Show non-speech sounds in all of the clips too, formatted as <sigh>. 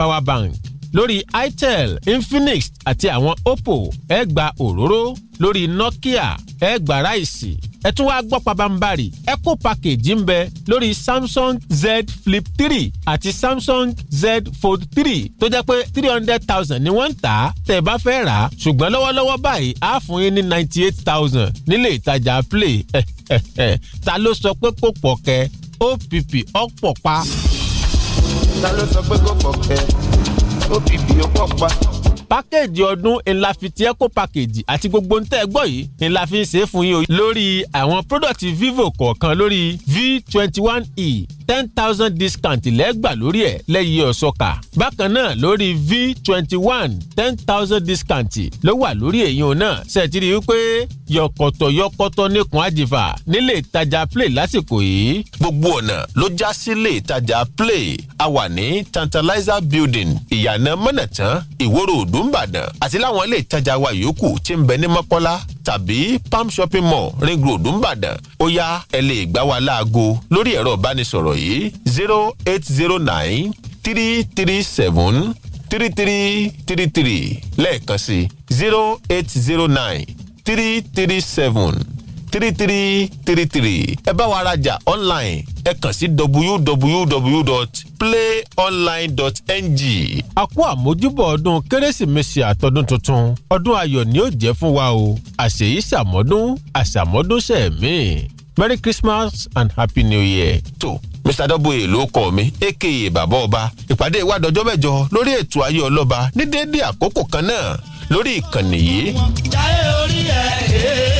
power bank lórí itel infinix àti àwọn oppo ẹ gba òróró lórí nokia ẹ gba ráìsì ẹ tún wáá gbọ́ pabambarì eco package ń bẹ lórí samsung z flip three àti samsung z fold three tó jẹ́ pé three hundred thousand ni wọ́n ń tà á tẹ̀ bá fẹ́ rà á ṣùgbọ́n lọ́wọ́lọ́wọ́ báyìí á fún yín ní ninety eight thousand nílé ìtajà play <laughs> ta ló sọ pé kò pọ̀ kẹ́ opp ọ̀pọ̀ pa ta ló sọ pé kò fọ̀kẹ́ ó bìbì ó pọ̀ pa pákéèjì ọdún ńlá fi ti eco package àti gbogbo ń tẹ́ ẹ gbọ́ yìí ńlá fi ń ṣe é fún yín o lórí àwọn product vivo kọ̀ọ̀kan lórí v 21 e ten thousand discount lẹ́gbà lórí ẹ̀ lẹ́yìn ọ̀ṣọ́ka bákan náà lórí v 21 one ten thousand discount ló wà lórí èyí ò náà ṣètìrí wípé yọ̀kọ̀tọ̀ yọ̀kọ̀tọ̀ nìkan àjìfà nílé ìtajà play lásìkò yìí. gbogbo ọ̀nà ló já sílé ìtajà play a wà ní tantalizer building ìyànà mọ̀nàtán ìwòrò òdo ìlú ìbàdàn àti láwọn ilé ìtajà wa yòókù tí ń bẹ ní mọ́kọ́lá tàbí palm shopping mall ring road ìbàdàn ó yá ẹ lè gbá wa láago lórí ẹ̀rọ ìbánisọ̀rọ̀ yìí zero eight zero nine three three seven three three three three lẹ́ẹ̀kan sí zero eight zero nine three three seven three three three three ẹ bá wa rajà online ẹ kàn sí www.playonline.ng. a kú àmójúbọ̀ ọdún kérésìmesì àtọdún tuntun ọdún ayọ̀ ni ó jẹ́ fún wa o àṣèyí ṣàmọ́dún àṣàmọ́dún ṣẹ̀mí merry christmas and happy new year. tó mr dọ́bùyè ló kọ́ mi aka bàbá ọba ìpàdé wa dọjọ́ mẹ́jọ lórí ètò ayé ọlọ́ba ní déédéé àkókò kan náà lórí ìkànnì yìí. jáde orí ẹ̀ ẹ́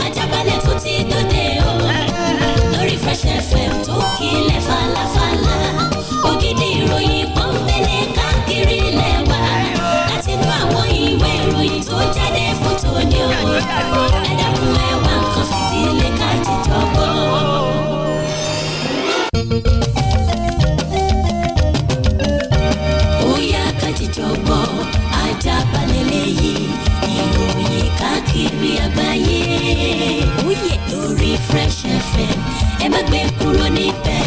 ẹ dákun ẹ wá nǹkan fìdílé ká jíjọ gbọ́. ó yá ká jíjọ gbọ́ ajá FM ẹ má gbé kúrò níbẹ̀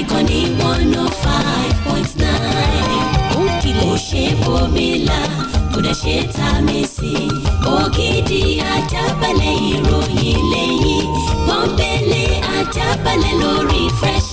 ìkànnì one oh five point tá a mi lórí ajábalẹ̀ ìròyìn lẹ́yìn pọ́npẹ́lẹ́ ajábalẹ̀ lórí fresh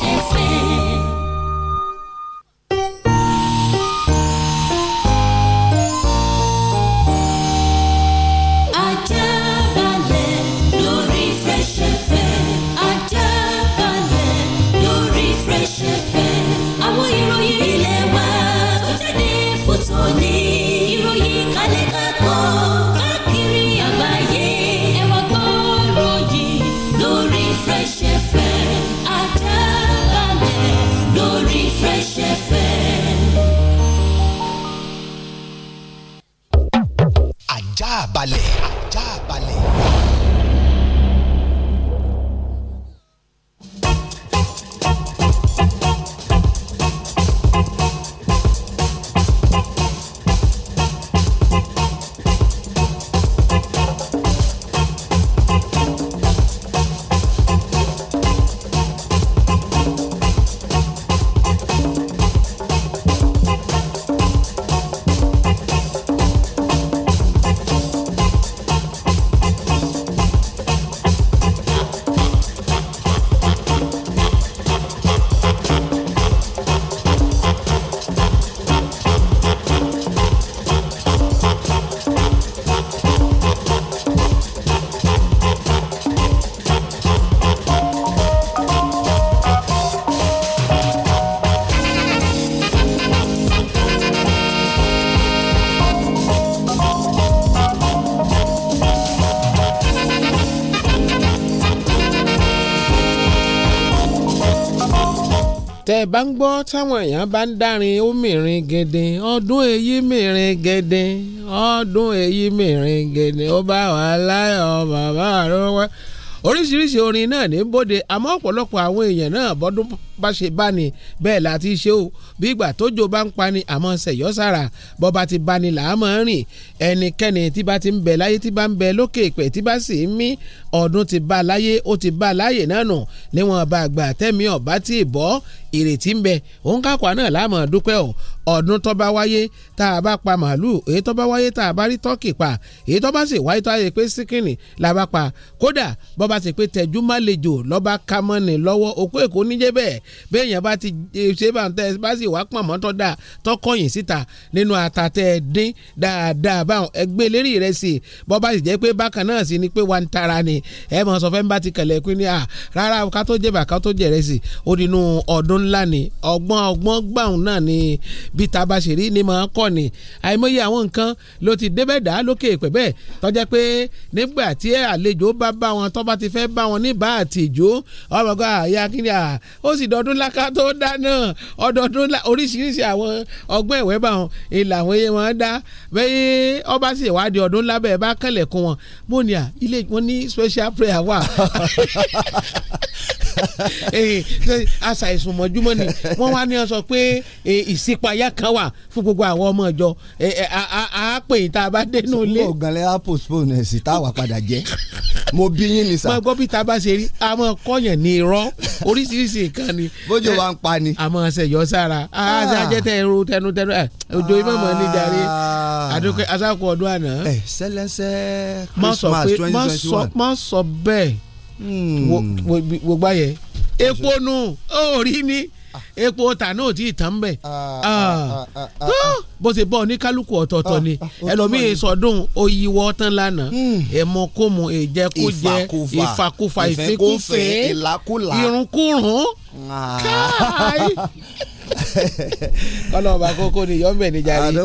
bá ń gbọ́ táwọn èèyàn bá ń dárin ó mìírin gèdè ọdún èyí mìírin gèdè ọdún èyí mìírin gèdè ó bá wà láyọ̀ bàbá rẹ̀ wá oríṣiríṣi orin náà ní bóde àmọ́ ọ̀pọ̀lọpọ̀ àwọn èèyàn náà bọ́dún bá ṣe bá ní bẹ́ẹ̀ láti ṣe o bí ìgbà tójò bá ń pa ni àmọ́ ṣẹ̀yọ́ sára bọ́ bá ti bá ní làámọ̀ ń rìn ẹnikẹ́ni tí bá ti ń bẹ láyé tí bá ń bẹ lókè ìpẹ́ tí bá sì ń mí ọdún ti bá láyé ó ti bá láyé náà nù níwọ̀n bá gbà tẹ́mi ọ̀bá tí ì bọ́ ìrètí ń bẹ òun kákwa náà láàmú dúpẹ́ o ọdún tó bá wáyé tá a bá pa màálùú èyí tó bá wáyé tá a bá rí tọ́kì pa èyí tó bá sì wáyé tó a yẹ pé síkìnì la bá pa kódà bó bá sì pé tẹ̀jú má le jò lọ́ba ká ni lọ́wọ́ okó èkó níjẹ́ bẹ́ẹ̀ bẹ́ẹ̀ yẹn bá ti e, ṣe bá ń tẹ́ bá sì wá pọ̀ mọ́tọ́ dà tọkọ̀yìn síta nínú àtàtẹ́ dín dáadáa báwọn ẹgbẹ́ lérí rẹ̀ sí bó bá sì jẹ́ pé bákan náà sì ni pé wa ń tara ni ẹ̀ mọ̀ sọ fẹ́ ń bá ti kẹ̀lẹ́kùn ńlá ni ọgbọ́n ọgbọ́n gbàùn náà ni bí ta bá ṣe rí ni màá kọ́ ni àìmọye àwọn nǹkan ló ti débẹ̀ dá lókè pẹ̀ bẹ́ẹ̀ tọ́jà pé nígbà tí àlejò bá bá wọn tó bá ti fẹ́ bá wọn níbà àtijọ́ ọmọkọ oh àyà kí ni à ó sì dọdún láká tó dáná ọdọọdún oríṣiríṣi àwọn ọgbọ́n ẹ̀wẹ́ bá wọn ìlà àwọn eyín wọn dá bẹ́ẹ̀ ọba sì wádìí ọdún lábẹ́ bá kẹlẹ̀kùn wọn mọ́ni à ilé wọn ní special prayer wà. <laughs> <laughs> aṣàìsùn mọ́júmọ́ ni wọ́n wá ní ọ pé ìṣípayá kan wà fún gbogbo àwọn ọmọ ìjọ àápè tá a bá dénú ilé. sọ́kò ganlẹ́ á postpone ẹ̀sìn tá a wà padà jẹ́ mo bí yín ni sà. mo gbọ́ bí tá bá ṣe rí a kọ́yàn ní irọ́ oríṣiríṣi nǹkan ni. bójú wa ń pa ni. àmọ́ ṣẹ̀yọ́ sára àṣà ah. àjẹtẹ̀ ẹ̀rù tẹnutẹnu ẹ̀ òjò mọ̀ ní jàre àdókè ah. asákò ọdún àná. ẹ eh, sẹlẹsẹ Christmas twenty twenty one. má sọ bẹ́ẹ̀ Hmm. wo gbá yẹ epo nù orí ni ah. epo ta náà ti tàn bẹ̀ bó ṣe bọ́ ní kálukú ọ̀tọ̀ọ̀tọ̀ ni ah, ah, ẹlòmíì sọdún oyiwọ tán lánàá hmm. ẹ̀mọ kó mu ẹ̀jẹ̀ kó jẹ ìfakúfa ìfẹ́kúfẹ́ ìrùnkúrùn káàáyì. <laughs> kọ́lọ́ ọba kókó ni yọ̀ mẹ́ni jáde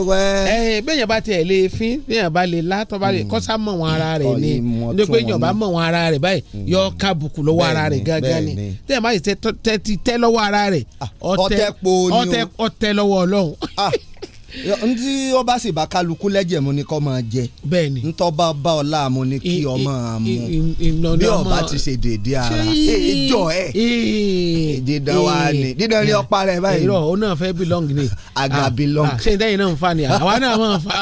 bẹ́ẹ̀ yẹn bá tiẹ̀ lé fín bẹ́ẹ̀ bá lè lá tọ́ba lè mm. kọ́sá mọ̀ wọn ara rẹ̀ ni ní pé yọ̀ bá mọ̀ wọn ara rẹ̀ báyìí mm. yọ ká bùkù lọ́wọ́ ara rẹ̀ gángan ni tẹ́ẹ̀ bá yìí tẹ́ ti tẹ́ lọ́wọ́ ara rẹ̀ ah, ọ̀tẹ̀ ọ̀tẹ̀ lọ́wọ́ ọlọ́run ah. <laughs> ntí ọba sì bá kálukú lẹ́jẹ̀ mu ni kọ́ máa jẹ bẹ́ẹ̀ni ntọ́ba bá ọ láàmú ni kí ọmọ àmú bí ọba ti ṣe dédé ara èjọ ẹ dídán wa ni dídán ni ọ̀pá rẹ báyìí. irọ́ òun náà fẹ́ belong ni. àga ah, belong. Ah, ṣé ìdáyìí náà ń fa ni àwa náà máa ń fa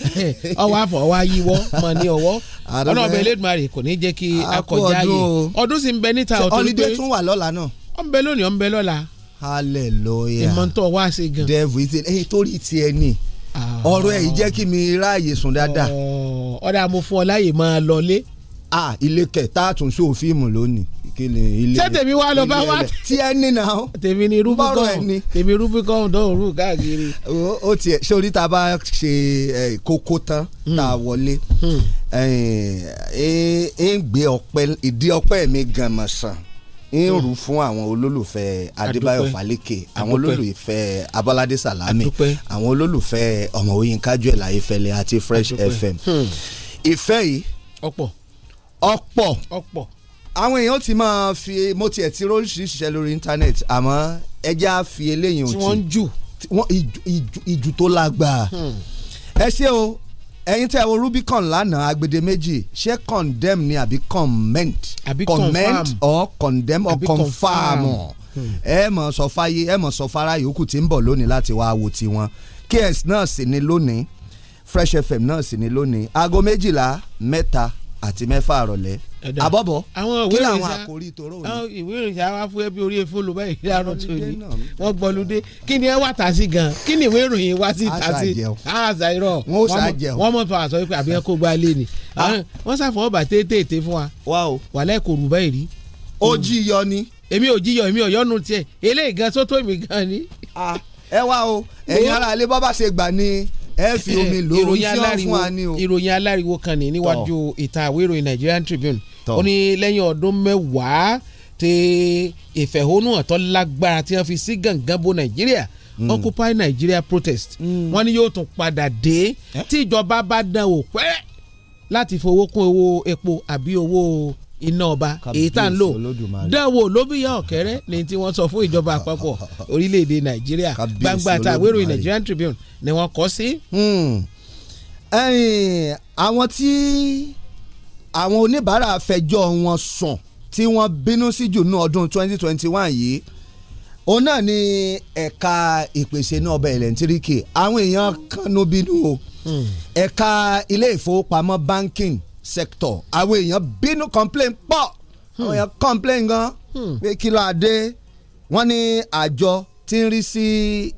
<laughs> ọwọ́ àfọ̀ ọwọ́ ayíwọ́ mọ̀ ní ọwọ́ ọ̀nà ọ̀bẹ Elédùmarè kò ní jẹ́ kí akọjá yìí ọdún sì ń bẹ níta ọ̀tún pé ọ̀nbẹ hallelujah ìmọ̀ntọ́ wá ṣe gan. devil ìtẹ̀ ẹ̀yìn torí tiẹ̀ ni ah. ọ̀rọ̀ ẹ̀ yìí jẹ́ kí mi ráàyè sùn dáadáa. Oh, ọ̀dà mo fún ọ láàyè máa lọ lé. ah ilé kẹta àtúnṣe òfíìmù lónìí kíni ilé ṣé tèmi wá lọ bá wá tí ẹ ní na ó tèmi ni rubicon tèmi rubicon dán òru káàkiri. ó tiẹ̀ ṣé orí ta bá ṣe kókó tán hmm. tá a wọlé hmm. ń gbé ọpẹ́ ìdí ọpẹ́ mi gan mọ̀ sàn ń hmm. rù fún àwọn olólùfẹ́ adébáyọ̀ falẹ́kẹ̀ àwọn olólùfẹ́ abọ́ládé salami àwọn olólùfẹ́ ọ̀mọ̀wé jùlọ ayéfẹ́lẹ́ àti fresh fm hmm. ìfẹ́ yìí ọ̀pọ̀ ọ̀pọ̀ ọ̀pọ̀ àwọn èèyàn ti máa fi mo tiẹ̀ ti róṣìṣì ṣiṣẹ́ lórí íńtánẹ́ẹ̀tì àmọ́ ẹja fi eléyìí ò tí wọ́n jù ìjù tó lágbàá hmm. ẹ ṣé o ẹ̀yin tẹ́ wo Rubicon lánàá agbede méjì ṣé condemn ni àbí comment àbí comment or condemn or confirm hmm. ẹ mọ̀ sọ fáyé ẹ mọ̀ sọ fara yòókù tí ń bọ̀ lónìí láti wá wo tiwọn KS náà sì ni lónìí Fresh FM náà sì ni lónìí aago méjìlá mẹ́ta àti mẹ́fà àrọ̀lẹ́ abọ́bọ̀ kí làwọn àkòrí ìtòrò òní. àwọn ìwé ìròyìn àwa fún ẹbí orí efó ló báyìí láàárọ̀ tó ní wọ́n gbọ́lúdé kí ni ẹ wà tà sí gan kí ni ìwé ìròyìn wá sí tà sí àṣà irọ́ wọ́n mọ̀ tó àṣọ pé àbí ẹ kó gba lé ni ah. wọ́n ṣàfọwọ́ bà téètéèté fún wa wàlẹ́ kò rú báyìí rí. ó jíyọ ni. èmi ò jíyọ èmi ò yọnu tiẹ̀ eléyìí gan sótó mi gan ni. Ah, ẹ wá o ẹ̀yin ará ẹ fi omi lò ó tí wọ́n fún wa ní o. ìròyìn aláriwo kan ní níwájú ìtàn àwé ìròyìn Nigerian Tribune ó ní lẹ́yìn ọdún mẹ́wàá tí ìfẹ̀hónúhàn tó lágbára tí wọ́n fi sí gàngán bo Nàìjíríà hmm. Occupy Nigeria protest mm. wọ́n ní yóò tún padà dé tí ìjọba bá dán wò pẹ́ láti fowó kún owó epo àbí owó iná ọba èyí tá ń lò dánwò lóbíyàn ọ̀kẹ́rẹ́ ní tí wọ́n sọ fún ìjọba àpapọ̀ <laughs> orílẹ̀-èdè nàìjíríà gbangba àtàwérò Nigerian Tribune ni wọ́n kọ́ sí. Hmm. àwọn tí àwọn oníbàárà fẹjọ́ wọn sùn tí wọ́n bínú sí jù ní ọdún 2021 yìí òun náà ni ẹ̀ka ìpèsè náà ọba ẹ̀lẹ́ntíríkì àwọn èèyàn kanú bínú o hmm. ẹ̀ka ilé ìfowópamọ́ banking sector àwọn èèyàn bínú complain pọ̀ hmm. àwọn èèyàn complain gan hmm. pé kí ló adé wọ́n ní àjọ tí ń rí sí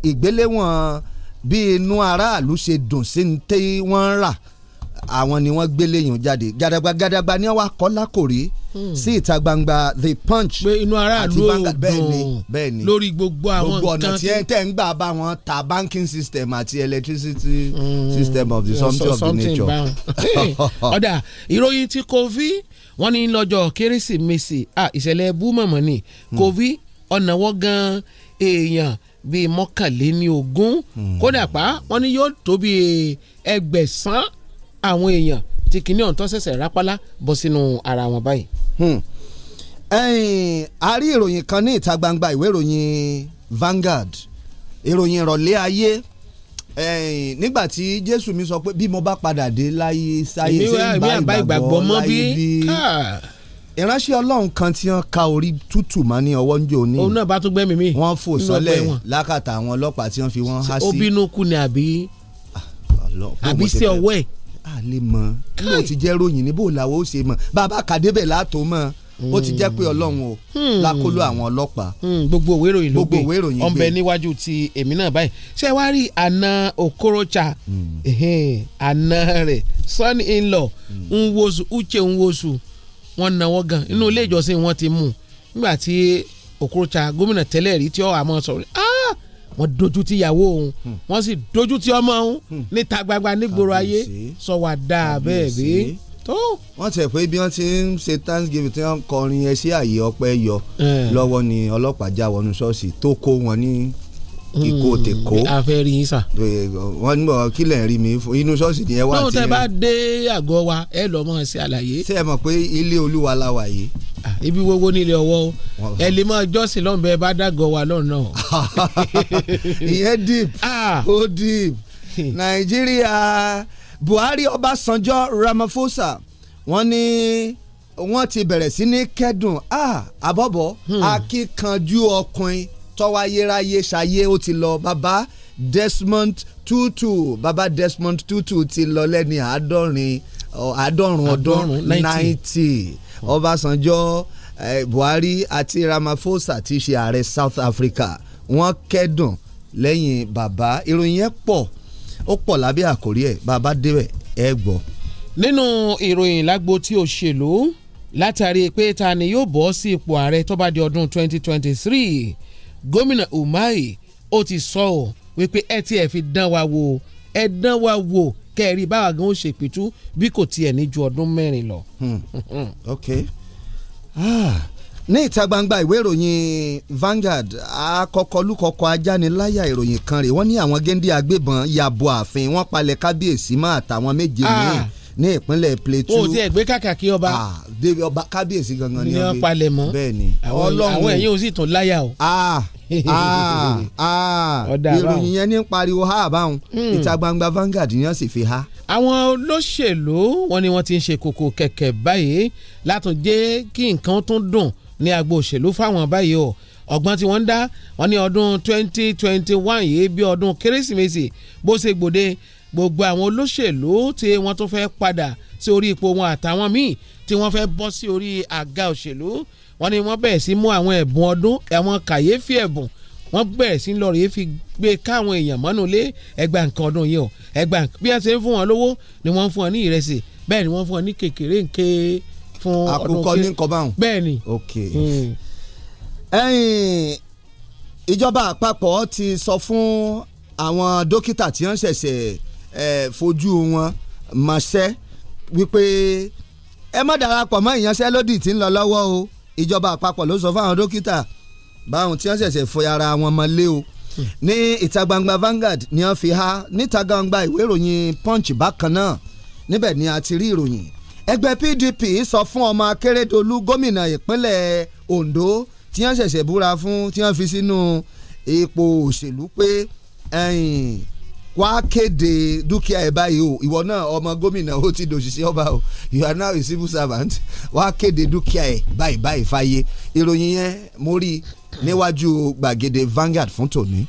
ìgbéléwọ̀n bí inú aráàlú ṣe dùn sí ní tí wọ́n ń rà àwọn ni wọ́n gbé léyìn jáde gàdàgbà gàdàgbà ni wọ́n kọ́ lákòrí hmm. sí ìta gbangba the punch pé inú aráàlú ò dùn lórí gbogbo àwọn nǹkan gbogbo ọ̀nà tí ẹ tẹ̀ ń gbà bá wọn ta banking system àti electricity hmm. system of the something of the nature. ọ̀dà ìròyìn ti kovi, wọ́n ní lọ́jọ́ kérésìmesì ìṣẹ̀lẹ̀ ẹbú mọ̀mọ́ ni kovi hmm. ọ̀nà wọ́n gan èèyàn bíi mọ́kànléní ogún kódà pa wọ́n ní yóò tó bíi ẹgbẹ̀sán àwọn èèyàn tí kinní ọ̀hún tó ṣẹ̀ṣẹ̀ rápálá bọ́ sínú ara wọn báyìí. Hmm. a rí ìròyìn kan ní ìta gbangba ìwé ìròyìn Vanguard ìròyìn ìrọ̀lẹ́ ayé nígbà tí Jésù mi sọ pé bí mo bá padà dé láyé sáyé ṣe ń bá ìgbàgbọ́ láyé bí ìránṣẹ́ ọlọ́run kan tí wọ́n ka orí tútù mọ́ ní ọwọ́ ń jò ní. òun náà bá tún gbẹ́mìí mi. wọ́n fò sọ́lẹ̀ lákàtà àwọn ọlọ́pàá tí wọ́n fi wọ́n há sí. ó bínú ni àbí ah, àbí sí ọwọ́ ẹ̀ a lè mọ̀ níbo ti jẹ́ ròyìn níbo làwọn ó ṣe mọ̀ bàbá kàdébẹ̀ látò mọ̀ ó ti jẹ́ pé ọlọ́run o hmm. lákòlò àwọn ọlọ́pàá. Hmm, gbogbo òwe ìròyìn ló gbé ọ̀nbẹ níwájú ti èmi náà báyìí ṣé wàá rí àna Okorocha hmm. àna rẹ̀ son in law Nwosu Uche Nwosu wọ́n náwó gan inú ilé ìjọsìn wọn ti mú nígbà tí Okorocha gómìnà tẹ́lẹ̀ rí tí ó àmọ́ sọ̀rọ̀ ah, wọ́n dojú ti ìyàwó òun hmm. wọ́n sì dojú ti ọmọ òun hmm. níta gbagba nígboro ayé sọ wà dáa bẹ́ẹ̀ bí tó. wọ́n tẹ̀ pé bí wọ́n ti ń ṣe thanksgiving tí wọ́n ń kọrin ẹ sí àyè ọpẹ́ yọ eh. lọ́wọ́ ni ọlọ́pàá já wọnú ṣọ́ọ̀ṣì tó kó wọn ní ìkó hmm, tèkó. a fẹ́ rí yín sà. wọ́n ní bọ̀ kílẹ̀ rí mi inú ṣọ́ọ̀ṣì ni ẹ wá. náà tẹ bá dé àgọ́ wa ẹ lọ mọ̀ sí àlàyé. ṣé ẹ mọ̀ pé ilé olúwa la wà yìí. ibi wo wo ní ọwọ́ ẹ lè mọ jọ́sìn lọ́nbẹ bá dàgọ̀ wa lọ́nà. <laughs> ìyẹn deep ó deep nàìjíríà buhari ọbásanjọ́ ramaphosa wọ́n ní wọ́n ti bẹ̀rẹ̀ sí ní kẹ́dùn àbọ̀bọ̀ hmm. akíkanjú ọkùnrin tọ́wọ́ ayérayé ṣayé ó ti lọ bàbá Desmond Tutu Baba Desmond Tutu ti lọ lẹ́ni àádọ́rin àádọ́rùn ọdún ninety Ọbásanjọ́ Buhari àti Ramaphosa ti ṣe ààrẹ South Africa wọ́n kẹ́dùn lẹ́yìn Baba ìròyìn yẹn pọ̀ ó pọ̀ lábẹ́ àkórí ẹ̀ bàbá débẹ̀ ẹ gbọ́. nínú ìròyìn lágbo tí òṣèlú látàrí pé ta ni yóò bọ́ sí ipò ààrẹ tó bá di ọdún 2023 gómìnà Umahi ó ti sọ ọ́ wípé ẹ ti ẹ̀ fi dán wa wò ẹ dán wa wò kẹ́ẹ̀rí báwa gan ó ṣe pìtú bí kò tiẹ̀ ní ju ọdún mẹ́rin lọ. Hmm. ok ah, ní ìta gbangba ìwé ìròyìn Vanguard akọkọlùkọkọ ajániláyà ìròyìn kan rèé wọ́n ní àwọn géńdé agbébọn ya bo ààfin wọ́n palẹ̀ kábíyèsí mọ́ àtàwọn méje ah. míì. Ah ní ìpínlẹ̀ Plateau. o ti ẹ̀ gbé kàkàkí ọba. débi ọba kábíyèsí gangan ni ọba palẹ̀mọ́ bẹ́ẹ̀ni ọlọ́run àwọn ẹ̀yìn ò sì tún láyà o. ìròyìn yẹn ní pariwo ha àbáwọn hmm. ìta gbangba Vanguard ni wọ́n sì fi ha. àwọn olóṣèlú wọn ni wọ́n ti ń ṣe kòkò kẹ̀kẹ́ báyìí látúnjẹ́ kí nǹkan tún dùn ní agbo òṣèlú fáwọn báyìí o ọgbọ́n tí wọ́n ń dá wọn ní ọdún 2021 yìí bí ọdún kérésìmesì bó ṣe gbòde gbogbo àwọn olóṣèlú tí wọ́n tún fẹ́ padà sí orí ipò wọn àtàwọn míì tí wọ́n fẹ́ bọ́ sí orí àga òṣèlú wọ́n ní wọ́n bẹ̀rẹ̀ sí mú àwọn ẹ̀bùn ọdún àwọn kàyéfì ẹ̀bùn wọ́n bẹ̀rẹ̀ sí lọ rèé fi gbé káwọn èèyàn mọ́nú lé ẹgbà nǹkan ọdún yìí o ẹgbà bí wọ́n ṣe ń fún wọn lówó ni wọ́n ń fún wọn ní ìrẹsì bẹ́ẹ̀ ni wọ́n ń fún wọn ní kékeré nké fún ọdún kí bẹ́ẹ̀ ni. Hmm. ẹyin ìjọba àpapọ̀ ti sọ fún àwọn dókítà tí wọ́n ṣẹ̀ṣẹ̀ fojú wọn mọ̀ṣẹ́ wípé ẹ má darapọ̀ mọ́ ìyanṣẹ́lódì tí ń lọ lọ́wọ́ o ìjọba àpapọ̀ ló sọ fáwọn dókítà báwọn tí wọ́n ṣẹ̀ṣẹ̀ fọ ara wọn mọ́lé o ní ìta gbangba Vanguard ni wọ́n fi há níta gbangba ìwé ìròyìn Punch bákan náà níbẹ̀ ni a ti rí ìròyìn ẹgbẹ́ PDP sọ fún ọmọ Akérédolú gómìnà ìpínlẹ̀ Ondo tí wọ́n ṣẹ̀ṣẹ̀ búra fún tí wọ́n fi sínú ipò òṣèlú pé wá kéde dúkìá ẹ báyìí o ìwọ náà ọmọ gómìnà ó ti dòṣìṣẹ́ ọba o you are now a civil servant wá kéde dúkìá ẹ báyìí báyìí fáyé ìròyìn yẹn mo rí níwájú gbàgede Vanguard fún tòní.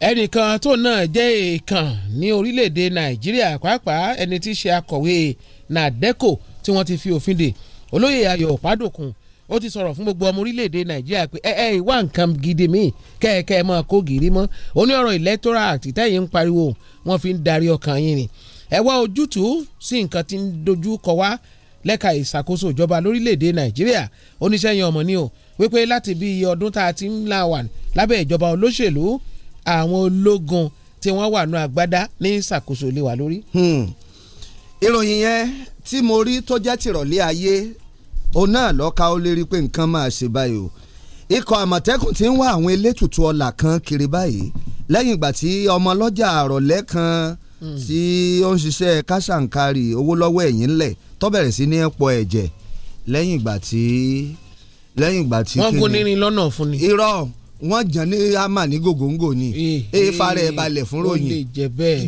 ẹnìkan tó náà jẹ́ èèkàn ní orílẹ̀-èdè nàìjíríà pàápàá ẹni tí í ṣe akọ̀wé nàdẹ́kò tí wọ́n ti fi òfin dè olóyè ayọ̀ pádòkun ó ti sọ̀rọ̀ fún gbogbo ọmọ orílẹ̀-èdè nàìjíríà pé ẹ ẹ ìwà nǹkan gidi míì kẹ́ẹ̀kẹ́ ẹ máa kó gìrì mọ́ ó ní ọ̀rọ̀ electoral act tẹ́yìn ń pariwo wọ́n fi ń darí ọkàn yín ni ẹ wá ojútùú sí nǹkan tí ń dojú kọ wá lẹ́ka ìṣàkóso ìjọba lórílẹ̀‐èdè nàìjíríà oníṣẹ́ yan ọmọ ni o wípé láti bí iye ọdún tá a ti ń la wà lábẹ́ ìjọba olóṣèlú àwọn ológun tí wọ́n wà nù àgbádá ní ìṣàkóso lé wa lórí. Hmm. ìròyìn yẹn tí mo rí tó jẹ́ tìrọ̀lẹ́ ayé òun náà lọ́ka ó lérí pé nǹkan máa ṣe báyìí o ikọ̀ àmọ̀tẹ́kùn ti ń wá àwọn elétùtù ọlà kan kiri báyìí lẹ́yìn ìgbà tí ọmọ lọ́jà àròlẹ́ kan hmm. tí ó ń ṣiṣẹ́ káṣàǹkarì owó lọ́wọ́ ẹ̀yìn ńlẹ̀ tó bẹ̀rẹ̀ sí ní ẹ̀pọ̀ ẹ̀jẹ̀ lẹ́yìn ìgbà tí lẹ́yìn ìgbà tí wọ́n gún nírin lọ́nà fún ni. irọ́ wọ́n jàn ní ama ní gògóńgò ni èèfà rẹ̀ balẹ̀ fún ròyìn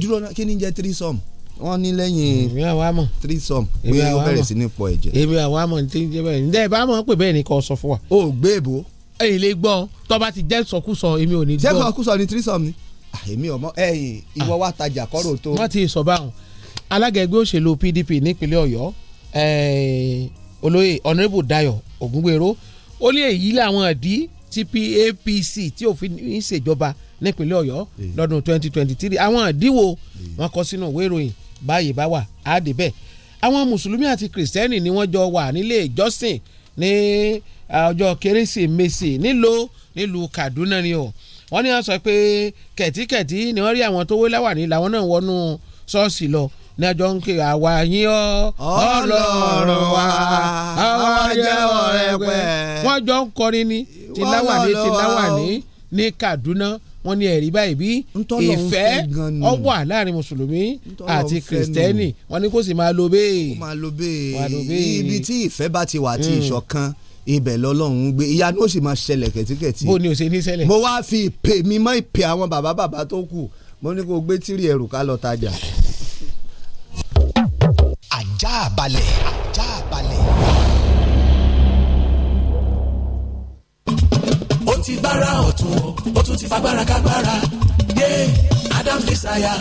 dúró kí ni jẹ́ tírísọ̀mù wọ́n ní lẹ́yìn three sum pé ó bẹ̀rẹ̀ sí ní pọ̀ ẹ̀jẹ̀. èmi àwọn àmọ̀ ní tí ń jẹ́ bẹ́ẹ̀ ǹjẹ́ ẹ bá mọ̀ pé bẹ́ẹ̀ ni kò sọ fún wa. o gbé èbó. èyí lè gbọ́ tó bá ti jẹ́ sọkúsọ èmi ò ní gbọ́. jẹ́ sọkúsọ ni three sum ni. Ah, èmi ò mọ ẹyìn ìwọ wa tajà kọ́rọ̀ tó. wọ́n ti sọ báwọn alága ẹgbẹ́ òṣèlú PDP nípínlẹ̀ Ọ̀yọ́ olóyè honourable Dayo Ògúngbèrò ó ní èyí làwọn àdí tí APC tí òfin ń ṣèjọba nípínlẹ̀ Ọ̀yọ́ lọ́dún twenty twenty three àwọn àdíwò wọn kọ sínú ìwé ìròyìn báyìí bá wà á dé bẹ́ẹ̀ àwọn mùsùlùmí àti kìrìsìtẹ́nì ni wọ́n jọ wà nílé ìjọsìn ní ọjọ́ kérésìmesì nílò nílùú Kaduna ni o wọ́n ní wọ́n sọ pé kẹ̀tíkẹ̀tí ni wọ́n rí àwọn tó wé láwàní làwọn náà wọnú ṣọ́ọ̀ṣì lọ ní ẹjọ́ ń kí àwa yín ọ́. Ọlọ́run wa àwa jẹ́ ọ̀rẹ́ pẹ́. wọ́n jọ ń kọrin ni tìláwàní tìláwàní ní Kaduna wọ́n ní ẹ̀rí báyìí bí ìfẹ́ ọ̀wà láàrin mùsùlùmí àti kìrìsìtẹ́nì wọ́n ní kó sì máa lo bẹ́ẹ̀. máa lo bẹ́ẹ̀ ibi tí ìfẹ́ bá ti wà àti hmm. ìṣọ̀kan ibẹ̀ lọ́lọ́run gbé ìyanu ó sì máa ṣẹlẹ̀ kẹ̀tíkẹ̀tí. bó ni o ṣe ní ṣẹlẹ̀. mo wá fi ìpè mi mọ́ ìpè àwọn bàbá bàbá tó kù mo ní kó gbé tírì ẹrù ká lọ tajà. ajá balẹ̀ ajá balẹ̀. ó ti gbára ọ̀tún ó tún ti fagbára kágbára yé yeah. Adam's Desire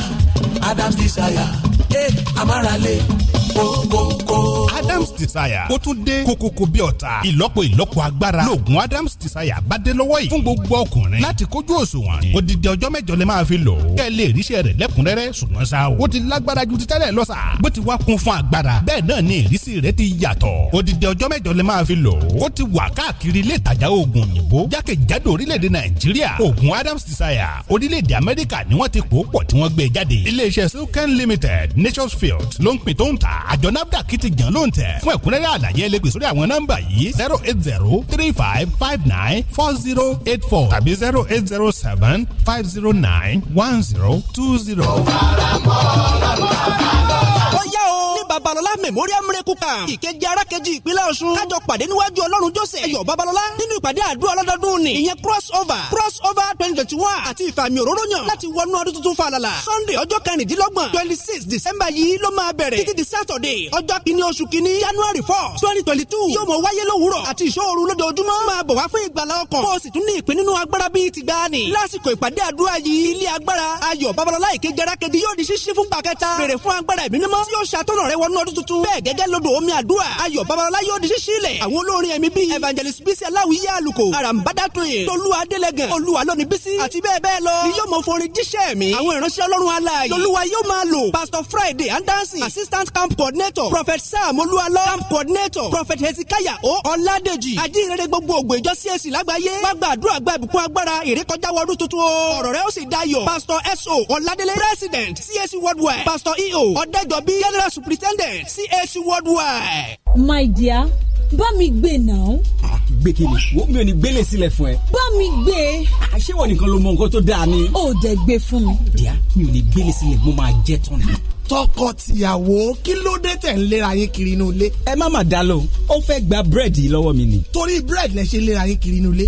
Adam's Desire ẹ amárale kókókó. Adams Desire kó tún dé kókókó bí ọ̀tá. Ìlọ́po ìlọ́po agbára lóògùn Adams Desire bá dé lọ́wọ́ yìí. Fún gbogbo ọkùnrin láti kójú òṣùwọ̀n. Hmm. Odidi ọjọ́ mẹ́jọ lè máa fi lò ó. Kẹ́ lè ríṣẹ́ rẹ̀ lẹ́kùnrẹ́rẹ́ ṣùgbọ́n ṣá o. Ó ti lágbára ju ti tẹ́lẹ̀ lọ sà. Bó ti wá kún fún agbára. Bẹ́ẹ̀ náà ni ìrísí rẹ̀ ti yàtọ̀. Odidi ọjọ́ mẹ́jọ lè máa fi lò ó. Ó ti wà káàkiri ilé ìtajà oògùn òyìnbó. Jákèjádò orílẹ̀-èdè Nàìjíríà. Oògùn Adams Desire orílẹ̀-èdè Amẹ́ríkà ni wọ́n ti pòó pọ̀ tí wọ́n gbé jáde. Ilé-iṣẹ́ Limited nations field ló ń pin tó ń tà àjọ nafdac ti jàn ló ń tẹ̀ fún ẹ̀kúnrẹ́rẹ́ àlàyé lè sórí àwọn nọ́mbà yìí zero eight zero three five five nine four zero eight four tàbí zero eight zero seven five zero nine one zero two zero. ó fara mọ́ ọ́n lọ́wọ́ babalọla memorial miracle camp ìkejì arákejì ìpínlẹ̀ ọ̀ṣun kájọ pàdé níwájú ọlọ́run jọ́sẹ̀ ayọ̀ babalọla nínú ìpàdé àdúrà ọlọ́dọọdún ni ìyẹn cross over cross over twenty twenty one àti ìfàmì òróró yàn láti wọnú ọdún tuntun falala sunday ọjọ́ kẹrìndínlọ́gbọ̀n twenty six december yìí ló máa bẹ̀rẹ̀ títí di saturday ọjọ́ kìíní oṣù kìíní january four twenty twenty two yóò mọ wáyé lówùúrọ̀ àti ìṣòro lójoojúmọ́ máa bọ̀ wá fún ìgbàlá ọkàn kó o sì tún ní ìpín nínú agbára bíi ti gbá ni lásìkò ìpàdé àdúrà yìí ilé agbára ayọ̀ babalọla ìkejì arákejì wọnú ọdún tuntun bẹ́ẹ̀ gẹ́gẹ́ lodò omi àdúrà ayọ̀ babalọlá yóò di ṣíṣí àwọn olórin ẹ̀mí bíi evangelist bísí aláwìyé àlùkò àràǹbádá tóyè tolúwa adélẹ́gàn olúwa lónìí bísí àti bẹ́ẹ̀ bẹ́ẹ̀ lọ ni yóò mọ forin jíṣẹ́ mi àwọn ìránṣẹ́ ọlọ́run aláàyè lolúwa yóò máa lò pastor friday andansi assistant camp coordinator prophet sam olúwalọ camp coordinator prophet hezekiah o ọládèjì ajínrere gbogbo ògbó ìjọ csc lágbàáyé wá gba àdúrà gba ìbùkún o ọ̀rọ̀ general superintendent limited ch worldwide. my dear bá mi gbé náà. gbé kiri wo mi ò ní gbélé sílẹ̀ fún ẹ. bá mi gbé. ṣé wọn nìkan ló mọ nǹkan tó dáa ni. ó dẹ gbé fún mi. díà mi ò ní gbélé sílẹ̀ mo máa jẹ tán ni. tọkọtìyàwó kí ló dé tẹ̀ ń léra yín kiri inú ilé. ẹ má mà dá lóhùn ó fẹ́ gba búrẹ́dì lọ́wọ́ mi ni. torí búrẹ́dì lẹ ṣe léra yín kiri inú ilé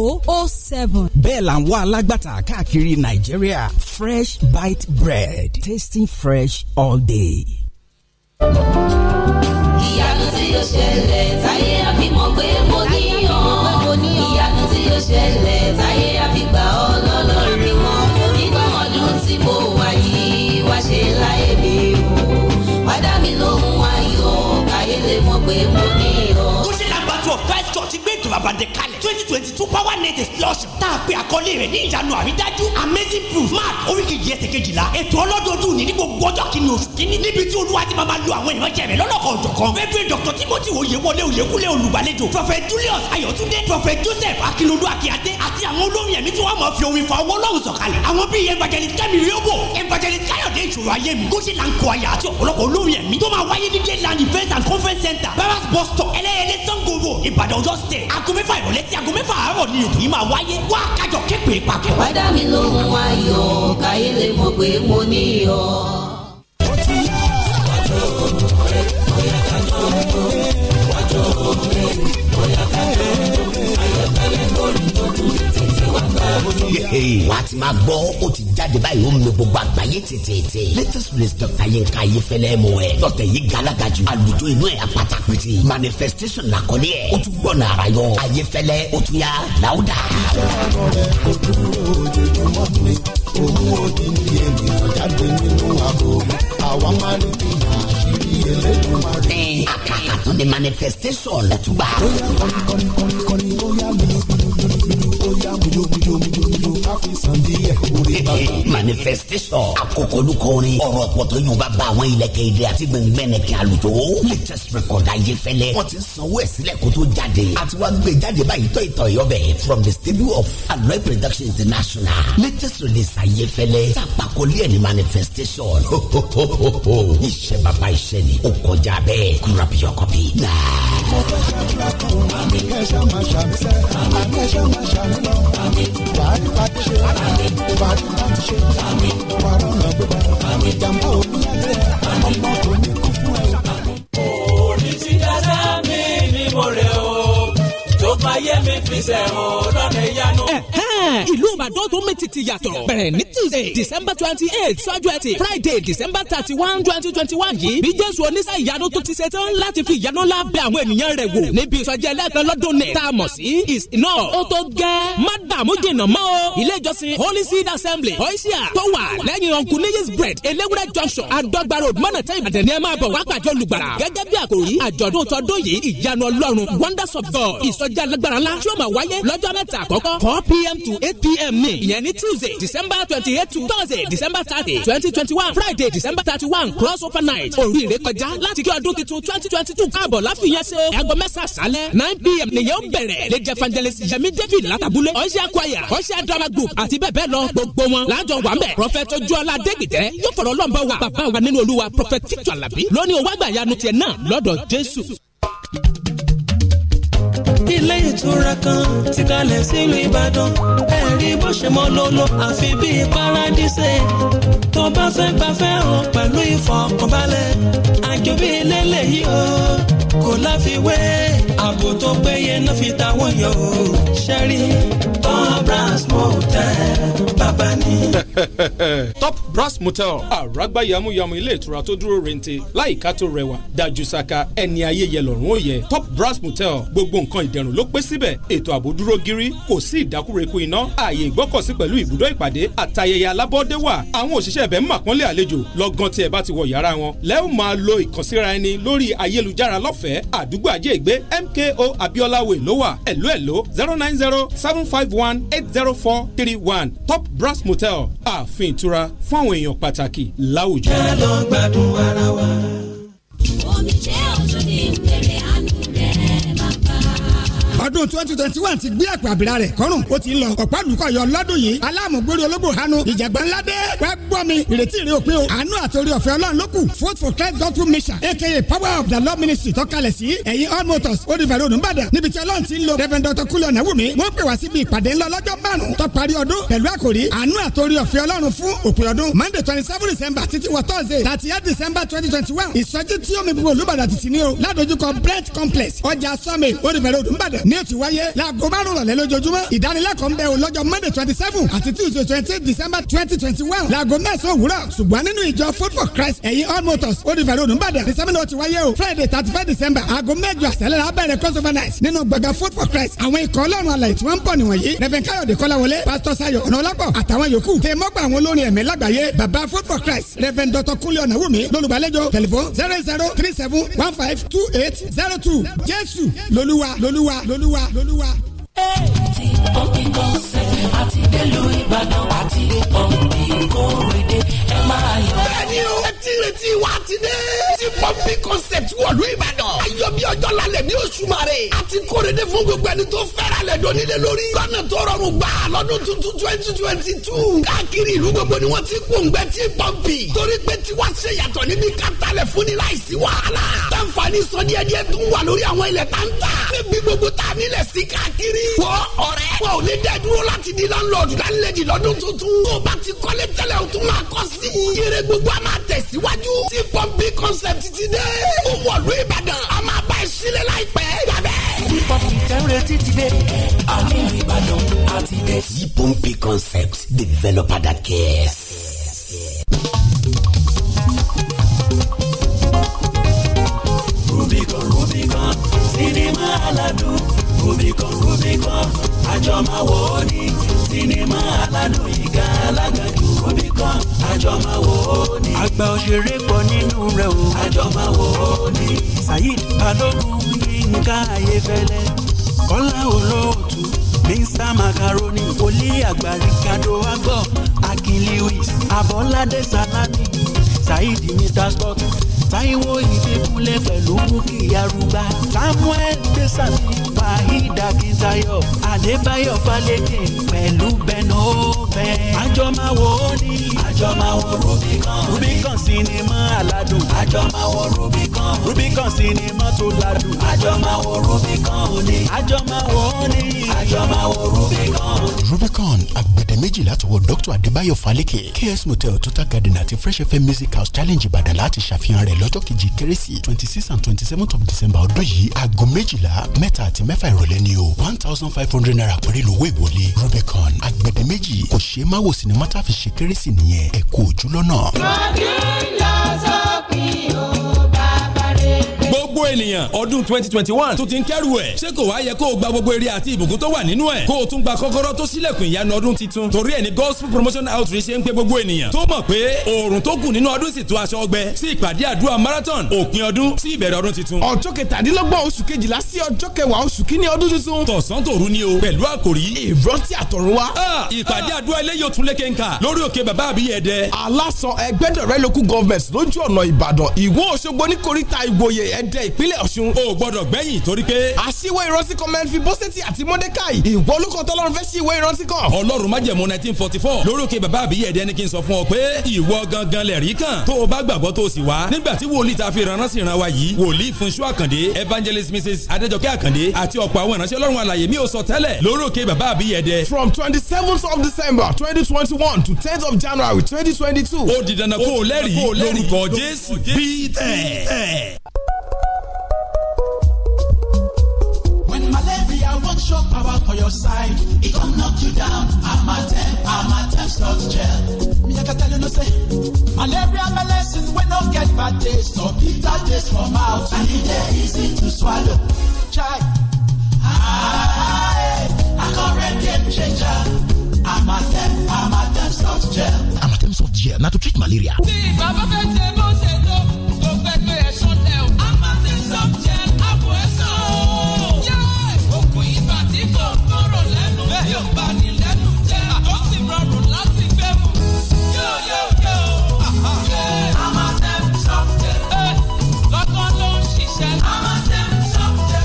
007. Bell seven. bẹ́ẹ̀ là ń wá alágbàtà káàkiri nàìjíríà fresh bite bread tasting fresh all day. ìyanu tí yóò ṣẹlẹ̀ táyé pé mo ìyanu tí yóò ṣẹlẹ̀ táyé wọn tí mo wà yìí wá ṣe láyé mi o ayọ̀ káyé lè mọ̀ pé mo níyàn. ṣe làgbàtú ṣọ̀tí gbé bàbàdé kalẹ̀ twenty twenty two power net explosion tá a pe àkọlé rẹ̀ ní ìyanu àrídájú amazing proof mark oríkèjì ẹsẹ̀ kejìlá ètò ọlọ́dọọdún ní ní gbogbo ọjọ́ kìíní oṣù kìíní níbi tí olúwa ti máa lu àwọn ìrànjẹ rẹ̀ lọ́lọ́kọ̀ ọ̀jọ̀kan reverend doctor timothy oyewole oyekule olùgbàlejò prophet julius ayọ̀túndé prophet joseph akilolu akíade àti àwọn olórin ẹ̀mí tí wọ́n mọ̀ fi orin fa ọwọ́ lọ́hùn sọ̀kalẹ̀ àwọn bíi evangelist kẹ́mi riobo evangelist káyọ̀dé ìṣòro ayé mi gúúsì lanko àyà àti ọ̀pọ̀lọpọ̀ olórin ẹ̀mí tó máa wáyé ní dayland event and conference center barras bus stop ẹlẹ́yẹlé sango road ìbàdàn ọjọ́ state aago mẹ́fà ìrọ̀lẹ́ tí aago mẹ́fà àárọ̀ ni ètò yìí máa wáyé wá kájọ képe papọ̀. wá dá mi lóhùn ayọ̀ káyé lè mọ̀ pé mo ní iyọ̀. ọjọ́ ọjọ́ òmùrẹ́ bóyá kájọ́ òmùrẹ́ ọjọ́ òmùrẹ́ bóyá kájọ́ òmùrẹ́ wà á ti máa gbọ́ ó ti jáde báyìí ó mi gbogbo àgbáyé tètè. latest release Dr. Yinka Ayefẹ́lẹ́ mọ̀ ẹ́ dọ̀tẹ̀ yìí galaga jù inú ẹ̀ apata pété manifestation làkọ́lé ẹ̀ ó tún gbọ́nà ara yọ Ayefẹ́lẹ́ ó tún yá láwùdà. Owó odi ni ènìyàn jáde nínú àbò àwa máa ń fi àṣírí elédùn máa rí. Àkàkà tún ni manifestation ọ̀lẹ́túgbà. Ó yẹ kọ́ni kọ́ni kọ́ni. We do we do, we do. manifestation àkókò olùkọ́ orin ọ̀rọ̀ pọ̀tọ́ yóò bá bá àwọn ilẹ̀kẹ̀ èdè àti gbẹ̀ngbẹ̀nẹ̀kẹ̀ àlùjọ. latest record ayé fẹ́lẹ́ wọ́n ti sanwó ẹ̀ sílẹ̀ kó tó jáde àti wàá gbé jáde báyìí tọ́ ìtọ̀ ìyọ́bẹ̀ from the studio of aloe production international latest release ayé fẹ́lẹ́ tàpákọ́lé ẹ̀ ní manifestation iṣẹ́ bàbá iṣẹ́ ni ó kọjá bẹ́ẹ̀ grab your copy now. mo ṣe àmì ìbàdí láti ṣe àmì ìbàdí náà gbé àmì ìjàmbá òbí yàtẹ̀ ọmọ tó ní kú fún ẹ. orí ti dáadáa mi ni mo rẹ̀ o tó bá yẹ mi fi sẹ́wọ̀n lọ́nà ìyanu náà ìlú ìbàdàn tó mì tìtì yàtọ̀ bẹ̀rẹ̀ ní tuesday december twenty eight sọ́jọ́ ẹtì friday december thirty one twenty twenty one yìí bí jésù oníṣẹ́ ìyanu tó ti ṣe tán láti fi ìyanu ńlá bẹ àwọn ènìyàn rẹ̀ wò níbi ìsọjí ẹlẹ́ẹ̀kan lọ́dún ní tá a mọ̀ sí is náà ó tó gẹ́ má dààmú jìnnà mọ́ o ilé ìjọsìn holy seed assembly oisia tó wà lẹ́yìn ọ̀nkù níyìís bread eléwúrẹ́ junction adọ́gba road mọ́nà tẹ́ ìbàdàn ni ẹ máa bọ̀ wá pàdé olùgbàlà gẹ́gẹ́ bí àkòrí àjọ̀dún tọdún yìí ìyanu ọlọ́run wonders of god ìsọjí alágbára ńlá tí ó máa wáyé lọ́jọ́ mẹ́ta àkọ́kọ́ four pm to to eight pm ní ìyẹn ní tuesday december twenty eight to thursday december thirty twenty twenty one friday december thirty one cross over night oríire kọjá láti kí ọdún tuntun twenty twenty two káàbọ̀ láfihàn ṣe aago mẹ́sàn-án sálẹ̀ nine pm nìyẹn ó bẹ̀rẹ̀ lady evangelist yemi david latabule ọ̀ṣẹ́ akwaya ọ̀ṣẹ́ drama group àti bẹ́ẹ̀ bẹ́ẹ̀ lọ gbogbo wọn láàjọ wà mẹ́ prophet ojúọlá adégbìtẹ́ yóò fọ̀rọ̀ lọ́nbọ̀ wa bàbá wa nínú olúwa prophet títù àlàbí lónìí owó àgbà yanu tiẹ̀ náà lọ́dọ̀ jésù ilé ìtura kan ti kalẹ̀ sílùú ìbàdàn ẹ̀rí bó ṣe mọ́ lolo àfi bíi párádísè tó bá fẹ́ gbà fẹ́ràn pẹ̀lú ìfọ̀kànbalẹ̀ àjò bíi lélẹ̀ yìí o kò láfiwé ààbò tó péye náà fi tàwọn yọ o ṣẹ́rí top brass motel bàbá ni. <laughs> top brass motel àràgbá yamuyamu ilé ìtura tó dúró rente láìka tó rẹwà dájú saka ẹni ayé yẹ lọ́rùn ó yẹ top brass motel gbogbo nǹkan ìdẹ̀rùn ló pé síbẹ̀ ètò ààbò dúró gírí kò sí ìdákúrekú iná ààyè ìgbọ́kọ̀sí pẹ̀lú ibùdó ìpàdé àtayẹyẹ alábọ́dé wà àwọn òṣìṣẹ́ ibẹ̀ ń màpọ́nlé àlejò lọ́gán tí ẹ bá ti wọ yàrá wọn lẹ́ẹ̀ máa lo ìkànsíra ẹni lórí ayélujára lọ́fẹ̀ẹ́ àdúgbò ajé ìgbé mp ko abiolawe ló wà ẹ̀lú ẹ̀ló zero nine zero seven five one eight zero four three one top brass motel ààfin ìtura fún àwọn èèyàn pàtàkì láwùjọ. ká lọ gbádùn ara wa. omi jẹ́ òtún ní ìpèrè àná ọdún twenty twenty one ti gbé àpò àbílà rẹ̀ kọ́rùn ó ti ń lọ ọ̀pá àlùkò yọ lọ́dún yìí aláàmúgbórí ológbò hanu ìjàgbá ńlá dé wá gbọ́ mi ìrètí rẹ òpin o àánú àti orí ọ̀fẹ́ ọlọ́run ló kù food for christ gospel mission aka power of the lord ministry tọ́kalẹ̀ sí ẹ̀yìn all motors olùfẹ̀rẹ̀ olùbàdàn níbi tí ọlọ́run ti ń lo reverend dr kulon ewumi wọ́n pè wá síbi ìpàdé ńlọ lọ́jọ́ márùn-ún tó parí ọdún pẹ̀lú àkòrí àánú àti orí ọ̀fẹ́ ọlọ́run fún òpin ọdún monday twenty december títí wọ thursday thirty eight december twenty twenty one ìsọjí tí omi gbogbo olùbàdàn ti ti ní o ládojúkọ bread complex ọjà sọ́mi olùfẹ̀rẹ̀ olùbàdàn ní ó ti wáyé láago márùn rọ̀lẹ́ lójoojúmọ́ ìdánilẹ́kọ̀ọ́ ń bẹ o lọ́jọ́ monday twenty seven àti tuesday twenty december twenty twenty one láago mẹ́sàn-án òwúrọ̀ ṣùgbọ́n nínú ìjọ food for christ ẹ̀yìn all motors olùfẹ́ road nìbàdàn december náà ti wáyé o friday thirty five december aago mẹ́jọ àṣálẹ́ la bẹ̀rẹ̀ crossover night nínú gbọ̀ngàn food for christ àwọn ikọ̀ ọlọ́run alàyè tí wọ́n ń bọ̀ nìwọ̀nyí reverend káyọ̀dé kọ́láwọlé pastor sayo ọ̀nàọlápọ̀ àtàwọn yòókù tẹ mọ́gbà àwọn olórin ẹ̀mí lágbàáyé baba food for christ reverend dr kúnlẹ̀ ọ̀nàwùmí lọ́lùgbàlejò tẹlifon zero zero three seven one five two eight zero two jésù lolúwa lolúwa lolúwa lolúwa lolúwa. ti pọ́ńpì kan ṣẹ̀ṣẹ̀ àti délùú Ìbàdàn àti pọ́ńpì kórèdè ẹ máa yọ. bẹ́ẹ̀ni o ẹ ti retí wa ti dé. ti pọ́ńpì concept wọ̀lú ìbàdàn. ayọ̀ bí ọjọ́ lálẹ́ ní oṣù mare. a ti kóre de fún gbogbo ẹni tó fẹ́ràn lẹ̀ dọ́ni lé lórí. lọ́nà tó rọrùn gbà lọ́dún tuntun twenty twenty two. káàkiri ìlú gbogbo ni wọ́n ti gbòǹgbẹ́ ti pọ́ńpì. torí pé tiwa ṣe yàtọ̀ níbi kátàlẹ̀ fún ni láìsí wàhálà. táǹfààní sọdíẹ̀díẹ̀ tún wà lórí àwọn ilẹ̀ táǹtà. níbi gbogbo tá a nílẹ̀ sí káàkiri. wọ́ ọ̀rẹ́ wọn ò ní dẹ́ dúró láti di láńlọ́ọ̀dù lálẹ́ sí i. Ire gbogbo a máa tẹ̀síwájú. Tí pọ́ńpì concept ti dé. Ó wọ̀lú Ìbàdàn. A máa bá ẹ láìpẹ́. Gbàgbẹ́. Tí pọ́ńpì títí dé. A ní Ìbàdàn a ti dé. Tí concept developer that cares. Rubicon Rubicon sinimá aládùn omi kan omi kan àjọ máa wò ó ní sinimá aládùn ìka alágbàdo omi kan àjọ máa wò ó ní. àgbà òṣèré pọ̀ nínú rẹ̀ o. àjọ máa wò ó ní. Saheed Balogun Yínká Ayéfẹ́lẹ́ Kọ́lá Olóòtú Mr Macaroni Wòlíì àgbà Ricardo Agbo Akin Salami saheed mr sport taiwo ìdẹ́kunlẹ̀ pẹ̀lú bukki arúgbá samuel gbèsàmì fahid akintayo adébáyọ̀ falẹ́kẹ̀ pẹ̀lú bẹ́nọ́bẹ́ àjọmáwo ni àjọmáwo rubicon rubicon sinimá aládùn àjọmáwo rubicon rubicon sinimá tó ládùn àjọmáwo rubicon ni àjọmáwo ni àjọmáwo rubicon. rubicon agbẹ̀dẹ̀ méjì láti wọ dr adébáyọ̀ falẹ́kẹ̀ ks motel total garden àti fresh fm music music house challenge ìbàdàn láti ṣàfihàn rẹ̀ lọ́jọ́ kejì kérésì twenty six and twenty seven of december ọdún yìí aago méjìlá mẹ́ta àti mẹ́fà ìrọ̀lẹ́ ni o one thousand five hundred naira péré lówó ìwọlé rubicon agbẹ̀dẹ méjì kò ṣeé má wò sinimá tá a fi ṣe kérésì nìyẹn ẹ kú ojú lọ́nà ènìyàn ọdún twenty twenty one tó ti ń kẹ́rù ẹ̀ ṣé kò wá yẹ kó o gba gbogbo eré àti ìbùkún tó wà nínú ẹ̀ kó o tún gba kọ́kọ́rọ́ tó sílẹ̀kùn ìyanu ọdún titun torí ẹ̀ ní gospel promotion outreach ṣe ń pe gbogbo ènìyàn tó mọ̀ pé oòrùn tó kù nínú ọdún sì tó aṣọ ọgbẹ́ sí ìpàdé àdúrà marathon òpin ọdún sí ìbẹ̀rẹ̀ ọdún titun. ọjọ́ kẹtàdínlọ́gbọ̀n oṣù kejìlá sí ọjọ́ kẹwàá oṣù kínní ọdún tuntun. tọ̀sán o pẹ̀lú àkòrí ìrántí àtọ̀run wa. ìpàdé àdúrà eléyìí ò tún lékè ń kà lórí òkè bàbá àbí ẹ̀dẹ. aláṣọ ẹgbẹ́dọ̀rẹ́ local government lójú ọ̀nà ìbàdàn ìwó òṣogbo ní koríta ìwòye ẹ̀dẹ́ ìp ìpínlẹ̀ Ọ̀ṣun o gbọ́dọ̀ gbẹ́yìn torí pé. àṣìwé ìrántí kan mẹ́rin fi bọ́sẹ̀tì àti mọ́dékàì ìwọ olùkọ́ tọ́lọ́run fẹ́ sí ìwé ìrántí kan. ọlọ́run májẹ̀mú nineteen forty bàbá àbíyẹ ẹ̀dẹ́ ni kí n sọ fún ọ pé ìwọ gangan lẹ̀ rí tó o bá gbàgbọ́ tó o sì wá nígbà tí wòlíì ta fi ránṣẹ́ ìran wa yìí wòlíì Fúnṣọ́ Àkàndé evangelist mrs Adéjọkẹ́ from twenty seventh of december twenty twenty one to of january twenty for your side. It gon' knock you down. I'm a temp, I'm a temp, not gel. Me, I can tell you no say. Malaria, my lessons, we no get bad taste. No bitter taste from mouth. And it ain't easy to swallow. Chai. I, I can rent game changer. Amatem, i soft gel. temp, soft gel, now to treat malaria. See, Baba,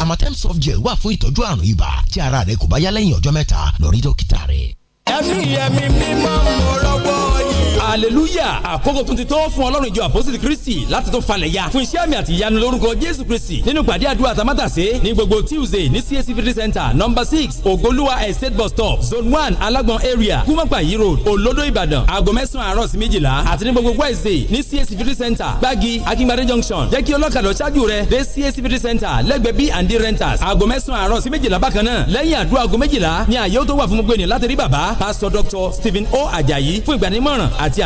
Amatem soft gel wà fún ìtọ́jú àrùn ibà tí ara rẹ kò bá yá lẹ́yìn ọjọ́ mẹ́ta lọ rí dókítà rẹ. ẹ̀mí ẹ̀mí mímọ́ mo rọ́gbọ́ hallelujah àkókò tún ti tó fún ọlọ́run ìjọ àpọ́sítì kristi láti tún falẹ̀ ya fún iṣẹ́ àmì àti ìyanu lórúkọ jésù kristi nínú pàdé àdúrà tamátàsé ní gbogbo tuesday ní cac fifty center number six ogoluwa estate bus stop zone one alágbọn area kúmọ̀pàyí road olodo ìbàdàn aago mẹ́sàn-án àárọ̀ sí méjìlá àti ní gbogbo wednesday ní cac fifty center gbági akíngbadé junction jẹ́ kí ọlọ́kadà ṣáájú rẹ dé cac fifty center lẹ́gbẹ̀ẹ́ b and d renters aago mẹ́sàn-án àárọ̀ sí méjìlá bákan náà lẹ́yìn àdúrà aago méjìlá ni àyè ó tó wà fún gbogbo ènìyàn láti rí bàbá pásítọ̀ dr stephen o ajayi fún ìgbanímọ̀ràn àti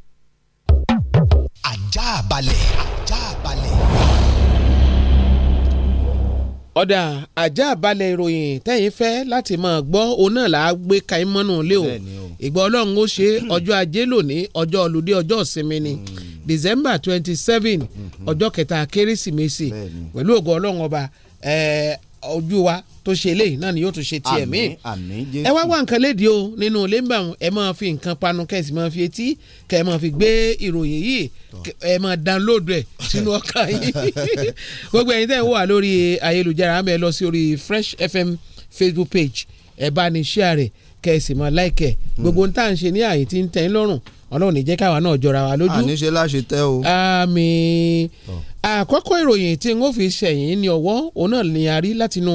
àjàbalẹ̀. àjàbalẹ̀. ọ̀dà àjàbalẹ̀ ìròyìn tẹ́yìn fẹ́ láti máa gbọ́ òun náà là á gbé kaí mọ́nú ilé o ìgbà ọlọ́run ó ṣe ọjọ́ ajé lónìí ọjọ́ olùdé ọjọ́ ìsinmi ni hmm. december twenty seven hmm. ọjọ́ kẹta kérésìmesì pẹ̀lú ògo ọlọ́run ọba ẹ̀ẹ́ ojú wa tó ṣe eléyìí náà ni yóò tún ṣe tiẹ̀ mí. ẹ wá wá nǹkan léde o nínú ilé ń bà wọn ẹ máa fi nǹkan panu kẹ́sì máa fi etí kẹ́ ẹ máa fi gbé ìròyìn yìí ẹ máa download ẹ̀ sínú <laughs> ọkàn yìí. gbogbo ẹ̀yin tẹ́ ẹ wà lórí ayélujára àmì ẹ lọ sí orí Fresh FM Facebook page ẹ bá ní share rẹ̀ kẹ́ máa like ẹ̀ gbogbo ń hmm. tà ń ṣe ní àyè tí ń tẹ́ ń lọ́rùn ọlọ́run ní jẹ́ káwa náà jọra wa lójú. àníṣe láṣẹ tẹ o. àmín àkọ́kọ́ ìròyìn tí n ó fi ṣẹ̀yìn ní ọwọ́ òun náà ni a rí látinú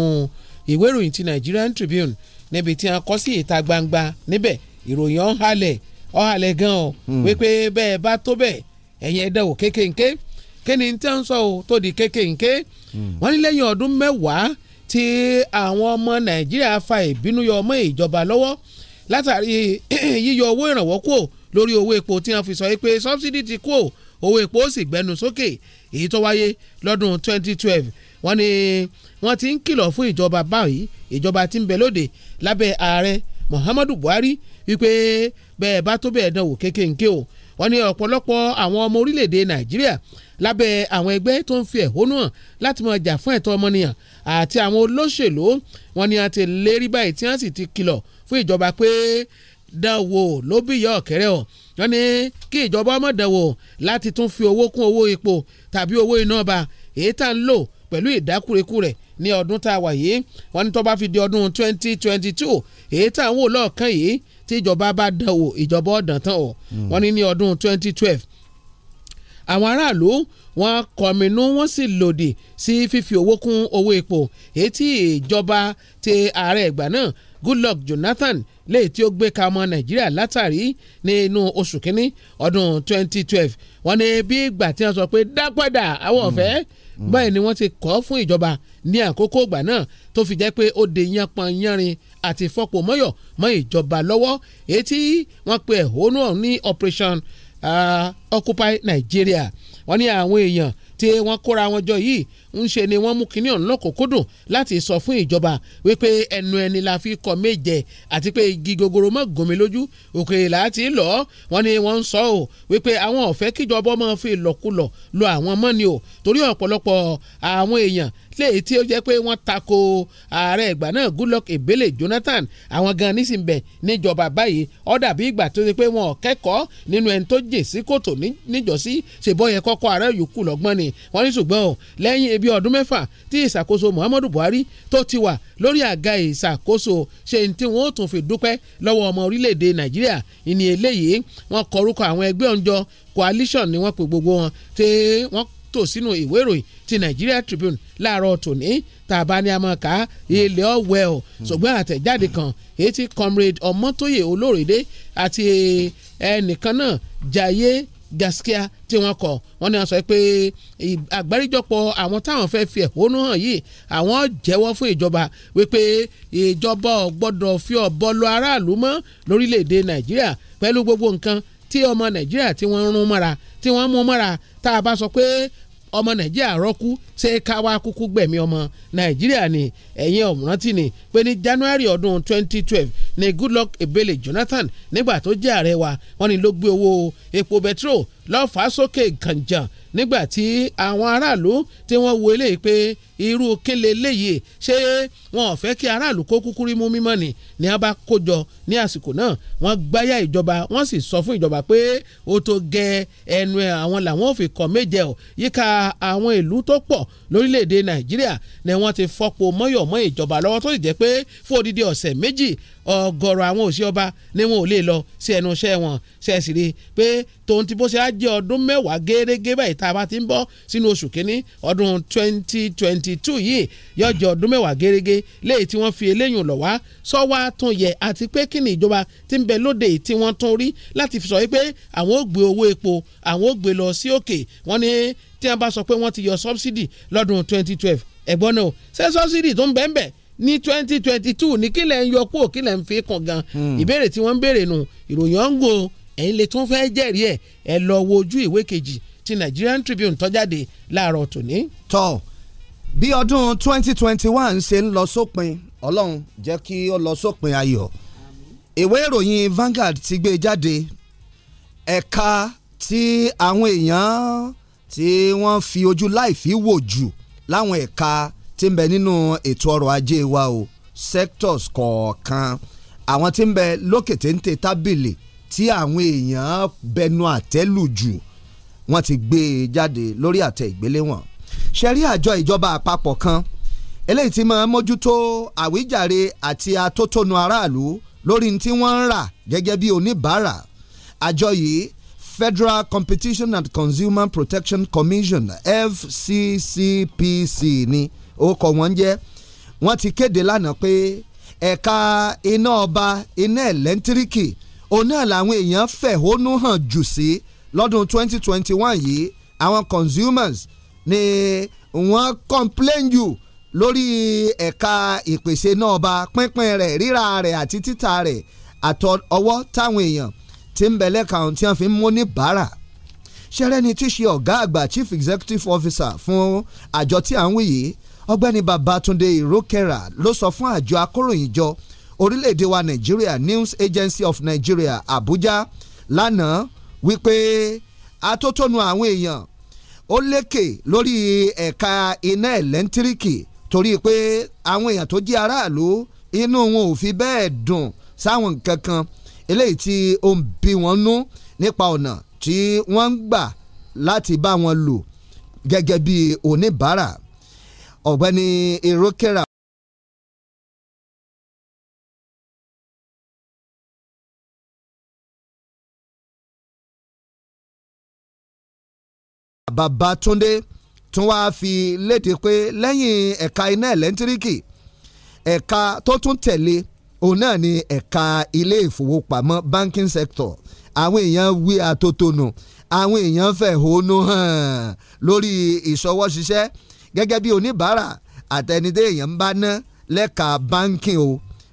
ìwé ìròyìn ti Nigerian Tribune níbi tí a kọ sí ìta gbangba níbẹ̀ ìròyìn ọ̀hún halẹ̀ ọ̀hún halẹ̀ gan-an hmm. wípé bẹ́ẹ̀ bá tó bẹ́ẹ̀ ẹ̀yin ẹ̀dá wò kékèké kéni tí wọ́n sọ tó di kékèké hmm. wọ́n ní lẹ́yìn ọdún mẹ́wàá tí àwọn ọmọ Nàìjíríà fa ìbínú yọ ọmọ ìjọba lọ́wọ́ látàrí <clears throat> yíyọ owó ìrànwọ́ kúrò lórí owó epo tí wọ́n fi sọ pé subsidy ti kú o owó epo ó sì gbẹnu sókè èyí tó wáyé lọ́dún 2012 wọ́n ní wọ́n ti ń kìlọ̀ fún ìjọba báyìí ìjọba tí ń bẹ lóde lábẹ́ ààrẹ Muhammadu Buhari wípé bẹ́ẹ̀ bá tó bẹ́ẹ̀ dánwò kékèké o wọ́n ní ọ̀pọ̀lọpọ̀ àwọn ọmọ orílẹ̀-èdè Nàìjíríà lábẹ́ àwọn ẹgbẹ́ tó ń fi ẹ̀hónú hàn láti máa jà fún ẹ̀tọ́ ọmọnìyàn àti àwọn olóṣèlú wọ́n ní a ti lérí báyìí tí wọ́n sì ti kìlọ̀ fún ìjọba pé dánwò ló bí ìyá ọ̀kẹ́rẹ́ ọ̀ wọ́n ní kí ìjọba ọmọ dánwò láti tún fi owó kún owó epo tàbí owó iná ba èyí tá ń lò pẹ̀lú ìdákúrekú rẹ̀ ní ọdún tá a wà yìí wọ́n ní tó bá fi di ọdún 2022 èyí tá ń wò lọ́ọ̀kan yìí tí ìjọba bá dánwò ìjọba ọ̀dàn tán ọ̀ hmm. wọ́n ní ní ọdún 2012 àwọn aráàlú wọ́n kọminú wọ́n sì lòdì sí fífi owó kún owó epo èyí tí ìjọba ti ààrẹ ìgbà náà Goodluck Jonathan léyìí tí ó gbé ka ọmọ nàìjíríà látàrí ní inú oṣù kínní ọdún 2012 wọ́n ní bí ìgbà tí wọ́n sọ pé dápadà àwọn hmm. ọ̀fẹ́ hmm. báyìí ni wọ́n ti kọ́ fún ìjọba ní àkókò ìgbà náà tó fi jẹ́ pé ó de yanpan yanrin àti fọ́pọ̀ mọ́yọ̀ mọ́ ìjọba lọ́wọ́ èyí tí wọ́n pe ẹ̀hónú ọ̀hún ní operation uh, occupy nigeria wọ́n ní àwọn èèyàn tí wọ́n kóra wọn jọ yìí ń ṣe ni wọ́n mú kinní ọ̀hún lọ́kòókòdùn láti sọ fún ìjọba wípé ẹnu ẹni la fi kọ méje àti pé igi gogoro mọ́ gòmí lójú òkè láti lọ wọ́n ní wọ́n ń sọ ọ́ wípé àwọn ọ̀fẹ́ kíjọba ọmọ fi lọ́kùlọ̀ lọ àwọn mọ́ni o torí ọ̀pọ̀lọpọ̀ àwọn èèyàn léyìí tí ó jẹ́ pé wọ́n tako ààrẹ ìgbà náà Goodluck Ebele Jonathan àwọn gan nísìnyìnbẹ̀ níjọba báyìí ó dàbí ìgbà tó ṣe pé wọn ò kẹ́kọ̀ọ́ nínú ẹni tó jèsí kòtò níjọ́sí ṣèbọ̀yẹ kọ́kọ́ ààrẹ yòókù lọ́gbọ́n ni wọ́n ní ṣùgbọ́n lẹ́yìn ebi bíi ọdún mẹ́fà tí ìṣàkóso Muhammadu Buhari tó ti wà lórí àga ìṣàkóso ṣe ní tí wọ́n ó tún fi dúpẹ́ lọ́wọ́ ọmọ orílẹ̀-èdè Nàìjíríà ìní eléyìí wọ́n kọ orúkọ àwọn ẹgbẹ́ òǹjọ coalition ni wọ́n pe gbogbo wọn tí wọ́n tò sínú ìwé ìròyìn ti Nigeria Tribune láàárọ̀ tòní tàbá ni a máa kà á ilẹ̀ ọ̀wẹ́ ọ̀ ṣùgbọ́n àtẹ̀jáde kan èyí tí comrade ọmọtóyè olórèdé àti ẹnìkan náà jayé gaskia tí wọ́n kọ̀ wọ́n ní wọ́n sọ pé àgbáríjọpọ̀ àwọn táwọn fẹ́ fi ẹ̀hónú hàn yìí àwọn jẹ́wọ́ fún ìjọba wípé ìjọba ò gbọ́dọ̀ fi ọ̀bọ lọ aráàlú mọ́ lórílẹ̀‐èdè nàìjíríà pẹ̀lú gbogbo nǹkan tí ọmọ nàìjíríà tí wọ́n ń rún mọ́ra tí wọ́n mú mọ́ra tá a bá sọ pé ọmọ nàìjíríà rọ́kú ṣé káwá kúkú gbẹ̀mí ọmọ nàìjíríà ni ẹ̀yin ọ̀mùrántí ni pé ní january ọdún 2012 ni goodluck ebele jonathan nígbà tó jẹ́ ààrẹ wa wọ́n ní ló gbé owó epo bẹtiró lọ́ọ́ fà sókè gànjàn nígbà tí àwọn aráàlú tí wọ́n wo eléyìí pé irú kínlẹ̀ léyìí ṣé wọn ò fẹ́ kí aráàlú kó kúkú mú mímọ́ ni ni a bá kó jọ ní àsìkò náà wọ́n gbáyà ìjọba wọ́n sì sọ fún ìjọba pé ó tó gẹ ẹnu ẹ̀ àwọn làwọn ò fi kọ́ méje ọ̀ yíká àwọn ìlú tó pọ̀ lórílẹ̀‐èdè nàìjíríà ni wọ́n ti fọ́po mọ́yọ̀mọ́ ìjọba lọ́wọ́ tó sì jẹ́ pé fún odidi ọ̀sẹ̀ méjì ọ̀gọ̀rọ̀ àwọn òsì ọba ni wọn ò lè lọ sí ẹnu iṣẹ́ wọn ṣẹ̀sì rí i pé tòun ti bó ṣe á jẹ́ ọdún mẹ́wàá gẹ́gẹ́ báyìí tá a bá ti ń bọ́ sínú oṣù kínní ọdún twenty twenty twenty two yìí yọjọ ọdún mẹ́wàá gẹ́gẹ́ léyìí tí wọ́n fi eléyìn lọ wá sọ wá tún yẹ àti pé kí ni ìjọba ti ń bẹ lóde tí wọ́n tún rí láti fi sọ wípé àwọn ò gbé owó epo àwọn ò gbé lọ sí òkè wọ́n ní tí wọ́n bá sọ pé wọ́n ti yọ subsidy lọ́dún twenty twelve ẹ̀gbọ́n náà ṣé subsidy tó ń bẹ́ẹ̀ bẹ́ẹ̀ ní twenty twenty two ní kílẹ̀ ń yọ kó kílẹ̀ ń fi kàn gan hmm. ìbéèrè tí wọ́n ń béèrè nù ìròyìn ọ̀ǹgò ẹ̀yin lè tún fẹ́ jẹ́rìí ẹ̀ ẹ lọ wo ìwé kejì ti Nigerian Tribune tó jáde láàárọ̀ tòní. tọ́ bí ọdún 2021 ṣe ń lọ sópin ọlọ́run jẹ́ kí ó lọ sópin ayọ̀ ìwé ìròyìn Vanguard ti gbé e jáde ẹ̀ka tí àwọn èèyàn tí wọ́n fi ojú láìfí wò jù láwọn ẹ̀ka tí ń bẹ nínú ètò ọrọ̀ ajé wa o sectors kọ̀ọ̀kan àwọn tí ń bẹ lókè téńté tábìlì tí àwọn èèyàn bẹnu àtẹ́lù jù wọ́n ti gbé e jáde lórí àtẹ ìgbéléwọ̀n ṣẹ̀rí àjọ ìjọba àpapọ̀ kan eléyìí tí máa mójútó àwíjàre àti atótónu aráàlú lórí tí wọ́n ń rà gẹ́gẹ́ bí oníbàárà àjọ yìí Federal Competition and Consumer Protection Commission FCCPC ni orúkọ wọn jẹ́ wọ́n ti kéde lánàá pé ẹ̀ka iná ọba iná ẹ̀lẹ́ńtíríkì òun náà làwọn èèyàn fẹ̀hónú hàn jù sí lọ́dún 2021 yìí àwọn consumers ni wọ́n complain jù lórí ẹ̀ka ìpèsè náà ba pínpín rẹ̀ rírà rẹ̀ àti títà rẹ̀ àtọ ọwọ́ táwọn èèyàn ti ń bẹ̀lẹ̀ kàún tí wọ́n fi ń mú ní bàárà ṣẹ́rẹ́ni tí í ọ̀gá àgbà chief executive officer fún àjọ tí à ń wí yìí ọgbẹ́ni Babátúndé Ìrókẹ́rà ló sọ fún àjọ akóròyìnjọ orílẹ̀-èdè wa Nàìjíríà News Agency of Nigeria Abuja lánàá wípé atótónu àwọn èèyàn ó lékè lórí ẹ̀ka iná ẹ̀lẹ́ńtíríkì torí pé àwọn èèyàn tó jẹ́ aráàlú inú wọn ò fi bẹ́ẹ̀ dùn sáwọn nǹkan kan eléyìí tí ó ń bí wọn nú nípa ọ̀nà tí wọ́n ń gbà láti bá wọn lò gẹ́gẹ́ bí oníbàárà ọ̀gbẹ́ni irokera Babátúndé tún wáá fi léde pé lẹ́yìn ẹ̀ka iná ẹ̀lẹ́ńtíríkì ẹ̀ka tó tún tẹ̀lé òun náà ni ẹ̀ka ilé ìfowópamọ́ banking sector àwọn èèyàn wí àtótónu àwọn èèyàn fẹ̀hónú hàn lórí ìṣọwọ́ṣiṣẹ́ gẹ́gẹ́ bí oníbàárà àtẹnidé èèyàn ń bá ná lẹ́ka banking o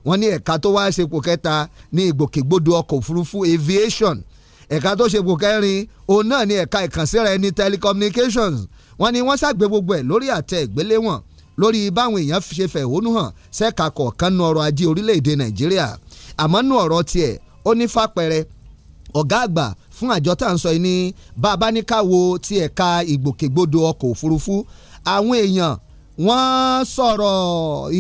wọ́n ní ẹ̀ka tó wáá ṣepò kẹta ní ìgbòkègbodò ọkọ̀ òfurufú aviation ẹ̀ka tó ṣe kò kẹrin òun náà ni ẹ̀ka ìkànsíra ẹni telecommunications wọ́n ní wọ́n ṣàgbé gbogbo ẹ̀ lórí àtẹ ìgbéléwọ̀n lórí báwọn èèyàn ṣe fẹ̀hónú hàn ṣẹ́ka kọ̀ọ̀kan nu ọrọ̀ ajé orílẹ̀-èdè nàìjíríà àmọ́ nu ọ̀rọ̀ tiẹ̀ ó ní fàpẹẹrẹ ọ̀gá àgbà fún àjọ tá à ń sọ yìí ní bàbá ní ká wo ti ẹ̀ka ìgbòkègbodò ọkọ̀ òfurufú àwọn èèyàn wọ́n sọ̀rọ̀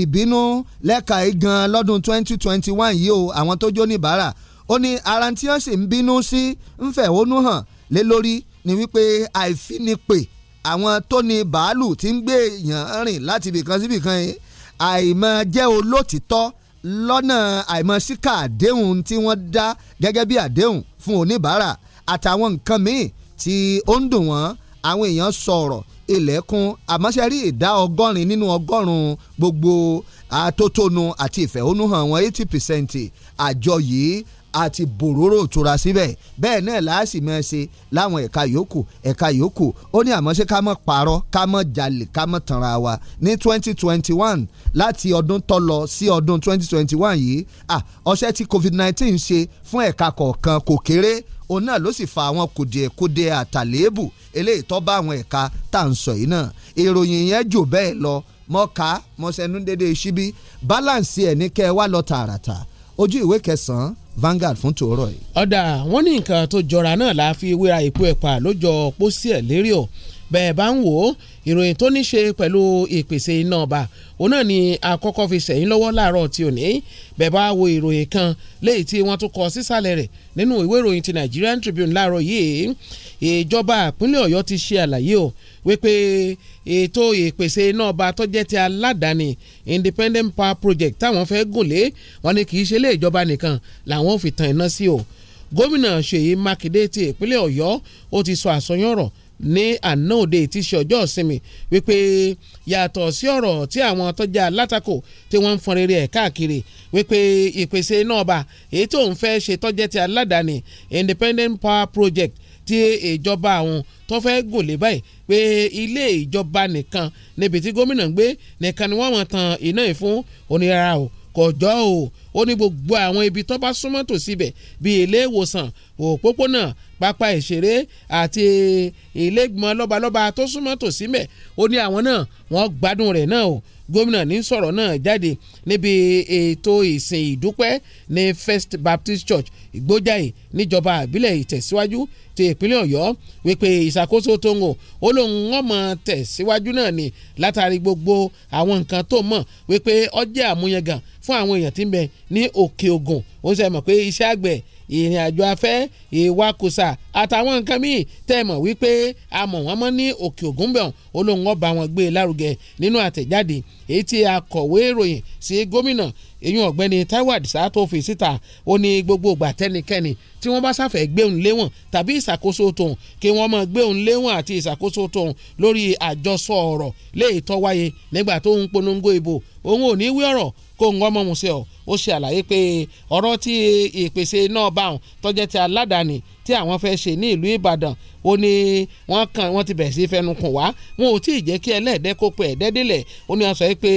ìbínú lẹ́ka igan lọ́dún 2021 yìí o àwọn tó jó níbàárà ó ní ara tí wọ́n sì ń bínú sí ń fẹ̀hónú hàn lé lórí ni wípé àìfinipè àwọn tó ní bàálù tí ń gbé èèyàn rìn láti ibìkan sí ibìkan yìí àìmọ̀ jẹ́ olótìtọ́ lọ́nà àìmọ̀ síkà àdéhùn tí wọ́n dá gẹ́gẹ́ bí àdéhùn fún oníbàárà àtàwọn nǹkan míì tí ó ń dùn wọ́n àwọn èèyàn sọ̀rọ̀ ilẹ̀kùn àmọ́sẹ́rí ìdá ọgọ́rin nínú ọgọ́rùn-ún gbogbo àtótónu àti ìfẹ̀hónúhàn wọn eighty percent àjọ yìí àti bòróró òtura síbẹ̀ bẹ́ẹ̀ náà láàsì máa ṣe láwọn ẹ̀ka yòókù ẹ̀ka yòókù ó ní àmọ́ ṣé ká mọ̀ parọ́ ká mọ̀ jalè ká mọ̀ tanra wa ní twenty twenty one láti ọdún tó lọ sí ọdún twenty twenty one yìí ah ọṣẹ́ tí covid nineteen ṣe fún ẹ̀ka kọ̀ọ̀kan kò kéré òun náà ló sì fa àwọn kùdìẹ̀kudiẹ àtàlẹ́bù eléyìí tó bá àwọn ẹ̀ka tá à ń sọ yìí náà ìròyìn yẹn jù bẹ́ẹ̀ lọ mọ́ka mọ́sẹ̀nú dédé ṣíbí balance ẹ̀ ní kẹ́ ẹ wá lọ tààràtà ojú ìwé kẹsàn-án Vanguard fún tòórọ̀ yìí. ọ̀dà wọn ní nǹkan tó jọra náà la fi wéra ìpò ẹ̀pà lójọ pósí ẹ̀ lérí o bẹ́ẹ̀ bá ń wò ó ìròyìn tó ní ṣe pẹ̀lú ìpèsè iná ọba òun náà ni àkọ́kọ́ fi ṣẹ̀yìn lọ́wọ́ láàárọ̀ tí ò ní bẹ́ẹ̀ bá wo ìròyìn kan léyìí tí wọ́n tún kọ sísàlẹ̀ rẹ̀ nínú ìwé ìròyìn ti Nigerian Tribune láàárọ̀ yìí ìjọba ìpínlẹ̀ Ọ̀yọ́ ti ṣe àlàyé o wípé ètò ìpèsè iná ọba tó jẹ́ ti aládàáni independent power project táwọn fẹ́ gùn lé wọn ni kì í ṣe ilé ìjọba nìkan làwọn ò fi tan iná sí o gómìnà Ṣèyí Mákindé ti ìpínlẹ̀ Ọ̀yọ́ ó ti sọ àsọyànrọ̀ ní àná òde tí ṣe ọjọ́ ìsinmi wípé yàtọ̀ sí ọ̀rọ̀ tí àwọn tọ́jà látakò tí wọ́n ń fọn rere ẹ̀ káàkiri wípé ìpèsè iná ọba èyí tó ń fẹ́ ṣe tọ́jẹ́ ti aládàáni independent power project tí ìjọba àwọn tó fẹ́ gòlè báyìí pé ilé ìjọba nìkan níbi tí gómìnà ń gbé nìkan ni wọ́n mọ̀ tan iná ìfún onírara o kò jọ o ó ní gbogbo àwọn ibi tó bá súnmọ́ tòsí bẹ̀ bíi ilé ìwòsàn òpópónà pápá ìṣeré àti ilé ìgbìmọ̀ lọ́balọ́ba tó súnmọ́ tòsí bẹ̀ ó ní àwọn náà wọ́n gbádùn rẹ̀ náà o gómìnà ní sọ̀rọ̀ náà jáde níbi ètò ìsìn ìdúpẹ́ ní First Baptist Church ìgbójáì níjọba àbílẹ̀ ìtẹ̀síwájú ti ìpínlẹ̀ Ọ̀yọ́ wípé ìṣàkóso tóńgò ó lóun ọmọ tẹ̀síwájú náà ni látàrí gbogbo àwọn nǹkan tó mọ̀ wípé ọjẹ́ àmúyangàn fún àwọn èèyàn tí ń bẹ ní òkè Ògùn ó sì mọ̀ pé iṣẹ́ àgbẹ̀ ìrìn àjò afẹ́ ìwakùsà àtàwọn nǹkan míì tẹ́ mọ̀ wípé a mọ̀ wọ́n mọ́ ní òkè ògùn bẹ̀rùn olóhùn ọba wọn gbé e lárugẹ nínú àtẹ̀jáde èyí tí akọ̀wé ìròyìn sí gómìnà èyún ọ̀gbẹ́ni Taiwo Adisa tó fi síta ó ní gbogbo ìgbà tẹ́nikẹ́ni tí wọ́n bá sáfẹ́ gbéhùn léwọ̀n tàbí ìṣàkóso tòun kí wọ́n mọ̀ gbéhùn léwọ̀n àti ìṣàkóso tòun lórí àjọsọ ọ̀rọ̀ léè wáyé nígbà tó ń polongo ìbò òun ò ní wí ọ̀rọ̀ kóhùn ọmọ museo ó ṣe àlàyé pé ọ̀rọ̀ tí ìpèsè náà bá òun tọ́jẹ́ ti aládàáni tí àwọn fẹ́ ṣe ní ìlú Ìbàdàn ó ní wọ́n kàn wọ́n ti bẹ̀rẹ̀ sí fẹnukùn wá wọn ò tí ì jẹ́ kí ẹlẹ́ẹ̀dẹ́ kó pẹ́ ẹ̀dẹ́dẹ́lẹ̀ ó ní wọ́n sọ pé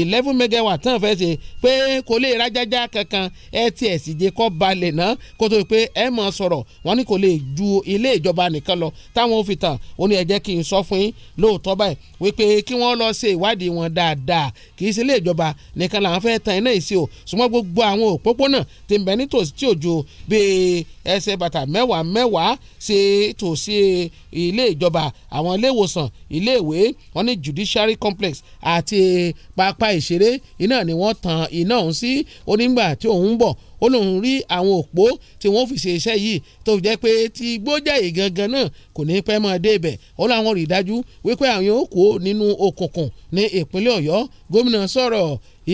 eleven megawatt náà fẹ́ ṣe pé kò lè rájájá kankan ẹ e ti ẹ̀ sì jẹ́ kọ́ balẹ̀ náà kó tó pé ẹ mọ̀ sọ̀rọ̀ wọn ní kò lè ju ilé ìjọba nìkan lọ táwọn ò fi tàn ó ní ẹ jẹ́ kí n sọ fún yín lóòótọ́ báyìí wípé kí wọ́n lọ ṣe ìwádìí wọn dáadáa kì í ṣe ilé ìjọba nìkan làwọn fẹ́ tan iná ìsìn o ṣùgbọ́n gbogbo àwọn òpópónà ti ń mẹ́wàá mẹ́wàá sí tòsí ilé ìjọba àwọn ilé ìwòsàn ilé ìwé wọn ní judiciary complex àti pápá ìṣeré iná ni wọ́n tan iná ọ̀hún sí onígbà tí òun ń bọ̀ ó lóun rí àwọn òpó tí wọ́n fi ṣe iṣẹ́ yìí tó fi jẹ́ pé ti gbójàyè gangan náà kò ní pẹ́ mọ́ dé ibẹ̀ ó láwọn rí dájú wípé àwọn yóò kó nínú òkùnkùn ní ìpínlẹ̀ ọ̀yọ́ gómìnà sọ̀rọ̀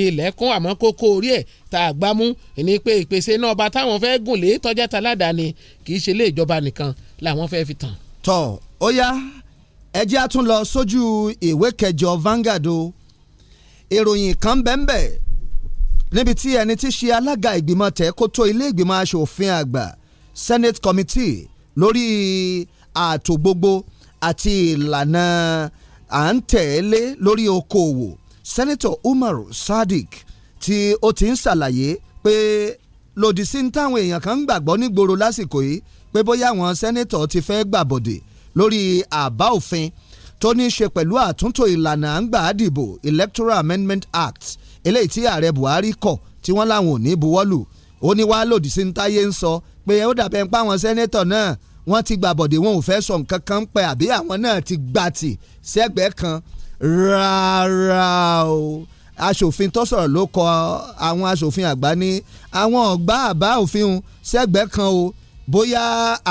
ilẹ̀kùn àmọ́ kókó orí ẹ̀ tá a gbá mú ní pé ìpèsè náà bá táwọn fẹ́ gùn lé tọ́jà ta ládàáni kì í ṣe ilé ìjọba nìkan làwọn fẹ́ fi tàn. tọ́ ó yá ẹ jẹ́ tún lọ sójú ìwé kẹjọ Vanguard o ìròyìn kan bẹ́ẹ̀ bẹ́ẹ̀ níbi tí ẹni tí ṣe alága ìgbìmọ̀ tẹ̀kótó ilé ìgbìmọ̀ aṣòfin àgbà senate committee lórí ààtò gbogbo àti ìlànà à ń tẹ̀lé lórí okòòwò senator Umar Sadiq tí ó ti ń ṣàlàyé pé lòdì sí táwọn èèyàn kan ń gbàgbọ́ nígboro lásìkò yìí pé bóyá àwọn sẹ́nẹ́tọ̀ ti fẹ́ gbàbọ̀dè lórí àbá òfin tó ní í ṣe pẹ̀lú àtúntò ìlànà à ń Electoral Amendment Act eléyìí tí ààrẹ Buhari kọ̀ tí wọ́n láwọn ò ní buwọ́lù ó ní wàá lòdì sí ní táyé ń sọ pé ó dàbẹ̀ ń pa àwọn sẹ́nẹ́tọ̀ náà wọ́n ti gbàbọ̀dé wọn ò fẹ́ sọ nǹkan kan pẹ́ àbí àwọn náà ti gbà tì sẹ́gbẹ̀ẹ́ kan rárá o aṣòfin tó sọ̀rọ̀ ló kọ àwọn aṣòfin àgbà ní àwọn ọ̀gbá àbá òfin sẹ́gbẹ̀ẹ́ kan o bóyá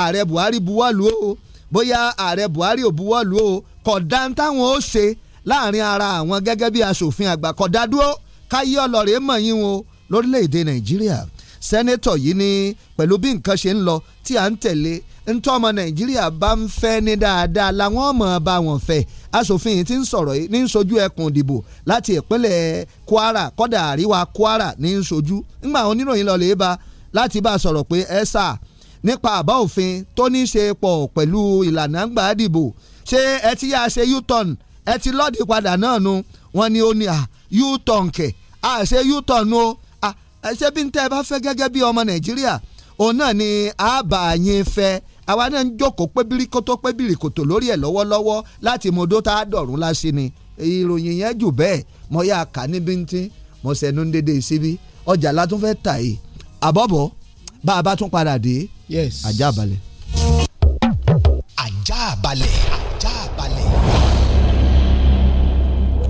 ààrẹ Buhari buwọ́lù o bóyá ààrẹ Buhari ò buwọ́lù o kódà táwọn ó ṣe láàrin ara àwọn gẹ́gẹ́ bí aṣòfin àgbà kódà dúró káyé ọlọ́rẹ̀ mọ̀ yín o lórílẹ̀‐èdè nàìjíríà sẹ́nẹ́tọ̀ yìí ní pẹ̀lú bí nǹkan ṣe ń lọ tí à ń tẹ̀lé ntọ́ ọmọ nàìjíríà bá ń fẹ́ ní dáadáa làwọn ọmọ bá wọn fẹ́ aṣòfin yìí ti ń sọ̀rọ̀ yìí ní ń sojú ẹkùn ìdìbò láti ìpínlẹ̀ kwara kọ́dà àríwá kwara ní ń sojú àwọn oníròyìn lọ lè bá láti bá a sọ̀rọ̀ pé ẹ sà nípa àbá òfin tó ní ṣe pọ̀ pẹ̀lú ìlànà gbà á ṣé ẹ ti yá ṣe u-turn ẹ ti lọ́ọ̀dì padà náà nu wọ́n ní ó ní à u-turn kẹ̀ àṣẹ yútọ̀nù o àṣẹ bí n tẹ́ ẹ bá fẹ́ gẹ́gẹ́ bí ọmọ nàìjíríà òun náà ni àbá yín fẹ́ àwa náà ń jókòó pébìrìkótó pébìrìkótó lórí ẹ̀ lọ́wọ́lọ́wọ́ láti mọ̀dó tá a dọ̀rùn láṣí ni ìròyìn yẹn jù bẹ́ẹ̀ mo yà ká ní bíntín mo sẹ́nu dédé síbí ọjà látún fẹ́ tà yìí àbọ̀bọ̀ bá a bá tún padà dé. yes ajá balẹ̀. ajá balẹ̀.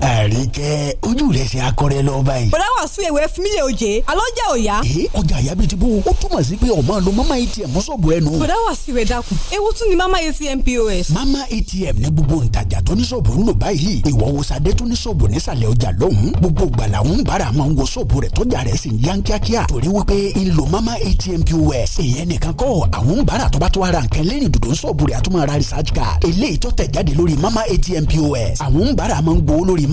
àríkẹ́ ojú rẹ̀ ṣe akọrẹ lọ báyìí. bọ̀dá wà sún ewé fún mi lè oje alọ́ jẹ́ òya. ee ọjà àyà bíi ti bó o túmọ̀ sí pé ọmọ lo mama atm sọ̀bù ẹnu. bọ̀dá wà sí ìwé dákun ewu tún ni mama atm pos. mama atm ní gbogbo ntajà tó ní sọ̀bù ń lò báyìí ìwọ wo sadé tó ní sọ̀bù nísàlẹ̀ ọjà lọ́hùn gbogbo gbala ń bára máa ń wo sọ̀bù rẹ̀ tọ́jà rẹ̀ sì ń yan kíákíá mama atm pos èèyàn nìkan kọ́ àwọn bára tó bá tó ara nǹkan lẹ́yìn dòdò ń sọ̀bù rẹ̀ àtúmọ̀ ara research card eléyìí tó mama atm pos àwọn bára máa ń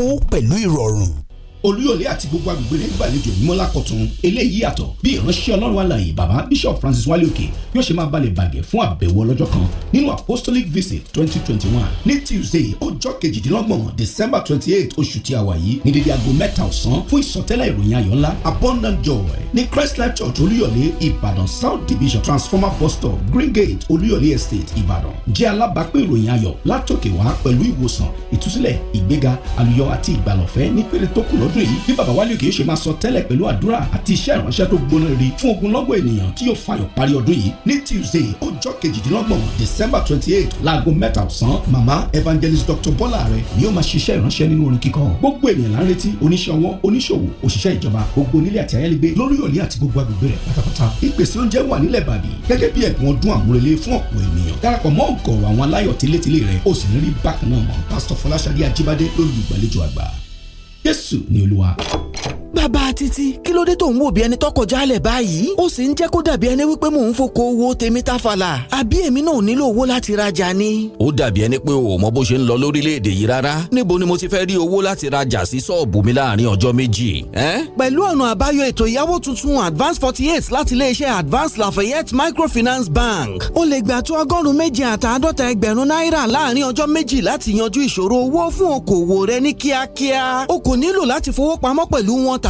náwó pẹ̀lú ìrọ̀rùn olúyọ̀lé àti gbogbo agbègbè rẹ̀ gbàlejò ìmọ̀lá kọ̀tún eléyìí yàtọ̀ bí ìránṣẹ́ ọlọ́run alààyè bàbá bishop francis wálé òkè yóò ṣe máa balẹ̀ bàgẹ́ fún àbẹ̀wò ọlọ́jọ́ kan nínú apostolic visit twenty twenty one ní tuesday ọjọ́ kejìdínlọ́gbọ̀n december twenty eight oṣù tí a wà yìí ní dédé aago mẹ́ta ọ̀sán fún ìsọtẹ́lẹ̀ ìròyìn ayọ̀ ńlá abundant joy ní christ life church olúyọ̀lé ìbàdàn south division transformer bus stop green gate olúyọ̀lé estate ìbàdàn jẹ́ alábàápé ìròyìn ayọ̀ látòkè wá pẹ̀lú ìwòsàn ìtúsílẹ̀ ìgbéga àlùyọ àti ìgbàlọ̀fẹ́ ní péré tó kù lọ́ lọ́dún yìí bí bàbá wálé òkè ṣe máa sọ tẹ́lẹ̀ pẹ̀lú àdúrà àti iṣẹ́ ìránṣẹ́ tó gbóná rí fún ogunlọ́gọ̀ ènìyàn tí yóò fayọ̀ parí ọdún yìí ní tuesday ọjọ́ kejìdínlọ́gbọ̀n december twenty eight láago mẹ́ta ọ̀sán mama evangelist dr bọ́lá rẹ̀ ni yóò máa ṣiṣẹ́ ìránṣẹ́ nínú orin kíkọ gbogbo ènìyàn láń retí oníṣẹ́ ọwọ́ oníṣòwò òṣìṣẹ́ ìjọba gbogbo onílé àti ayálégbé lórí òní àti gbogbo agbègbè rẹ̀ pátápátá ìpèsè oúnjẹ wà nílẹ̀ bàbí gẹ́gẹ́ bí ẹ̀bùn ọdún àmúrelé fún ọ̀pọ̀ ènìyàn darapọ̀ mọ́ ọ̀gọ̀ọ̀rọ̀ àwọn aláyọ̀ tilétilé rẹ̀ ó sì ń rí bákan náà mọ́ pásítọ̀ fọláṣadé ajíbádé lórí ìgbàlejò àgbà Yesu ni Olúwa bàbá titi kí ló dé tó ń wò bí ẹni tọkọ jálẹ̀ báyìí ó sì ń jẹ́ kó dàbí ẹni wípé mò ń foko owó tèmi tàfàlà àbí èmi náà nílò owó láti rajà ni. ó dàbí ẹni pé o ò mọ bó ṣe ń lọ lórílẹ̀‐èdè yìí rárá níbo ni mo ti fẹ́ rí owó láti rajà sí ṣọ́ọ̀bù mi láàrin ọjọ́ méjì. pẹ̀lú ọ̀nà àbáyọ ètò ìyàwó tuntun advance forty eight láti iléeṣẹ́ advance lafayette microfinance bank ó lè gbà tó ọgọ́rùn-ún méje àtàádọ́ta ẹgbẹ̀rún náírà láàrin ọjọ́ méjì láti yanjú ìṣòro owó fún okòwò rẹ ní kíákíá o kò nílò láti fowó pamọ́ pẹ̀lú wọn tà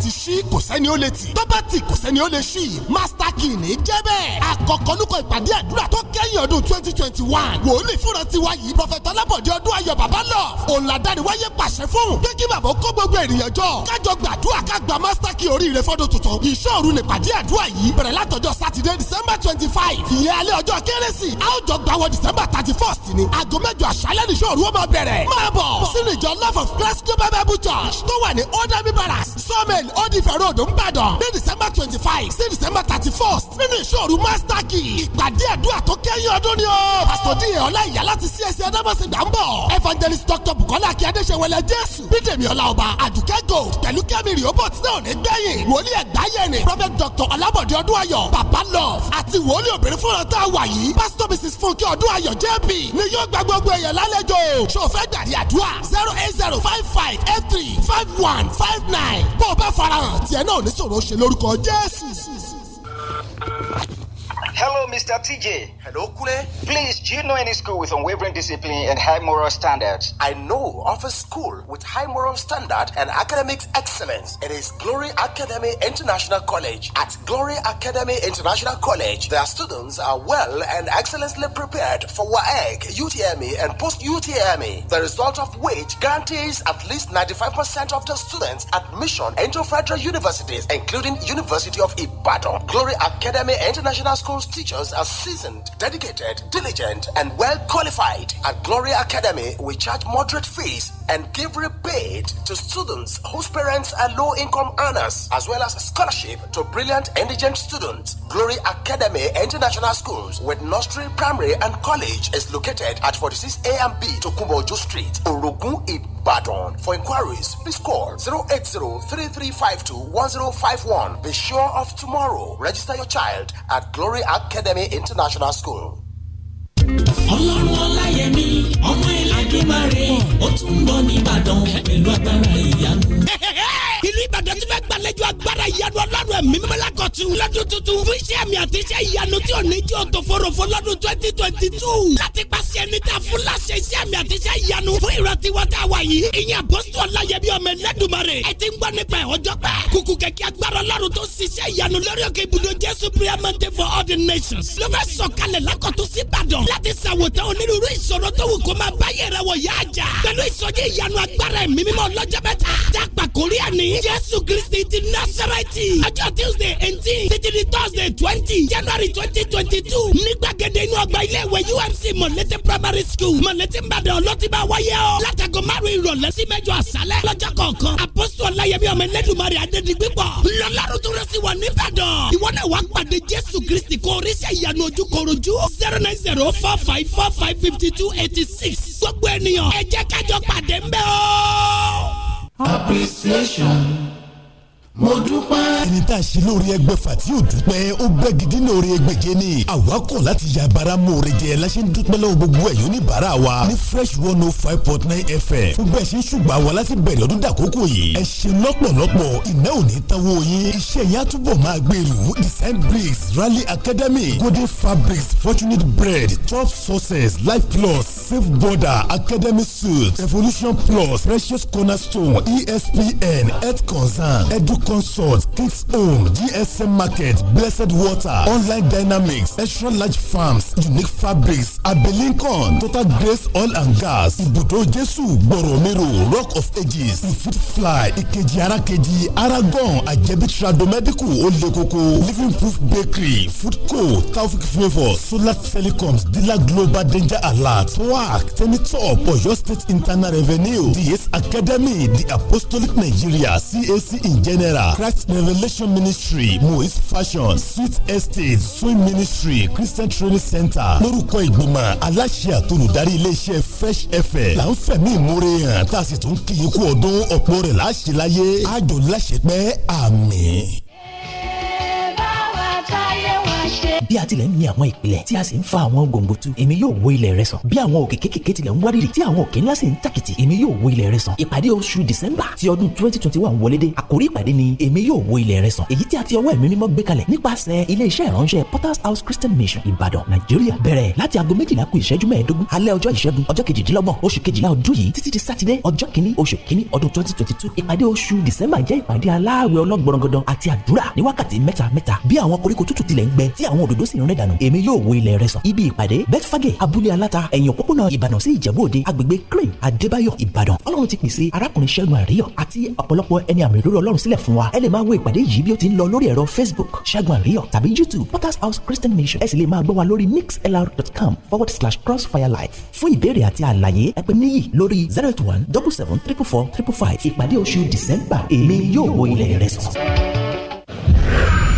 ti ṣí kò sẹ́ni ó lè tì tó bá tì kò sẹ́ni ó lè ṣí master key ní jẹ́ bẹ́ẹ̀ àkọ́kọ́ lukọ̀ ìpàdé àdúrà tó kẹ́yìn ọdún twenty twenty one wòlíì fúnra tiwa yìí prọfẹ̀tọ̀ lábọ̀dé ọdún ayọ̀ bàbá lọ òun làdáni wáyé pàṣẹ fún pé kí bàbá kó gbogbo ènìyàn jọ kájọ gbàdúrà ká gba master key oríire fọ́dún tuntun ìṣòro nípàdé àdúrà yìí bẹ̀rẹ̀ látọjọ́ sátidé december twenty five ìyẹn a ó jọ gbàwọ̀ december thirty first ni aago love of christ global bible church tó wà ní old army barracks old ife road nìbàdàn ní december twenty five sí december thirty first nínú ìṣòro master key ìpàdé àdúrà tó kẹ́yìn ọdún ni ó. pásítọ̀ díye ọlá ìyá láti csc e adamasi gbà ń bọ̀ evangelist Doctor bukola akí adéṣewẹlẹ jésù bídèmí ọláọba àdùkẹ́ gold pẹ̀lú kẹ́mi rìóbọ̀t náà ní gbẹ̀yìn wòlíì ẹ̀gbáyẹ̀nì prophet dr ọlábọ̀dé ọdúnayọ̀ Papa love àti wòlíì obìnrin fúnra tá a wà yìí pásítọ̀ mrs funke ọdúnayọ̀ jp ni yóò gba gbogbo èèyàn lálejò ṣòfẹ́ gbàdí àdúrà zero eight zero five five eight three five one five nine bó farahàn tiẹ̀ náà ò ní ṣòro ṣe lórúkọ Jésù. Hello, Mr. TJ. Hello, Kule. Please, do you know any school with unwavering discipline and high moral standards? I know of a school with high moral standard and academic excellence. It is Glory Academy International College. At Glory Academy International College, their students are well and excellently prepared for WAEG, UTME, and post-UTME. The result of which guarantees at least 95% of the students admission into federal universities, including University of Ibadan. Glory Academy International School those teachers are seasoned, dedicated, diligent, and well qualified. At Gloria Academy, we charge moderate fees and give rebate to students whose parents are low income earners, as well as scholarship to brilliant indigent students. Glory Academy International Schools with nursery, primary, and college is located at 46 A and B to Kumbojo Street, Orogun, Ibadan. For inquiries, please call 080-3352-1051. Be sure of tomorrow. Register your child at Glory Academy International School. ọlọ́run ọláyẹmí ọmọ ẹlẹ́dùnmarè ó tún ń bọ̀ nìbàdàn pẹ̀lú agbára ìyanu ìlú Ìbàdàn ti fẹ́ gbàlejò agbára ìyanu ọlọ́run ẹ̀mí mímọ́lá kọ̀tù lọ́dún tuntun fún iṣẹ́ àmì àti iṣẹ́ ìyanu tí ò ní jẹ́ òtòforofo lọ́dún twenty twenty two láti pàṣẹ ẹni tá a fún láṣẹ iṣẹ́ àmì àti iṣẹ́ ìyanu fún ìrántí wọn tá a wà yìí ìyẹn àpọ́sítù ọláyẹbí ọmọ ẹlẹ́dùnmarè ẹ ti ń gbọ́ nípa ẹ̀ ọjọ́ pẹ́ kùkù kẹ̀kẹ́ agbára ọlọ́run tó ṣiṣẹ́ ìyanu lórí òkè ibùdó jésù priamante for all the nations ló fẹ́ sọ̀kalẹ̀ lákọ̀tún sí ìbàdàn láti ṣàwòtán onírúurú ìṣòro tó wù kó máa báyẹ̀ rẹ̀ wọ̀ yá àjà pẹ̀lú ìsọjí ìyanu agbára ní jésù kristi ti násàrẹ́tì ọjọ́ tuesday eighteen títí thursday twenty january twenty twenty two ní gbàgede inú ọgbà ilé ìwé umc mọ̀lẹ́tẹ̀ primary school mọ̀lẹ́tẹ̀ ìbàdàn ọlọ́tìbá wáyé ọ látàgọ́ márùn ìrọ̀lẹ́ sí mẹ́jọ àṣálẹ́ lọ́jọ́ kọ̀ọ̀kan apọ́sítọ̀ ọláyẹmí ọmọ ẹlẹ́dùnmarè adédigbé pọ̀ lọ́lọ́run tó rẹ̀ sí wọ̀ níbàdàn ìwọ náà wàá pàdé jésù kristi kó oríṣẹ́ ìyanu ojú korojú zero nine zero four five four five fifty two eighty six gbogbo ènìyàn ẹ jẹ́ kájọ pàdé ńbẹ̀ o. Appreciation. mo dúpẹ́. ẹni tá a ṣe lórí ẹgbẹ́fà tí yóò dúpẹ́ ó bẹ́ gidi lórí ẹgbẹ̀je ni. àwa kọ̀ láti ya bara mòore jẹ láṣẹ dúpẹ́ lọ́wọ́ gbogbo ẹ̀yọ́ ní bàárà wa ní fresh one oh five point nine fm fún bẹ́ẹ̀ ṣe ń ṣùgbọ́n wa láti bẹ̀rẹ̀ ọdún dàkókò yìí. ẹ ṣe lọ́pọ̀lọpọ̀ iná ò ní tanwó yín. iṣẹ́ yẹn á túbọ̀ máa gbèrú design bricks rally academy golden fabrics fortunate bread top sources life plus safe border academy suits evolution plus precious cornerstone espn health concern educ consult kids home gsm market blessed water online dynamics extra large farms unique fabrics abelincon total grace oil and gas ibùdó jésù gbọ̀rọ̀mẹ́rò rock of ages food fly ìkejì arákejì aragon àjẹbí tradomedical olèkoko living proof bakery food co taufik flavour solar telecoms dealer global danger alert twac tenitop oyo state internal revenue ds academy the apostolic nigeria cac in general naira christ revelation ministry moise fashion sweet estate Swim ministry christian training center lórúkọ ìgbìmọ̀ aláṣẹ àtolùdarí iléeṣẹ́ fresh fm là ń fẹ̀mí ìmúre hàn tá a sì tún kì í kú ọdún ọ̀pọ̀ rẹ̀ láṣẹ láyé àjò láṣẹ pẹ́ àmín. jẹ́. bí a tilẹ̀ ń mi àwọn ìpìlẹ̀ tí a sì ń fa àwọn gòǹgòtù èmi yóò wo ilẹ̀ rẹ sàn. bí àwọn òkè kékèké tilẹ̀ ń wárìrì tí àwọn òkè ńlá sì ń tàkìtì èmi yóò wo ilẹ̀ rẹ sàn. ìpàdé oṣù december ti ọdún twenty twenty one wọlé dé àkórí ìpàdé ni èmi yóò wo ilẹ̀ rẹ sàn. èyí tí a ti ọwọ́ ẹ̀mí mímọ́ gbé kalẹ̀ nípasẹ̀ ilé iṣẹ́ ìránṣẹ́ Potter's House Christian Mission Ìbàdàn Nàìjíríà bẹ̀rẹ̀ láti aago méjìlá kù ìṣẹ́jú mẹ́ẹ̀ẹ́dógún alẹ́ ọjọ́ ìṣẹ́gun ọjọ́ kejìdínlọ́gbọ̀n oṣù kejìlá ọdún yìí títí di sátidé ọjọ́ kìíní oṣù kìíní ọdún twenty twenty two ìpàdé oṣù december jẹ́ ìpàdé aláàwẹ̀ ọlọ́gbọ̀nrọ̀gọ̀dọ̀ àti àdúrà ní wákàtí mẹ́ta mẹ́ta bí àwọn koríko tútù tilẹ̀ ń gbẹ tí àwọn òdòdó sì ń rìn dànù èmi yóò wo ilẹ̀ rẹ sàn ibi ìpàdé betfage abúlé aláta ẹ̀yìn òpópónà ìbàdàn sí ìjẹ̀bú òde agbègbè crane adébáyọ̀ ìbàdàn ọlọ́run ti pèsè arákùnrin ṣẹ́gun àríyọ̀ àti ọ̀pọ̀lọpọ̀ ẹni àmì ìróró ọlọ́run sílẹ̀ fún wa ẹ lè máa wo ìpàdé yìí bí ó ti ń lọ lórí ẹ̀rọ facebook ṣẹ́gun àríyọ̀ tàbí youtube potters house christian mission ẹ sì lè máa gbọ́ wa lórí mixlr.com forward slash crossfirelife fún ìbéèrè àti àlàyé ẹ pè níyì lórí zero one double seven triple four triple five ìpàdé oṣù december èmi yóò wo ilẹ̀ rẹ sàn.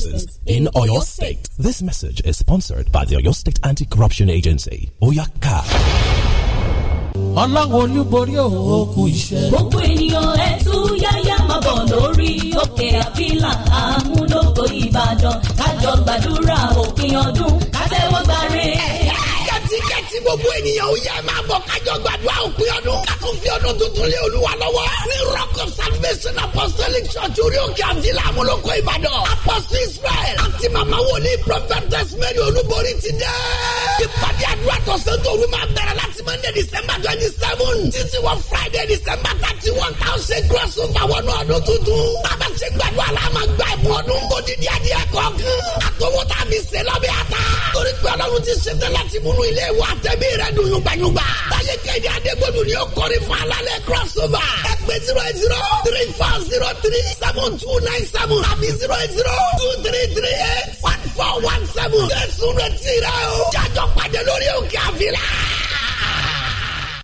citizens in Oyo State. This message is sponsored by the Oyo State Anti-Corruption Agency, Oyaka. ọlọ́run olúborí òkú iṣẹ́. gbogbo ènìyàn ẹ tú yáyá máa bọ̀ lórí òkè àfílà àmúlòkọ ìbàdàn kájọ gbàdúrà òpin ọdún kátẹ́wọ́ kí gbogbo ènìyàn ó yẹ máa bọ̀ kájọ gbàdúrà òpin ọdún kátó fi ọdún tuntun lé olúwa lọ́wọ́ ní rock of salvation apostolic church orí òkè àfilà àmúlòkọ ìbàdàn apostle israel àti màmá wòlíì prophetess mary olúborí ti dẹ́. ìpàdé àdúrà tọ̀sán tòru máa bẹ̀rẹ̀ láti monday december twenty seven títí wọ friday december thirty one thousand cross over wọnú ọdún tuntun. bàbá ṣe gbàdúrà la máa gba ẹ̀bùn ọdún odidi adìẹ kọ̀ọ̀kan àtọwọ́ta mi ṣe lọ́bẹ̀ àtà. torí pé ọlọ́run ti ṣe tẹ́lẹ̀ ti múnú ilé wa t tẹ̀mí rẹ̀ dùn yùgbàyùgbà. Táyé kẹ́hìndé Adégbòdù ni ó kọrin fún alalẹ̀ crossover. Ẹ pè zero eight zero three four zero three seven two nine seven àbí zero eight zero two three three eight one four one seven. Jésù retí rẹ o. Jájọ pàdé lórí òkè àfilà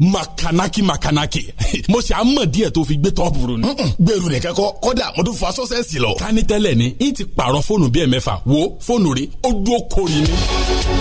makanaki makanaki <laughs> mo ṣe àmọ̀ díẹ̀ tó fi gbé tọ́pù rò ni. gbèrú nìkan kọ kọ́dà mo tún fa sọ́sẹ̀sì lọ. ká ní tẹ́lẹ̀ ni n ti pààrọ̀ fóònù bíi ẹ̀mẹ́fà wo fóònù rí ó dúró kori ni.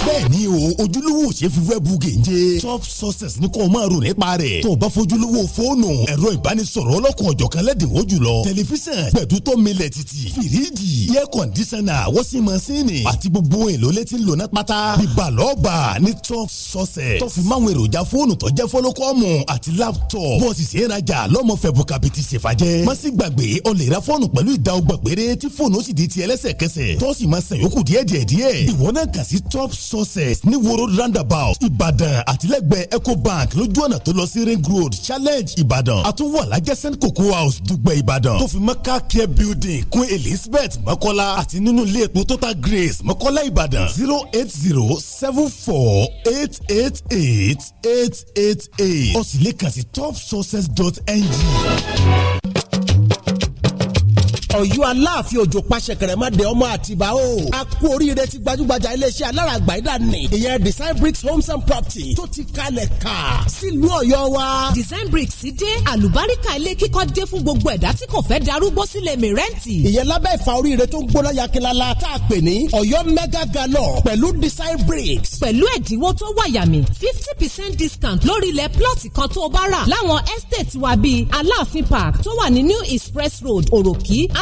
bẹ́ẹ̀ni o ojúlówó ṣe fi wẹ́ẹ̀bù gèje top success ní kò máa rò nípa rẹ̀ tó o bá fojúlówó fóònù ẹ̀rọ ìbánisọ̀rọ̀ ọlọ́kùn ọ̀jọ̀kan lẹ́dínwó jùlọ tẹlifíṣàn gbẹ̀dútọ́ milẹ̀ títì fìríjì air conditioner wọ́sí masínì àti gbogbo èlò létí lónà pátá bíbalọ́ọ̀bà ní top success tó fi máwọn èròjà fóònù tó jẹ́ fọ́l kọ́lọ́kọ́mù àti laptop bọ́ọ̀sì sì ń rajà lọ́mọ fẹ́ bùkàbìtì ṣèfàjẹ́ má sì gbàgbé ọ lè ra fọ́ọ̀nù pẹ̀lú ìdá ọgbà péré tí fóònù ó sì di ti ẹlẹ́sẹ̀kẹsẹ̀ tó sì máa san yòókù díẹ̀ díẹ̀ díẹ̀ ìwọ náà kà sí top sources ní woro roundabout ìbàdàn àtìlẹ́gbẹ̀ẹ́ ecobank lójú ọ̀nà tó lọ sí ring road challenge ìbàdàn àtúwọ̀ alájẹsẹ́ni cocoa house dùgbẹ̀ ìbàdàn tó fi mọ́ car care building kún elizabeth mọ́kọ́lá àti nínú ilé epo total grace mọ́kọ́lá ìbàdàn zero eight zero seven four eight eight eight eight eight ó sì lè kàn sí topsources.ng ọ̀yọ́ aláàfin òjò pàṣẹ kẹrẹmàdé ọmọ àtibá o a kú oríire ti gbajúgbajà iléeṣẹ́ alárààgbà ìdá ni ìyẹn design bricks homes and property tó ti kalẹ̀ ká sílùú ọ̀yọ́ wa. design bricks dé àlùbáríkà ilé kíkọ́ dé fún gbogbo ẹ̀dá tí kò fẹ́ darúgbó sílẹ̀ mìrẹ́ǹtì. ìyẹn lábẹ́ ìfà oríire tó ń gbóná yakinlala tá a pè ní ọ̀yọ́ mega gallon pẹ̀lú design bricks. pẹ̀lú ẹ̀dínwó tó wàyàmì fifty percent discount lórí ilẹ̀ plọ́ọ̀tì kan tó bá rà láwọn estate wa bíi aláàfin park tó wà ní new express road òròkì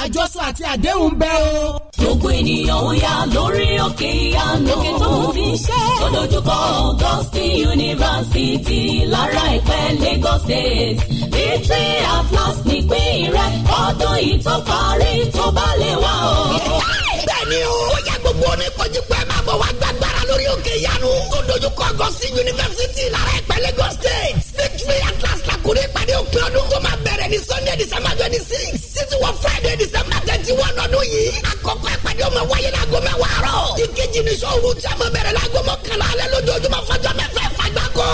àjọsọ àti àdéhùn bẹ́ o. gbogbo ènìyàn ó yá lórí òkè ìyanu. òkè tó ń ti ṣe. tó dojúkọ Augustine University lára ìpẹ́ Lagos State. victory atlas nípìn rẹ̀ ọdún yìí tó parí tó bá lè wá o. bẹ́ẹ̀ni o ó yẹ gbogbo oníkojú pé máa bọ̀ wá gbàgbára lórí òkè ìyanu. tó dojúkọ Augustine University lára ìpẹ́ Lagos State. victory atlas làkúrẹ́ ìpàdé òpin ọdún tó máa bẹ bẹ̀rẹ̀ ní sunday december twenty six títí wọ friday december thirty one ọdún yìí àkọ́kọ́ ìpàdé ọmọ wáyé láago mẹ́wàá àárọ̀ ìkejì ní sọ́ọ̀rù tí a máa bẹ̀rẹ̀ láago mọ́kànlá alẹ́ lójoojúmọ́ fọjọ́ mẹ́fẹ́ fagbáko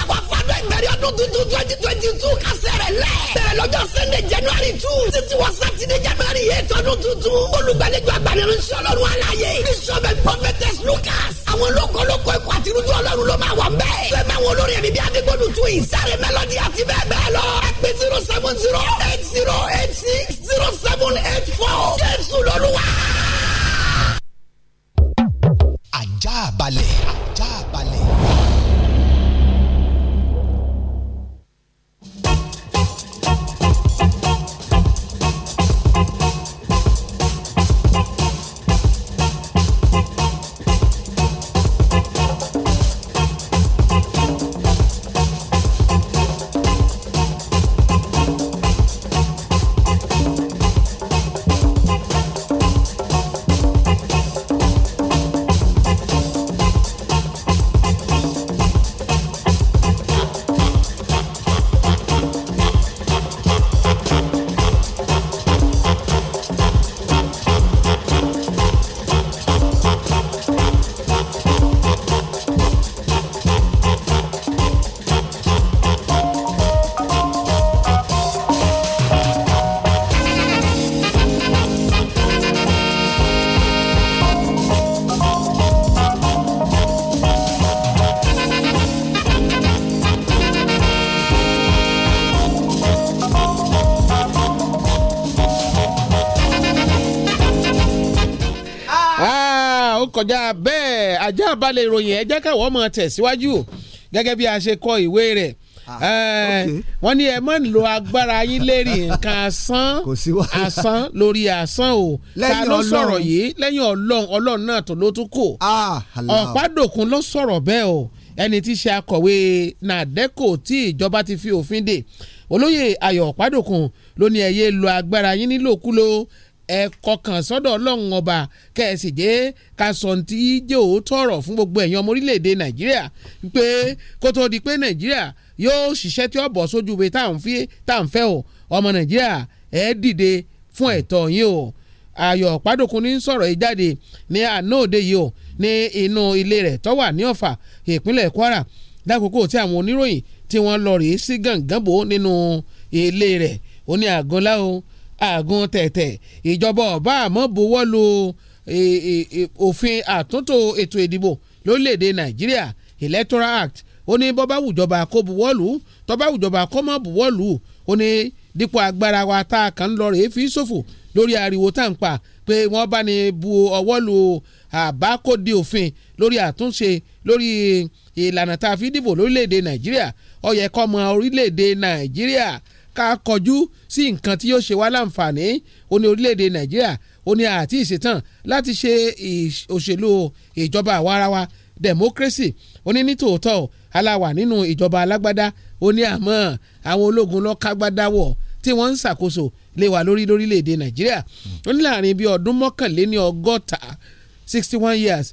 àwọn afáàdọ́ ìbẹ̀rẹ̀ ọdún tuntun twenty twenty two kásẹ̀ rẹ̀ lẹ̀ bẹ̀rẹ̀ lọ́jọ́ sunday january two títí wọ Saturday, january eight ọdún tuntun olùgbàlejò agbanirunṣẹ́ ọlọ́run aláyé bishop prophetess lucas àwọn lókòlókò ikọ̀ àtirújú ọlọ́run ló máa wà ń bẹ́ẹ̀ fẹ́ẹ́ máa wọn olórin ẹ̀mí bí adigun tún ìsáré mélòdì àti bẹ́ẹ̀ bẹ́ẹ̀ lọ ẹ pé zero seven zero eight zero eight six zero seven eight four jésù lọ́lúwa. ajá balẹ̀ ajá balẹ̀. kọjá bẹ́ẹ̀ ajá balẹ̀ ìròyìn ẹ jẹ́ káwọ́ mọ̀ tẹ̀síwájú gẹ́gẹ́ bí a ṣe kọ ìwé rẹ̀ ah, wọ́n ní ẹ mọ̀ ń lo agbára yín lérí nǹkan asán asán lórí asán o ta ló sọ̀rọ̀ yìí lẹ́yìn ọlọ́run ọlọ́run náà tó ló tún kò ah, ọ̀pádòkun ló sọ̀rọ̀ bẹ́ẹ̀ o ẹni tí í ṣe akọ̀wé nàdẹ́kò tí ìjọba ti fi òfin dè olóyè ayọ̀ ọ̀pádòkun ló ní ẹ̀yẹ lo agbára yín nílòkulò ẹ kọkàn sọ́dọ̀ ọlọ́run ọba kẹ̀sì jẹ́ ká sọ ti jẹ́ òótọ́ ọ̀rọ̀ fún gbogbo ẹ̀yàn ọmọ orílẹ̀-èdè nàìjíríà pé kó tó di pé nàìjíríà yóò ṣiṣẹ́ tí ó bọ̀ sójú ibi tá à ń fẹ́ o ọmọ nàìjíríà ẹ dìde fún ẹ̀tọ́ yín o ayọ̀ pádòkun ní sọ̀rọ̀ yìí jáde ní àná òde yìí o ní inú ilé rẹ̀ tó wà ní ọ̀fà ìpínlẹ̀ kwara lákòókò tí àwọn oníròyìn tí wọ́n lọ rèé sí gàngànbó nínú ilé rẹ̀ ó ní àgọ́lá o àgùn tẹ̀tẹ̀ ìjọba ọ̀bá àmọ́ buwọ́ lu e, e, e, òfin àtúntò ètò ìdìbò lórílẹ̀‐èdè nàìjíríà electoral act ó ní bọ́bá wùjọba kó buwọ́ lù ú tọ́bá wùjọba kó má buwọ́ lù ú ó ní dípò agbára wa tá a kàn ń lọ rèé fi ṣòfò lórí ariwo tá à pa pé wọ́n bá ní bu ọwọ́ lu àbá di òfin lórí àtúnṣe lórí ìlànà tá a fi dìbò lórílẹ̀‐èdè nàìjíríà ó yẹ kó mọ orílẹ̀‐èdè nàìjíríà ká kọjú sí nǹkan tí yóò ṣe wá láǹfààní ó ní orílẹ̀-èdè nàìjíríà ó ní àti ìṣetán láti ṣe òṣèlú ìjọba àwa democracy ó ní nítòótọ́ aláwà nínú ìjọba alágbádá ó ní àmọ́ àwọn ológun lọ́kàgbádá wọ̀ tí wọ́n ń ṣàkóso lé wa lórí lórílẹ̀‐èdè nàìjíríà hmm. ó ní láàrin bíi ọdún mọ́kànléní ọgọ́ta sixty one years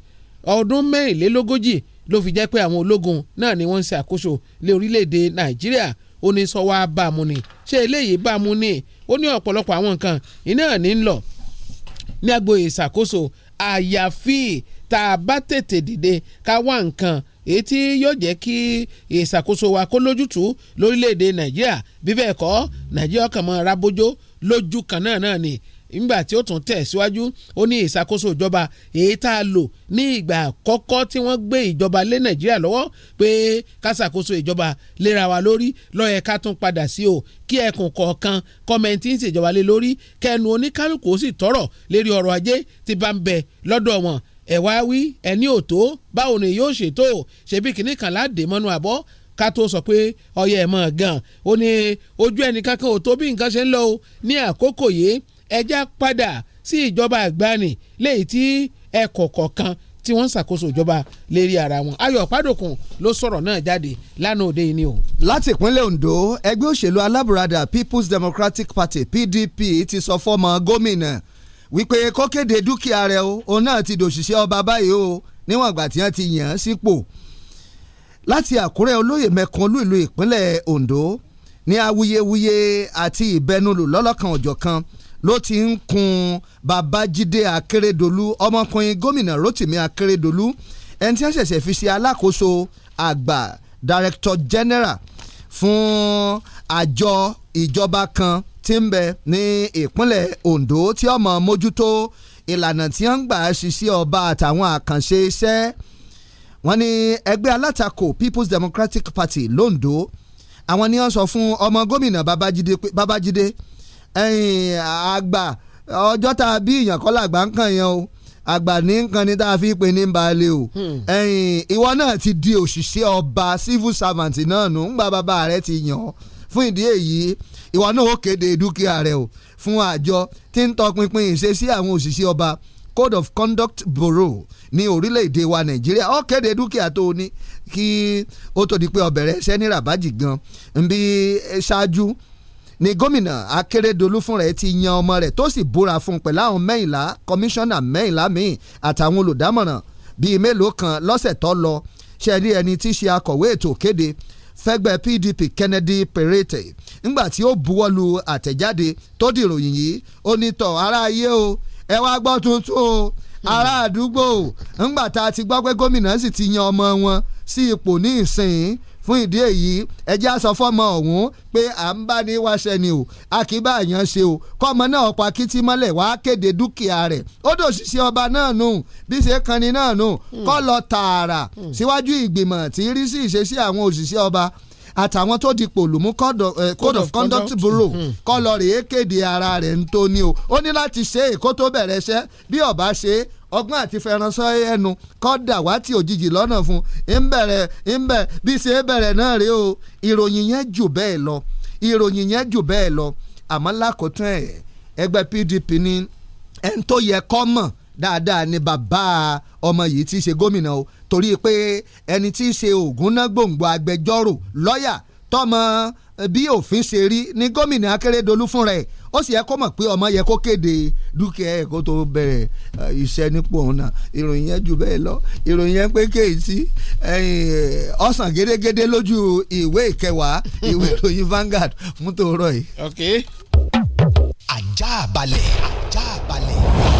ọdún mẹ́rìnlélógójì ló fi jẹ́ pé àwọn ológun náà ni wọ́n ń ṣàkóso lé èdè nàìjíríà ó ní sọ wá bá a mú ni ṣé eléyìí bá a mú ni ó ní ọ̀pọ̀lọpọ̀ àwọn nǹkan iná ní ń lọ ní agbo ìṣàkóso àyàfi tá a bá tètè dìde ká wá nǹkan èyí tí yóò jẹ́ kí ìṣàkóso wa kó lójútùú lórílẹ̀‐èdè nàìjíríà bí bẹ́ẹ̀ kọ́ nàìjíríà kàn mọ́ rabojó lójú kan náà náà ni nígbà tí ó tún tẹ̀ síwájú ó ní ìṣàkóso ìjọba èyí tá a lò ní ìgbà àkọ́kọ́ tí wọ́n gbé ìjọba lé nàìjíríà lọ́wọ́ pé ká ṣàkóso ìjọba léra wa lórí lọ́yẹ̀ ká tún padà sí o kí ẹkùn kọ̀ọ̀kan kọ́mẹ̀ntì ń ṣèjọba lé lórí kẹnu oníkálukú sì tọrọ lérí ọrọ̀ ajé ti bá ń bẹ lọ́dọ̀ wọn ẹ̀ wá wí ẹ̀ ní òtó báwo ni yóò ṣètò ṣebí kìnnì kan láde mọ́nú àbọ̀ ká tó sọ pé ọyẹ ẹ̀ mọ̀ gan ó ní ojú ẹnìkan ò tó bí nǹkan ṣe ń lọ ní àkókò yìí ẹja padà sí ìjọba àgbáni léyìí tí ẹ̀kọ́ kọ̀ọ̀kan tí wọ́n ń ṣàkóso ìjọba lérí ara wọn ayọ̀ pádòkun ló sọ̀rọ̀ náà jáde lánàá òde yìí ni o. láti ìpínlẹ̀ Ondo ẹgbẹ́ òṣèlú alábùradà People's Democratic Party PDP ti sọ fọ́mọ gómìnà wípé kó kéde dúkìá rẹ̀ o òun náà ti dòṣìṣẹ́ ọba báyìí o níwọ̀n ìgbà tí wọ́n ti yàn án sípò. láti Àkúrẹ́ olóyè mẹ́kan olú ìlú ìpínlẹ̀ Ondo ní awuyewuye àti ìbẹnulò lọ́lọ́kan òjọ̀kan ló ti ń kun babájídé akérèdọ́lù ọmọkùnrin gómìnà rotimi akérèdọ́lù ẹni tí wọ́n ṣẹ̀ṣẹ̀ fi ṣe alákòóso àgbà director general fún àjọ ìjọba kan tí ń bẹ ní ìpínlẹ̀ Ondo tí ọmọ mójútó ìlànà tí wọ́n ń gbà ṣiṣẹ́ ọba àtàwọn àkànṣe iṣẹ́ wọ́n ní ẹgbẹ́ alátakò People's Democratic Party londo àwọn ni wọ́n sọ fún ọmọ gómìnà Babájídé Babájídé àgbà ọjọ́ tá a bí ìyàn kọ́ làgbà ń kàn yẹn o àgbà ní nǹkan ni tá a fi pè ní balẹ̀ o hmm. ìwọ náà ti di òṣìṣẹ́ ọba civil servant náà nù ńgbà bàbá rẹ ti yàn ọ́ fún ìdí èyí ìwọ náà ó kéde dúkìá rẹ o fún àjọ tí ń tọpinpin ìṣesí àwọn òṣìṣẹ́ ọba code of conduct bureau ní orílẹ̀-èdè wa nàìjíríà ó kéde dúkìá tó o ní kí ó tó di pé ó bẹ̀rẹ̀ iṣẹ́ ní rabaji gan nbí ṣáájú ni gómìnà akérèdọ́lù fúnra ẹ̀ ti yan ọmọ rẹ̀ tó sì búra fún pẹ̀lú àwọn mẹ́yìnlá kọmíṣánná mẹ́yìnlá míì àtàwọn olùdámọ̀ràn bíi mélòó kan lọ́sẹ̀ tó lọ ṣẹ́rí ẹni tí ṣe akọ̀wé ètò kéde fẹ́gbẹ́ PDP Kennedy Perete ńgbà tí ó buwọ́lu àtẹ̀jáde tó dìròyìn yìí ó ní tọ̀ ara ayé o ẹ wá gbọ́ tuntun o ará àdúgbò ńgbà tá a ti gbọ́ pé gómìnà sì ti yan ọmọ wọn sí ipò ní ìsìn fún ìdí èyí ẹjẹ́ aṣọ fọ́mọ ọ̀hún pé à ń bá ní wáṣẹ ni o a kì àyàn ṣe o kọ́mọ náà pa kìtì mọ́lẹ̀ wàá kéde dúkìá rẹ̀ ó dò ṣiṣẹ́ ọba náà nù bí ṣe kanni náà nù hmm. kọ́ lọ tààrà hmm. síwájú ìgbìmọ̀ tí rí sí ìṣesí àwọn òṣìṣẹ́ ọba àtàwọn tó dipò lùmú eh, code of conduct hmm. bureau kọ́ lọ rèé kéde ara rẹ̀ ń tó ní o ó ní láti ṣe èkó tó bẹ̀rẹ̀ ṣẹ́ bí ọba ṣe ọgbọ́n àti fẹ̀ránṣọ́ ẹnu kọ́ dàwátì òjijì lọ́nà fún un ń bẹ̀rẹ̀ ń bẹ̀ bí ṣe é bẹ̀rẹ̀ náà rèé o ìròyìn yẹn jù bẹ́ẹ̀ lọ ìròyìn yẹn jù bẹ́ẹ̀ lọ àmọ́ lákòótán ẹ̀ ẹgbẹ́ PDP ni ẹni tó yẹ kọ́ mọ̀ dáadáa ni bàbá ọmọ yìí ti ṣe gómìnà o torí pé ẹni tí í ṣe ògúnná gbòǹgbò agbẹjọ́rò lọ́ọ̀yà tọ́mọ bí òfin ṣe rí ni gómìnà akérèdọ́lù fúnra ẹ̀ ó sì yẹ kó mọ̀ pé ọmọ yẹ kó kéde dúkìá ẹ̀ kó tó bẹ̀rẹ̀ eh, iṣẹ́ nípò òun náà ìròyìn yẹn jù bẹ́ẹ̀ lọ ìròyìn yẹn pé kéètì e eh, ọ̀sán gédégédé lójú ìwé ìkẹwàá ìwé <laughs> ìròyìn Vanguard fún tòórọ̀ yìí. ajá balẹ̀ ajá balẹ̀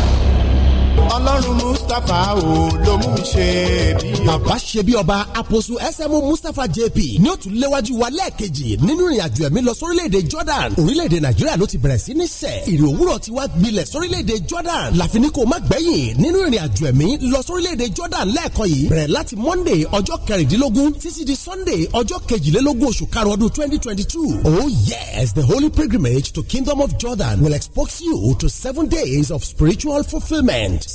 ọlọ́run mustapha ò ló mú mi ṣe bí ọba. bàbá ṣe bí ọba àpòsù ẹsẹmú mustapha jp ní òtún léwájú wa lẹ́ẹ̀kejì nínú ìrìnàjò ẹ̀mí lọ sórílẹ̀‐èdè jordan orílẹ̀‐èdè nàìjíríà ló ti bẹ̀rẹ̀ sí ní sẹ̀ ìrì òwúrọ̀ ti wá gbilẹ̀ sórílẹ̀‐èdè jordan láfi ní kò má gbẹ̀yìn nínú ìrìnàjò ẹ̀mí lọ sórílẹ̀‐èdè jordan lẹ́ẹ̀kan yìí bẹ̀rẹ̀ láti monday ọjọ́ kẹrìndínlógún títí di sunday ọjọ́ kejìlélógún oṣù karùn ọdún twenty twenty two oh yes the holy pilgrimage to kingdom of jordan will expose you to seven days of spiritual fulfilment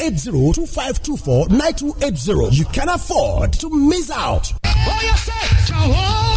eight zero two five two four nine two eight zero. You can afford to miss out. Oh, yes, Jehovah.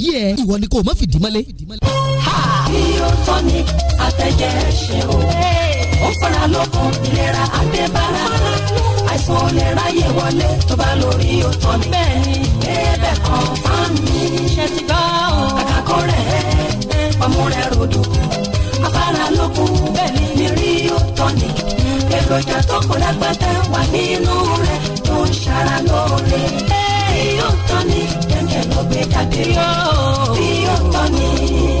ayé ẹ ìwọ ni kò mọ́ fìdí mọ́lé. Biotonic àtẹ̀jẹ́ ṣe o ó fara lókun ìlera àtẹ̀bára àìsàn ò lè ráyè wọlé tó bá lórí Biotonic. bẹ́ẹ̀ni ẹ̀bẹ̀ kan fáàmì ṣe ti o kàkà kó rẹ̀ ọmú rẹ̀ rodò afárá lókun bẹ́ẹ̀ni ni Biotonic èròjà tó kù lágbàtà wà nínú rẹ̀ tó ń ṣara lóore Biotonic rẹ̀ ló gbé jáde. tí ó tọ́ ni.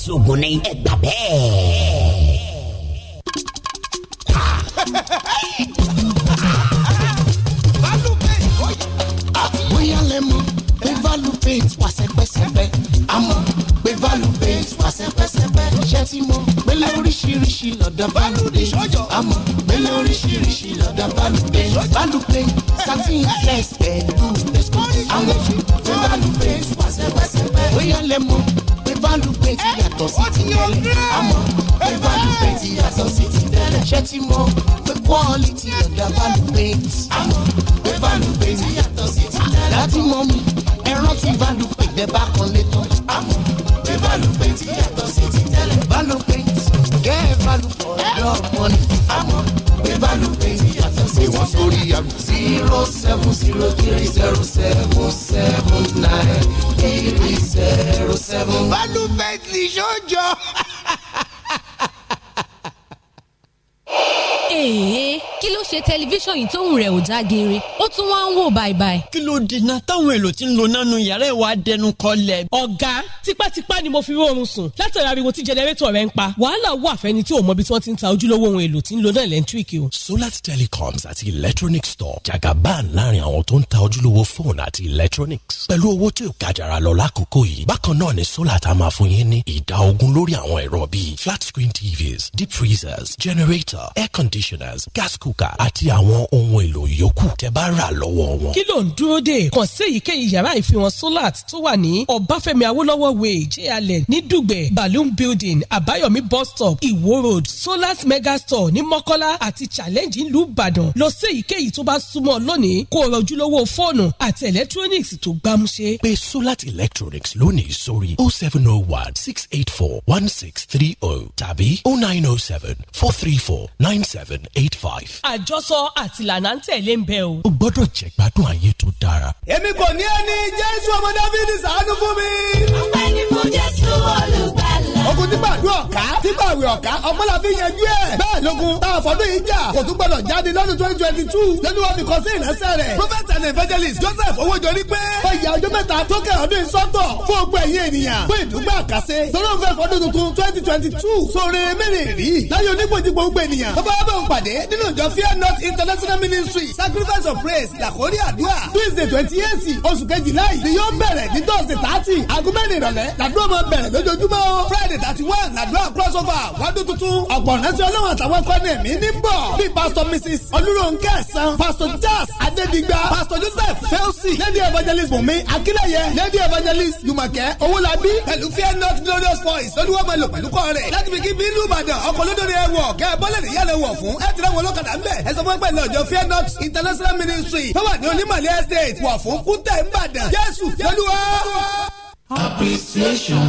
ṣoògùn ni ẹ gbà bẹ́ẹ̀. bóyá lẹ́mu pé evalupé ti yàtọ̀ sí ti tẹ́lẹ̀ àmọ́ evalupé ti yàtọ̀ sí ti tẹ́lẹ̀ ṣé ti mọ̀ pé quality ọ̀dà valupé àmọ́ evalupé ti yàtọ̀ sí ti tẹ́lẹ̀ láti mọ̀ mi ẹran ti valupé jẹ́ bákan lé tán àmọ́ evalupé ti yàtọ̀ sí ti tẹ́lẹ̀ valupé kẹ́ evalupé ọ̀dọ́ ọ̀pọ̀ ni àmọ́ evalupé ti yàtọ̀ pè wọ́n sórí àgbà. zero seven zero three zero seven seven nine three zero seven. balùwẹ̀ tí sọ́jọ́ èèyàn kí ló ṣe tẹlifíṣàn yìí tóun rẹ̀ ò já ó tún wá ń wò bàìbàì. kí ló dènà táwọn èlò tí ń lo nánú yàrá ìwà dẹnu kọlẹ̀. ọ̀gá tipátipá ni mo fi rí oorun sùn látara ariwo tí jẹnẹrétọ̀ rẹ̀ ń pa wàhálà wà fẹ́ni tí ò mọbi tí wọ́n ti ń ta ojúlówó ohun èlò tí ń lo náà lẹ́ńtíríkì o. solar telecoms àti electronic store jagaban láàrin àwọn tó ń ta ojúlówó fóònù àti electronics pẹ̀lú owó tí ò gàjàrà lọ lákòókò yìí bákan náà ni solar ta máa fún yín ní ìdá flat screen tvs deep freezers generator air conditioners gas cooker àti àwọn ohun èlò yòókù tẹ́ bá rà lọ́wọ́ wọn. kí ló ń dúró dè kàn sí èyíkéyìí yàrá ìfihàn solar tó wà ní ọbáfẹ́mi awólọ́wọ̀ way jayalẹ ní dùgbẹ̀ balloon building àbáyọ̀mí bus stop ìwó road solat mega store ní mọ́kọ́lá àti challenge ìlú ìbàdàn lọ sí èyíkéyìí tó bá súnmọ́ lónìí kó rọjú lówó fóònù àti electronics tó gbámúṣé. pé solar electronics lónìí sórí o oh seven o oh one six eight four one six three o oh tàbí o nine o seven four three four nine seven seven eight five. àjọsọ àtìlànà ń tẹ̀lé ń bẹ o. o gbọ́dọ̀ jẹ́ gbádùn ayé tó dára. èmi kò ní ẹni jésù ọmọ dáfídì ṣàánú fún mi. ọpẹ́ ni fún jésù olùgbàlà. ogun tí gbàdúrà ọ̀ká tí gbàwé ọ̀ká ọmọlá fi yanjú ẹ̀. bẹ́ẹ̀ lógun tá a fọdún yìí jà kò tún gbọ́dọ̀ jáde lọ́dún twenty twenty two lẹ́nu wọn fi kọ sí ìrẹsẹ̀ rẹ̀. prophet and evangelist joseph owójorí pé ọ̀yà ọjọ́ mẹ́ta tó kẹ́ ọdún ìsọ́tọ̀ fún ogun ẹ̀yìn ènìyàn fún ìdúgbò àkàṣe tọ́lọ́ fẹ́ fọdún tuntun twenty twenty two sóore mẹ́rẹ̀ẹ̀rí láyé onígbòjì gbogbo ènìyàn. bàbá bóun pàdé nínú ìjọ fear not international ministry sacrifice of praise làkórí àdúrà tuesday twenty eight oṣù kejìlá yìí ni yóò bẹ̀rẹ̀ ní thursday thirty agúnmẹ́rin ìrọ̀lẹ́ làdúrà máa bẹ̀rẹ̀ lójoojúmọ́ friday thirty one làdúrà crossover wádùn tuntun ọ̀pọ̀ ránṣẹ́ ọlọ́run àtàwọn ẹ̀kọ́ ní ẹ̀mí ní bọ̀ bí pastor mrs olúrónkẹ́ san pastor jazz adédigba pastor joseph felsi lady evangelist bùnmi akínlẹ̀yẹ lady evangelist jumoke owólabí pẹ̀lú fear not glorious voice lọ́dún wọn máa lò pẹ̀lú kọ́ rẹ̀ láti fi kí bínú ìbàdàn ọkọ̀ lódò rẹ̀ wọ̀ kẹ́ bọ́lẹ̀ fún ẹ ti ráwọn olókàdá ń bẹ̀ ẹ sọ fún pẹ̀lú ọjọ́ fairnox international ministry tó wà ní onímọ̀lẹ́ estate wà fún kútẹ́ ńbàdàn jésù jẹ́lúwa. appreciation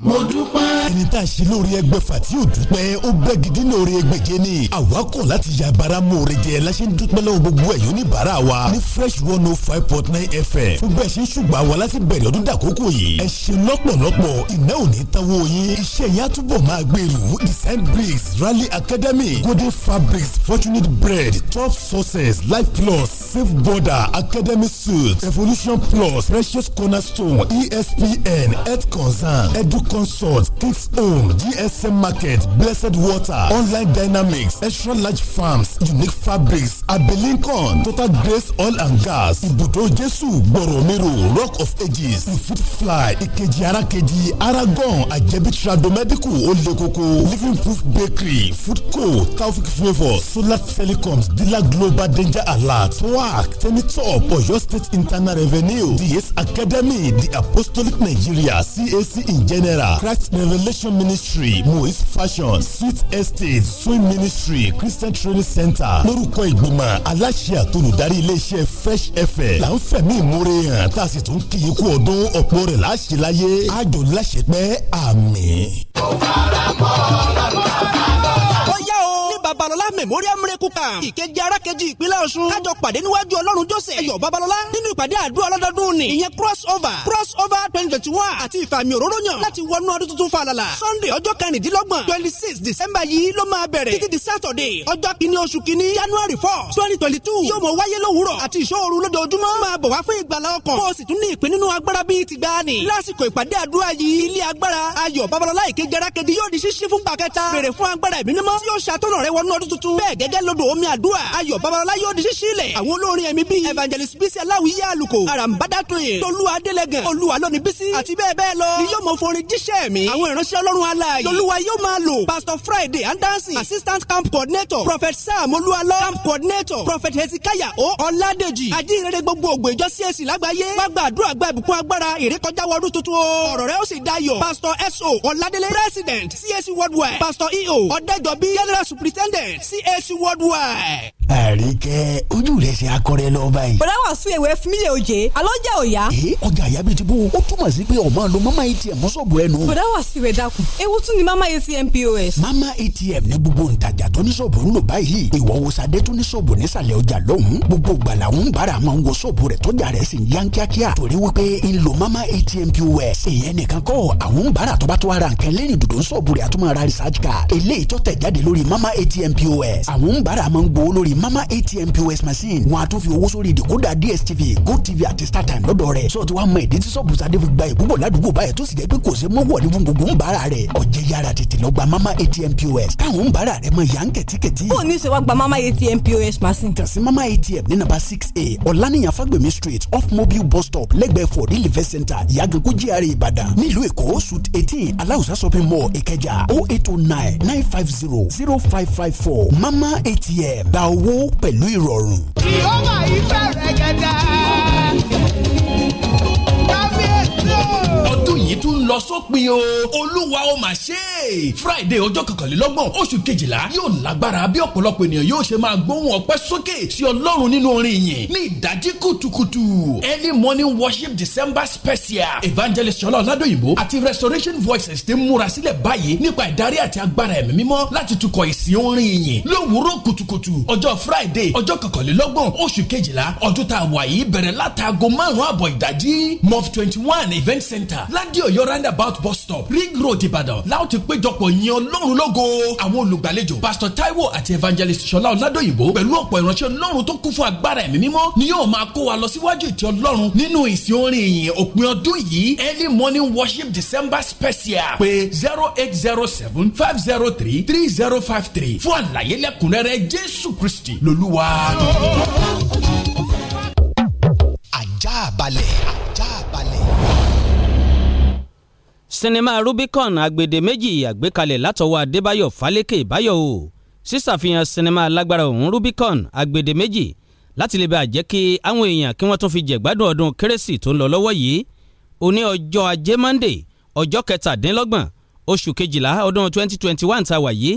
mo dúpẹ́. ẹni tá a ṣe lórí ẹgbẹ́fà tí yóò dúpẹ́ ó bẹ́ gidi lórí ẹgbẹ̀je ni. àwa kọ̀ láti ya bara mòore jẹ láṣẹ ń dúpẹ́ lọ́wọ́ gbogbo ẹ̀yọ́ ní bàárà wa ní fresh one oh five point nine fm fún bẹ́ẹ̀ ṣe ń ṣùgbọ́n wa láti bẹ̀rẹ̀ ọdún dàkókò yìí. ẹ ṣe lọ́pọ̀lọpọ̀ iná ò ní tanwó yín. iṣẹ́ yẹn á túbọ̀ máa gbèrú design bricks rally academy golden fabrics fortunate bread top sources life plus safe border academy suits evolution plus precious cornerstone espn health concern edu consult kids home gsm market blessed water online dynamics extra large farms unique fabrics abelincon total grace oil and gas ibùdó Jesu, gbọ̀rọ̀mìrò rock of ages food fly ìkejì arákejì aragon medical tradomedical olèkoko living proof bakery food co taufik flavour solar telecoms dealer global danger alert twac tenitop oyo state internal revenue ds academy the apostolic nigeria cac in general naira christ revelation ministry moise fashion sweet estate Swim ministry christian training center lórúkọ ìgbìmọ̀ aláṣẹ àtolùdarí iléeṣẹ́ fresh fm là ń fẹ̀mí ìmúre hàn tá a sì tún kì í kú ọdún ọ̀pọ̀ rẹ̀ láṣẹ láyé àjò láṣẹ pẹ́ àmì. ó fara mọ́ ọ́ lábọ́ memorial miracle camp ìkejì arákejì ìpínlẹ̀ ọ̀ṣun kájọ pàdé níwájú ọlọ́run jọ́sẹ̀ ayọ̀ babalọ́lá nínú ìpàdé àdúrà ọlọ́dọọdún ni ìyẹn cross over cross over twenty twenty one àti ìfàmì òróró yàn láti wọnú ọdún tuntun falala sunday ọjọ́ kẹrìndínlọ́gbọ̀n twenty six december yìí ló máa bẹ̀rẹ̀ títí di saturday ọjọ́ kìíní oṣù kìíní january four twenty twenty two yóò mọ wáyé lówùrọ̀ àti ìṣòro lójoojúmọ́ máa bọ̀ wá fún ìgbàlá ọkàn kó o sì tún ní ìpín nínú agbára bíi ti gbani lásìkò ìpàdé àdúrà yìí ilé agbára ayọ̀ babalọ́lá ìkejì arákejì yóò di ṣíṣí fún gbàkẹ́ta béèrè fún agbára ìbínú mọ́ tí yóò ṣàtọ̀nà rẹ wọnú ọdún tuntun bẹ́ẹ̀ gẹ́gẹ́ lodò omi àdúrà ayọ̀ babalọla yóò di ṣíṣí lẹ̀ àwọn olórin ẹ̀mí bíi evangelist Bisi aláwí yá àlùkò àràǹbádá tóyè tolú adélẹ́gàn olúwa lónìí bísí àti bẹ́ẹ̀ bẹ́ẹ̀ lọ ni yóò mọ forin jíṣẹ́ mi àwọn ìránṣẹ́ ọlọ́run aláàyè lolúwa yóò máa lò pastor friday andansi assistant camp coordinator prophet sam olúwalọ camp coordinator prophet hezekiah o ọládèjì ajínrere gbogbo ògbò ìjọ csc lágbàáyé gbàgbà àdúrà gba ìbùkún agbára ìrékọjá wọdún tuntun o ọ̀rọ̀ rẹ ó sì dayọ̀ pastor so ọládélé president csc worldwide pastor eo ọ̀dẹ́jọ́bí general superintendent CAC worldwide àríkẹ́ ojú rẹ̀ ṣe akọrẹ lọ báyìí. bọ̀dá wà sún ewé fún mi oje alọ́jà òya. ee ọjà àyà bíi ti bó o túmọ̀ sí pé ọmọ lo mama atm mọ́sọ̀bù ẹnu. bọ̀dá wà sí ìwé dákun ewu tún ni mama atm pos. mama atm ní gbogbo ntajà tó ní sọ̀bù ń lò báyìí ìwọ wo sadé tó ní sọ̀bù nísàlẹ̀ ọjà lọ́hùn-ún gbogbo gbala ń bára máa ń wo sọ̀bù rẹ̀ tọ́jà rẹ̀ sì ń yan kíákíá torí mama atm pos èèyàn nìkan kọ́ àwọn ń bára tó bá tó ara nǹkan lẹ́yìn dòdò sọ̀bù rẹ̀ àtúmọ̀ ara research mama atm pos àwọn ń bára mama atm pos machine wọn a tún fi owó sórí ìdìkódà dstv gotv àti startime lọ́dọ̀ rẹ̀ sọ ti wá mọ ìdí tí sọ́ọ̀bù sadé fi gba ìbúbọ̀ ládùúgbò báyìí tó sì jẹ́ pé kò sí mọ́wọ́ ní gbogbo ń bára rẹ̀ ọ̀jẹ̀ yára tètè lọ gba mama atm pos káwọn ń bára rẹ̀ mọ ìyá ń kẹ̀tíkẹ̀tí. ó ní ìṣèwà gba mama atm pos machine. kàn sí mama atm ní nàbà six a ọ̀lànìyàn fagbemi street off mobile bus stop lẹ́gbẹ̀ẹ́ for delivery center ìyàgànkú GRA ìbàdàn nílùú èkó suit eighteen aláùsá shopping mall ìkẹjà o oh eight o oh nine nine five zero zero five five four mama atm gba owó ẹ̀dínwó pẹ̀lú ìrọ̀rùn. ìhọ́mà ìfẹ́ rẹ̀ gẹ́gẹ́. yìí tún lọ sópin o olúwa ó mà ṣe friday ọjọ́ kọkànlélọ́gbọ̀n oṣù kejìlá yóò lágbára bí ọ̀pọ̀lọpọ̀ ènìyàn yóò ṣe máa gbóhùn ọpẹ́ sókè sí ọlọ́run nínú orin yìí ní ìdájí kùtùkùtù early morning worship december special evangelist ṣọlá ọ̀làdọ̀yìnbó àti restoration voices ti múra sílẹ̀ báyìí nípa ìdarí àti agbára ẹ̀mí mímọ́ láti tukọ̀ ìsìn orin yìnyín lówùúrọ̀ kùtùkùtù ọjọ́ friday ọjọ́ kọkànlélọ́gbọ̀n oṣù kejìlá ọdún tá a wà yìí bẹ̀rẹ̀ látàgọ́ márùn-ún àbọ̀ ìdájí mof twenty one event center land ládìọ̀yọ́ roundabout bus stop ring road ìbàdàn láti péjọpọ̀ yìn ọlọ́run lógo àwọn olùgbàlejò pastor taiwo àti evangelist ṣọlá ọládòyìnbó pẹ̀lú ọ̀pọ̀ ìránṣẹ́ ọlọ́run tó kún fún agbára ẹ̀mí mímọ́ ni yóò máa kó wa lọ síwájú ìtì ọlọ́run nínú ìsìn orin ìyìn òpin ọdún yìí early morning worship december special pé zero eight zero seven five zero three three zero five three fún àlàyé lẹ́kùnrẹ́rẹ́ jésù kristi lolúwa. ajá balẹ̀. sinimá Rubicon agbede méjì àgbékalẹ̀ látọwọ́ Adébáyọ̀ Fálékè Báyọ̀ o sísàfihàn sinimá alágbára ọ̀hún Rubicon agbede méjì láti lè bá a jẹ́ kí àwọn èèyàn kí wọ́n tún fi jẹ̀gbádùn ọdún kérésì tó ń lọ lọ́wọ́ yìí òní ọjọ́ ajé Monday ọjọ́ kẹtàdínlọ́gbọ̀n oṣù kejìlá ọdún 2021 ta wà yìí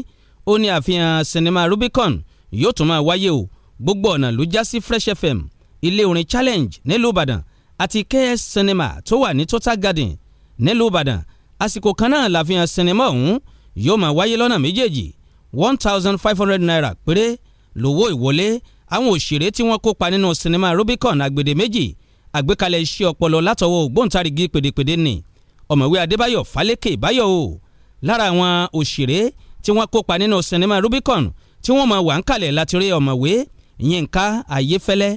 ó ní àfihàn sinimá Rubicon yóò tún máa wáyé o gbogbo ọ̀nà ló já sí Fresh FM ilé orin challenge nílùú Ìbàdàn àti KS Cinema tó wà ní Total Garden nílùú Ìbàdàn àsìkò kan náà làfihàn sinimá ọ̀hún yóò máa wáyé lọ́nà méjèèjì one thousand five hundred naira péré lówó ìwọlé àwọn òṣèré tí wọ́n kópa nínú sinimá Rubicon agbèdè méjì àgbékalẹ̀ iṣẹ́ ọpọlọ látọwọ́ ògbóǹtarìgì pèdèpèdè ni ọ̀mọ̀wé Adébáyọ̀ Fálékè Báyọ̀ o lára àwọn òṣèré tí wọ́n kópa nínú sinimá Rubicon tí wọ́n máa wà ń kalẹ̀ láti rí ọ̀mọ̀wé Yínká Ayéfẹ́lẹ́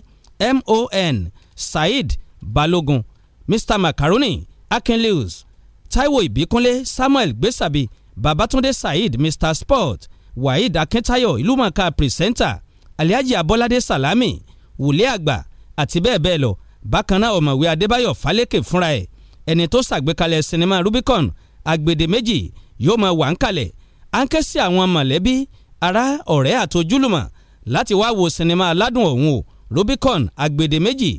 MON Said, Balogun Mr Macaroni Akin taiwo ìbíkúnlé samuel gbèsàbí babatunde saheed mr sport waheed akintayo ìlúmọ̀ọ́ká pírẹsẹ́ńtà alhaji abolade salami wòlé àgbà àti bẹ́ẹ̀ bẹ́ẹ̀ lọ bákan náà ọ̀mọ̀wé adébáyọ̀ falẹ́kẹ̀ fúnra ẹ̀ ẹni tó ṣàgbékalẹ̀ sinimá rubicon agbèdémèjì yóò máa wà ń kalẹ̀ à ń ké sí àwọn mọ̀lẹ́bí ará ọ̀rẹ́ àtojúlùmọ̀ láti wá wo sinimá aládùn ọ̀hún o rubicon agbèdémèjì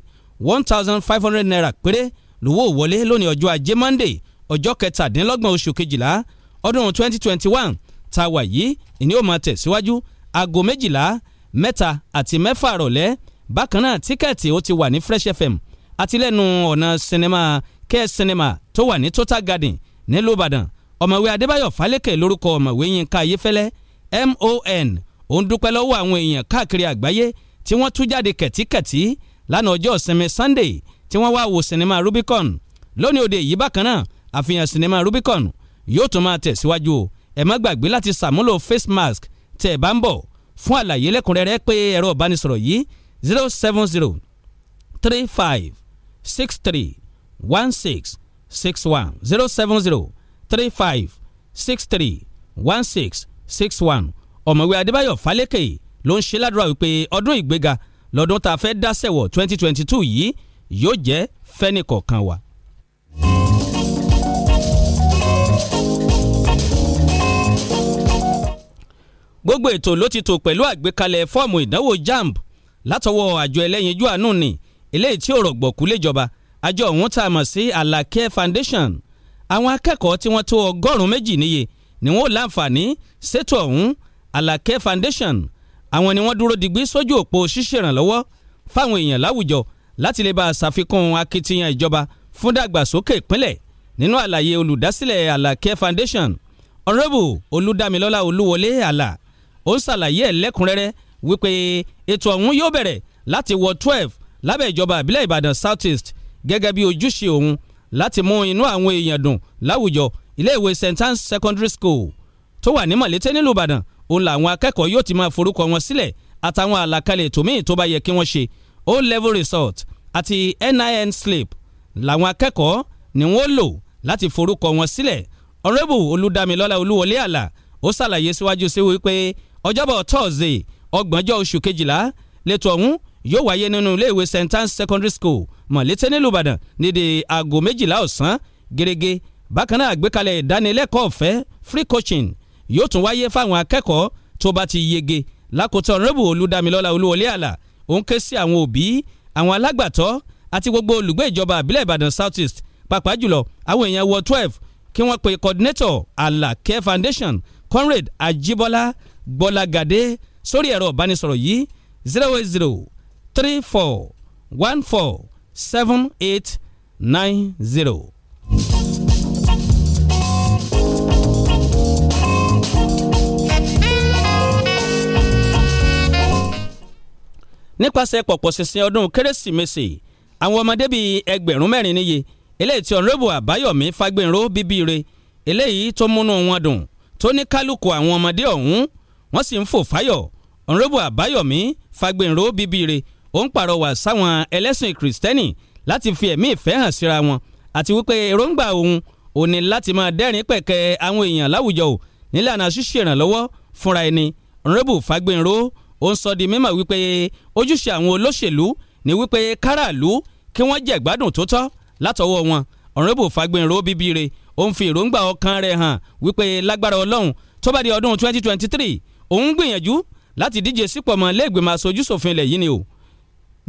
one thousand five hundred naira péré lówó wọlé lónìí ọjọ́ ajé monday ọjọ́ kẹtàdínlọ́gbọ̀n oṣù kejìlá ọdún 2021 tá a wà yìí ìní ó máa tẹ̀síwájú aago méjìlá mẹ́ta àti mẹ́fà rọ̀lẹ́ bákan náà tíkẹ́ẹ̀tì ó ti wà ní Fresh FM àtìlẹ́nu ọ̀nà sinimá kẹ́ sinimá tó wà ní Total Garden nílùú Ìbàdàn ọ̀mọ̀wé Adébáyọ̀ Fálékè lórúkọ ọ̀mọ̀wé Yínká Ayéfẹ́lẹ́ MON òun dúpẹ́ lọ́wọ́ àwọn èèyàn káàkiri àgbáyé tí wọ́n tú jáde kẹ̀tíkẹ̀tí lánàá ọjọ́ ìsinmi Sunday tí wọ́n wá wo sinimá Rubicon lónìí òde yìí bákan náà àfihàn sinimá Rubicon yóò tún máa tẹ̀síwájú o ẹ má gbàgbé láti ṣàmúlò face mask tẹ̀ ẹ̀ bá ń bọ̀ fún àlàyé lẹ́kùnrẹ́rẹ́ pé ẹ̀rọ ìbánisọ̀rọ̀ yìí zero seven zero three five six three one six six one zero seven zero three five six three one six six one ọ̀mọ̀wé adébáyọ̀ fálékè ló ń ṣe ládùúrà wípé ọdún ìgbéga lọ́dún tá a fẹ́ dá sẹ̀wọ̀ twenty twenty two yìí yóò jẹ́ fẹ́nìkọ̀ọ̀kan wa. gbogbo ètò ló ti tò pẹ̀lú àgbékalẹ̀ fọ́ọ̀mù ìdánwò jamb látọwọ́ àjọ ẹlẹ́yinjú àánú ni eléyìí tí ò rọ̀gbọ̀kú léjọba àjọ ọ̀hún tá a mọ̀ sí Alake Foundation àwọn akẹ́kọ̀ọ́ tí wọ́n tó ọgọ́rùn-ún méjì níye ni wọ́n láǹfààní ṣètò ọ̀hún Alake Foundation àwọn ni wọ́n dúró digbí sójú òpó ṣíṣèrànlọ́wọ́ fáwọn èèyàn láwùjọ láti lè bá a ṣàfikún akitiyan ìjọba fún dàgbàsókè ìpínlẹ̀ nínú àlàyé olùdásílẹ̀ Alake Foundation Honourable Olúdámilọ́lá Olúwọlé àlà ó ṣàlàyé ẹ̀ lẹ́kùnrẹ́rẹ́ wípé ètò ọ̀hún yóò bẹ̀rẹ̀ láti wọ twelve lábẹ́ ìjọba àbílẹ̀ ìbàdàn south east gẹ́gẹ́ bí ojúṣe òun láti mú inú àwọn èèyàn dùn láwùjọ iléèwé st anne secondary school tó wà ní mọ̀lété nílùú ìbàdàn òun làwọn akẹ́kọ̀ọ́ yóò ti máa forúkọ wọn sílẹ̀ àtàwọn àlàkalẹ̀ ètò míì tó bá yẹ kí wọ́n ṣe o level result àti nin sleep làwọn akẹ́kọ̀ọ́ ni wọ́n lò láti forúkọ wọn sílẹ̀ honourable olùdámilọ́lá olúwọlé àlà ó ṣàlàyé síwájú sí wípé ọjọ́bọ̀ Thursday ọgbọ̀njọ́ oṣù kejìlá lẹ́tọ̀ ọ̀hún yóò wáyé nínú iléèwé St. Anne's Secondary School mọ̀lété nílùú Ìbàdàn nídìí aago méjìlá ọ̀sán gẹ́gẹ́ bákan náà àgbékalẹ̀ ìdánilẹ́kọ̀ọ́ ọ̀fẹ́ free coaching yóò tún wáyé fáwọn akẹ́kọ̀ọ́ tó bá ti yege lákòótọ́ ọ̀rẹ́bù Olúdámilọ́lá Olúwọlé àlà ó ń ké sí àwọn òbí àwọn alágbàtọ́ àti gbogbo olùgbé ìjọba àbílẹ̀ Ìbàdàn South East pàápàá jùlọ àwọn èèyàn wọ twelve kí wọ́n pe coordinator Alake Foundation Conrad Ajibola gbọ́lagadé sórí ẹ̀rọ ìbánisọ̀rọ̀ yìí zero eight zero three four one four seven eight nine zero. nípasẹ̀ pọ̀pọ̀ ṣinṣin ọdún kérésìmesì àwọn ọmọdé bíi ẹgbẹ̀rún mẹ́rin níye eléyìí tí ọ̀nrẹ́bù àbáyọ̀mí fagbẹ́nró bíbí re eléyìí tó múnú wọn dùn tó ní kálukú àwọn ọmọdé ọ̀hún wọ́n sì ń fò fáyọ̀ ọ̀nrẹ́bù àbáyọ̀mí fagbèǹrò bíbíire ó ń pàrọwà sáwọn ẹlẹ́sìn kìrìsìtẹ́nì láti fi ẹ̀mí ìfẹ́ hàn síra wọn àti wípé èròǹgbà òun ò ní láti máa dẹ́rìn pẹ̀kẹ́ àwọn èèyàn láwùjọ ò nílànà ṣíṣe ìrànlọ́wọ́ fúnra ẹni ọ̀nrẹ́bù fagbèǹrò ó ń sọ di mímọ̀ wípé ojúṣe àwọn olóṣèlú ni wípé káràlú kí wọ́n jẹ ìgbádùn tó tọ́ látọwọ́ wọn ọ̀nrẹ́bù fagbèǹrò bíbíire ó ń fi èròǹgbà ọkàn rẹ̀ hàn wípé lágbára ọlọ́run tó bá di ọdún 2023 òun gbìyànjú láti díje sípò mọ́ lẹ́gbẹ̀mọ́ aṣojú ṣòfin ilẹ̀ yìí ni o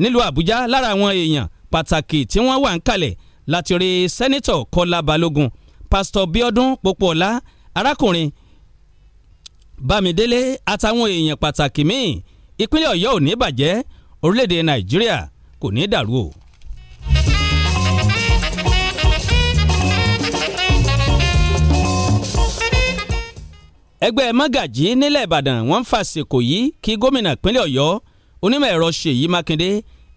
nílùú Àbújá lára àwọn èèyàn pàtàkì tí wọ́n wà ń kalẹ̀ láti rí sẹ́nitọ̀ Kọ́lá Balógun pásítọ̀ Bíọ́dún Pópóọlá arákùnrin Bámidélé àtàwọn èèyàn pàtàkì míì ìpínlẹ̀ Ọ̀yọ́ ò ní bàjẹ́ orílẹ̀ Nàìjíríà kò ní dàrú o. ẹgbẹ́ mọ́gàjí nílẹ̀ ìbàdàn wọ́n ń fàṣekò yìí kí gómìnà ìpínlẹ̀ ọ̀yọ́ onímọ̀ ẹ̀rọ ṣèyí mákindé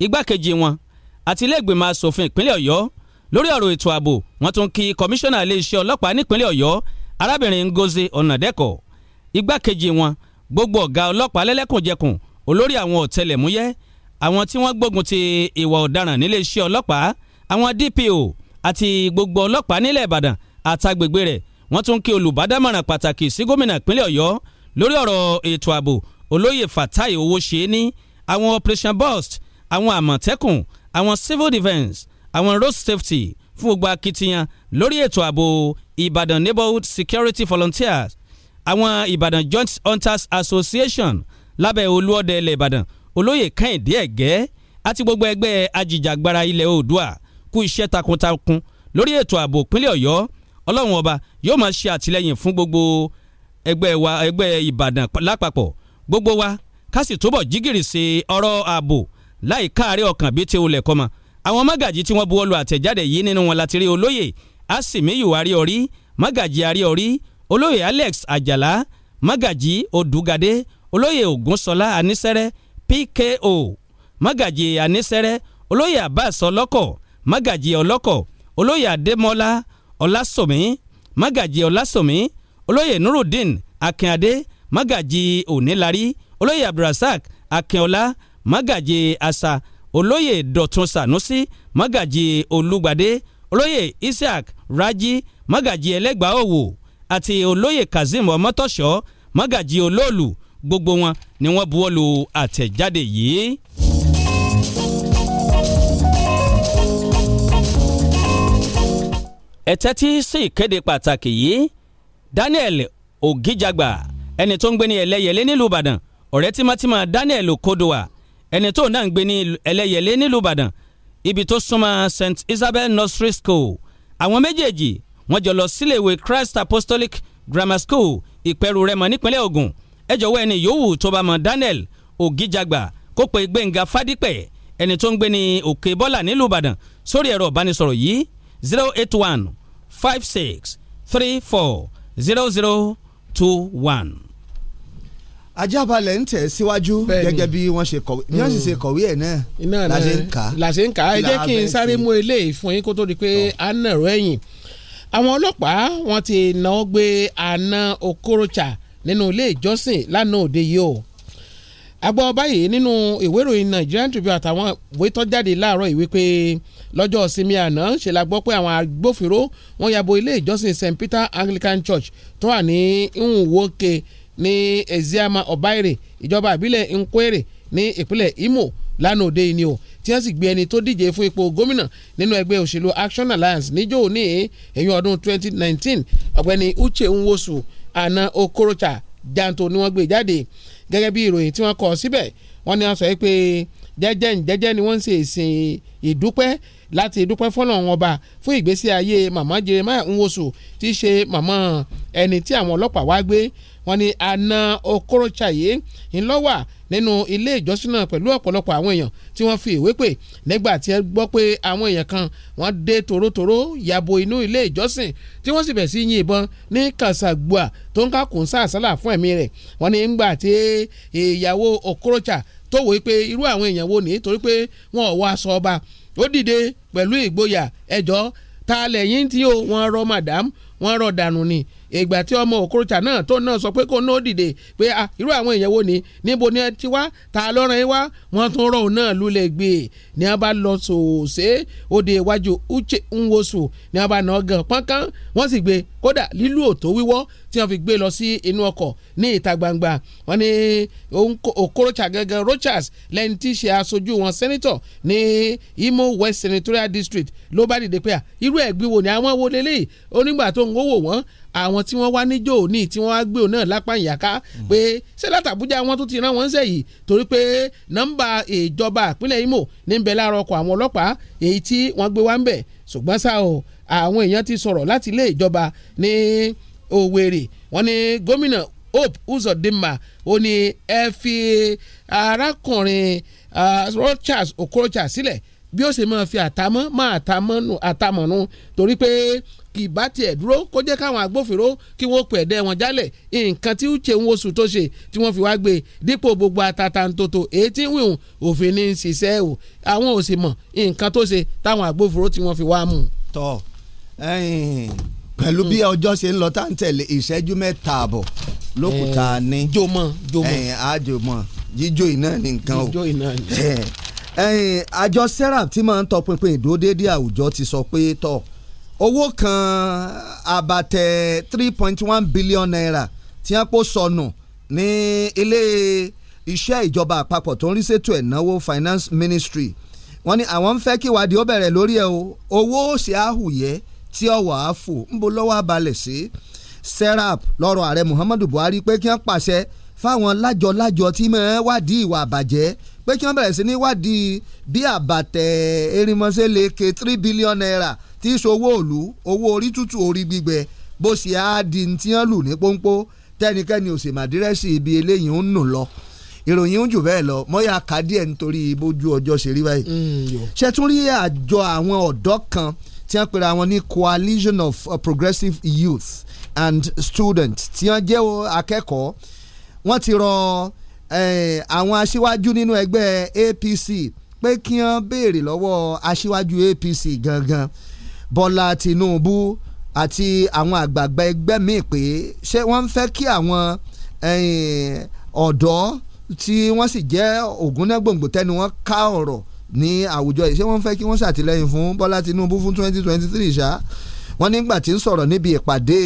igbákejì wọn àti ilé ìgbìmọ̀ asòfin ìpínlẹ̀ ọ̀yọ́ lórí ọ̀rọ̀ ètò ààbò wọ́n tún kí kọmíṣánná iléeṣẹ́ ọlọ́pàá nípínlẹ̀ ọ̀yọ́ arábìnrin ngozi ọ̀nàdẹ́kọ̀ igbákejì wọn gbogbo ọ̀gá ọlọ́pàá lẹ́lẹ́kùnjẹkùn olórí àwọn ọ̀tẹlẹ̀múyẹ́ àwọn tí wọ́n gbógun ti ìwà ọ̀daràn níléeṣẹ́ ọlọ́pàá àwọn DPO àti gbogbo ọlọ́pàá nílẹ̀ ìbàdàn àtàgbègbè rẹ̀ wọ́n tún kí olùbádámọ̀ràn pàtàkì sí gómìnà ìpínlẹ̀ ọ̀yọ́ lórí ọ̀rọ̀ ètò ààbò olóyè fatai owóṣeéní àwọn operation burst àwọn àmọ̀tẹ́kùn àwọn civil defence àwọn road safety fún gbogbo akitiyan lórí ètò ààbò ìbàdàn neighborhood security volunteers àwọn ìbàdàn joint hunters association lábẹ́ olúọdẹ ilẹ̀ ìbàdàn olóyè kẹ́hìndé ẹ̀gẹ́ àti gbogbo ẹgbẹ́ ajìjàgbara ilẹ̀ oòdùà kú iṣẹ́ takuntakun lórí ètò ààbò ìpínlẹ̀ ọ̀yọ́ ọlọ́run ọba yóò máa ṣe àtìlẹ́yìn fún gbogbo ẹgbẹ́ wa ẹgbẹ́ ìbàdàn lápapọ̀ gbogbo wa ká sì túbọ̀ jígìrì sí ọ̀rọ̀ ààbò láì káàárẹ̀ ọkàn bíi ti olè kọ́mọ àwọn mágàjì tí wọ́n buwọ́lu àtẹ̀jáde yìí nínú wọn láti rí olóyè asimiyu ariori mágàjì ariori olóyè alex ajala mágàjì odugade olóyè ògúnṣọlá anísẹ́rẹ́ pko mágàjì anísẹ́rẹ́ olóyè abbas ọlọ́kọ̀ mágàjì ọlọ́kọ̀ olóyè adémọ́lá ọlásọ̀mí magaji ọlásọ̀mí olóyè nurudeen akínadé magaji onílarí olóyè abdulrasaq akínọlá magaji asa olóyè dọ̀tun sanusi mágàjì olúgbadé olóyè isaac raji magaji ẹlẹ́gbàá òwò àti olóyè kazeem ọmọtọ́ṣọ́ mágàjì olóòlù gbogbo wọn ni wọ́n buwọ́lu àtẹ̀jáde yìí. ẹ tẹ́tí sí ìkéde pàtàkì yìí Daniel Ògìjàgbà ẹni tó ń gbé ní Ẹlẹ́yẹlé nílùú Ìbàdàn ọ̀rẹ́ tímọ́tímọ́ Daniel Okodowa ẹni tó náà ń gbé ní Ẹlẹ́yẹlé nílùú Ìbàdàn ibi tó súnmọ́ St Isabel Nursery School àwọn méjèèjì wọ́n jọ lọ sílé Christ Apostolic Grammar School Ìpẹ̀rù Rẹ́mọ nípínlẹ̀ Ogun. ẹ jọ̀wọ́ ẹni yòówù tó bá mọ̀ Daniel Ògìjàgbà kó pe Gbénga Fádípẹ̀ ẹni tó ń gbé ní Òkè Bọ́là nílùú Ìbàdàn sórí ẹ̀rọ ìbánisọ̀rọ̀ yìí zero eight one five six three four zero zero two one. ajábalẹ̀ ń tẹ̀ síwájú gẹ́gẹ́ bí wọ́n ṣe kọ̀wé bí wọ́n sì ṣe mm. kọ̀wé ẹ̀ náà la ṣe ń kà á. la ṣe ń kà á ẹ jẹ́ kí n sáré mú eléyìí fún yín kó tó di pé a ń nàró ẹ̀yìn. àwọn ọlọ́pàá wọ́n ti náwó gbé àna Okorocha nínú ilé ìjọsìn lánàá òde yìí o agbọ́ báyìí nínú ìwé ìròyìn Nigerian Tribune àtàwọn ìwé tó jáde láàárọ̀ yìí wípé lọ́jọ́ sinmi àná ṣe la gbọ́ pé àwọn agbófinró wọ́n yabo ilé ìjọsìn St Peter Anglican Church tó wà ní Nwoke ní Eziama Obaire ìjọba ìbílẹ̀ Nkwere ní ìpínlẹ̀ Imo lánàá òde ni o tí wọ́n sì gbé ẹni tó díje fún ipò gómìnà nínú ẹgbẹ́ òṣèlú Action Alliance níjó ní ẹ̀yìn ọdún 2019 ọ̀gbẹ́ni Uche Nwosu àna Okorocha janto ni wọ́n gbé jáde gẹ́gẹ́ bí ìròyìn tí wọ́n kọ síbẹ̀ wọ́n ní wọ́n sọ pé jẹ́jẹ́ ń jẹ́jẹ́ ni wọ́n ń ṣe ìsìn ìdúpẹ́ láti dúpẹ́ fọ́lọ́run ọba fún ìgbésí ayé màmá Jeremiah Nwosu tí í ṣe màmá ẹni tí àwọn ọlọ́pàá wá gbé wọ́n ní àna Okorochaye ńlọ́wà nínú ilé ìjọsìn náà pẹ̀lú ọ̀pọ̀lọpọ̀ àwọn èèyàn tí wọ́n fi ìwé pè nígbà tí ẹ gbọ́ pé àwọn èèyàn kan wọ́n dé tòrótòró yàbò inú ilé ìjọsìn tí wọ́n sì bẹ̀ sí yìn ìbọn ní kàṣàgbùà tó ń kàkùn sáàsálà fún ẹ̀mí rẹ̀ wọ́n ní ńgbà tí ìyàwó Okorocha tó wòó pé irú àwọn èèyàn wo nìyí torí pé wọ́n ò wá aṣọ ọba ó dìde pẹ̀lú ìgboyà ẹjọ́ ta lẹ́yìn tí ó wọ́n rọ madam wọ́n rọ dànù ni ìgbà tí ọmọ òkúròjà náà tó náà sọ pé kó náà dìde pé ah, irú àwọn èèyàn wo ni níbo ni ẹ ti wá ta lọ́rùn yín wá wọ́n tún rọ̀ náà lulẹ̀ gbé e ní a bá lọ sòòsè òde iwájú uche nwosu ní a bá nà ọ́ gan pọ́nkán wọ́n sì gbé kódà lílù òtó wíwọ́ tí wọ́n fi gbé lọ sí inú ọkọ̀ ní ìta gbangba wọ́n ní òkúròjà gangan Rochas lẹ́ni tí í ṣe aṣojú wọn sẹ́nitọ̀ ní Imo West Senatorial District ló bá dìde pé ah, irú ẹ̀gbin wo ni àwọn wo lélẹ́yìí onígbà tó ń wò wọ́n àwọn tí wọ́n wá níjó òní tí wọ́n wá gbé òun náà lápá ìyàká hmm. pé ṣé látàbújá wọn tó ti rán wọn sẹ́yìn torí pé nọ́mbà ìjọba ìpínlẹ̀ Imo ní bẹ láàárọ̀ ọkọ̀ àwọn ọlọ́pàá èyí tí wọ́n gbé wá ń bẹ̀ ṣùgbọ́n ṣá o àwọn èèyàn ti sọ̀rọ̀ láti ilé ìjọba ní Owerri wọ́n ní gómìnà Hope Uzodinma ó ní ẹ fi arákùnrin Rochas Okorocha sílẹ̀ bí ó ṣe máa fi àtàmọ́ máa àtàmọ́ nù àtàmọ́ nù torí pé kì bá tiẹ̀ dúró kó jẹ́ káwọn agbófinró kí wọ́n pẹ̀ dẹ́ wọn jálẹ̀ nǹkan tí uche ń wosù tó ṣe tí wọ́n fi wá gbé dípò gbogbo atatantoto èyí tí ń wíhùn òfin ní ṣiṣẹ́ o àwọn ò sì mọ̀ nǹkan tó ṣe táwọn agbófinró tí wọ́n fi wá mú. tọ pẹ̀lú bí ọjọ́ ṣe ń lọ tá à ń tẹ̀lé ìṣẹ́jú mẹ́ta àbọ̀ lókùtà ni jọmọ jọmọ àjọmọ iná ni nǹkan o àjọ serap tí máa ń tọpinpin ìdúró àwùjọ ti sọ pé tọ́ owó kan àbàtẹ three point one billion naira tí wọ́n kó sọnù ní ilé iṣẹ́ ìjọba àpapọ̀ tó ń rí ṣètò ẹ̀náwó finance ministry wọ́n ní àwọn ń fẹ́ kí ìwádìí ó bẹ̀rẹ̀ lórí ẹ̀ o owó ṣe àhùyẹ́ tí ọwọ́ á fò ń bo lọ́wọ́ abalẹ̀ sí serap lọ́rọ̀ ààrẹ muhammadu buhari pé kí wọ́n pàṣẹ fáwọn lájọ-lájọ tí mọ̀ ẹ́ wádìí ìwà àbàjẹ́ pé kí wọ́n bẹ̀rẹ̀ sí ní wádìí bí àbàtẹ̀ erimọ́sẹ́ lè ke three billion naira tí í ṣowó òlu owó orí tútù orí gbígbẹ bó ṣe á di tí wọ́n lù ní pọ́npọ́ tẹ́nikẹ́ni ò sì mà dírẹ́sì ibi eléyìí ń nù lọ ìròyìn ń jù bẹ́ẹ̀ lọ mọ́yà ká díẹ̀ nítorí bójú ọjọ́ ṣe rí báyìí. Mm, ṣé tún rí àjọ àwọn ọ̀dọ́ kan tí wọ́n pera wọn ní coalition of uh, progressive youth and students tí wọ́n jẹ́ akẹ́kọ̀ọ́ wọ́n ti rọ àwọn aṣíwájú nínú ẹgbẹ́ APC pé kí wọ́n béèrè lọ́wọ́ aṣíwájú APC gangan. Bọ́lá Tinubu àti àwọn àgbààgbà ẹgbẹ́ míì pé ṣé wọ́n ń fẹ́ kí àwọn eh, ọ̀dọ́ tí wọ́n sì jẹ́ ògúnná gbòǹgbò tẹ́nu wọn ká ọ̀rọ̀ ní àwùjọ yìí ṣé wọ́n ń fẹ́ kí wọ́n ṣàtìlẹ́yìn fún Bọ́lá Tinubu fún 2023 ṣá wọ́n nígbà tí ń sọ̀rọ̀ níbi ìpàdé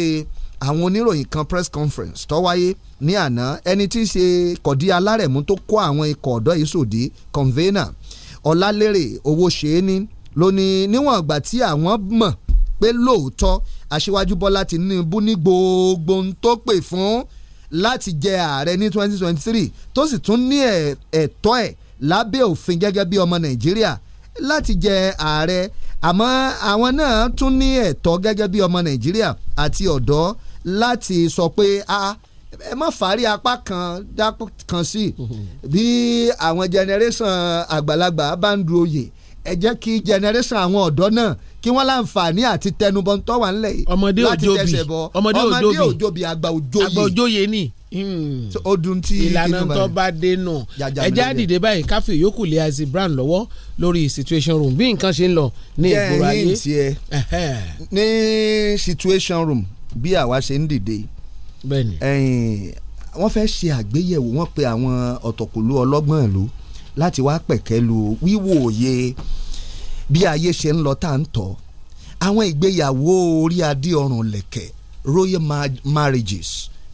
àwọn oníròyìn kan press conference tó wáyé ní àná ẹni tí í ṣe kọ̀dí alárẹ̀mú tó kó àwọn ikọ̀ ọ̀dọ́ yìí sòdí convener ọ̀làlérè owó ṣeé ní ló ní níwọ̀n ìgbà tí àwọn mọ̀ pé lóòótọ́ aṣíwájú bọ́lá tinubu ní gbogbo ohun tó pè fún láti jẹ ààrẹ ní 2023 tó sì tún ní ẹ̀tọ́ ẹ̀ lábẹ́ òfin gẹ́gẹ́ bí ọmọ nàìjíríà láti jẹ ààrẹ àmọ́ àwọn náà tún ní ẹ̀tọ́ gẹ́gẹ́ bí ọmọ nàìjíríà àti ọ̀dọ́ láti sọ pé a ẹ má fàárí apá kan dápọ̀ kan sí mm-hmm. bí àwọn generation àgbàlagbà bá ń du oyè ẹ jẹ́ kí generation àwọn ọ̀dọ́ náà kí wọ́n láǹfààní àti tẹnubọ̀ tó wà ńlẹ̀ yìí ọmọdé òjòbí ọmọdé òjòbí àgbà òjòyè àgbà òjòyè ni ọdún tí ìlànà tó bá dé nù ẹjẹ́ àdìdé báyìí káfí yòókù lé azi brown lọ́wọ́ lórí situation room bí nǹkan ṣe ń lọ ní ìgboro ayé ní situation room bí àwa ṣe ń dìde wọ́n fẹ́ ṣe àgbéyẹ̀wò wọ́n pe àwọn ọ̀tọ̀kùlú ọlọ́gbọ́n ìlú láti wá pẹ̀kẹ́ lu wíwò òye bí ayé ṣe ń lọ tá à ń tọ́ àwọn ìgbéyàwó orí adé ọrùn lẹ̀kẹ̀ royal marriages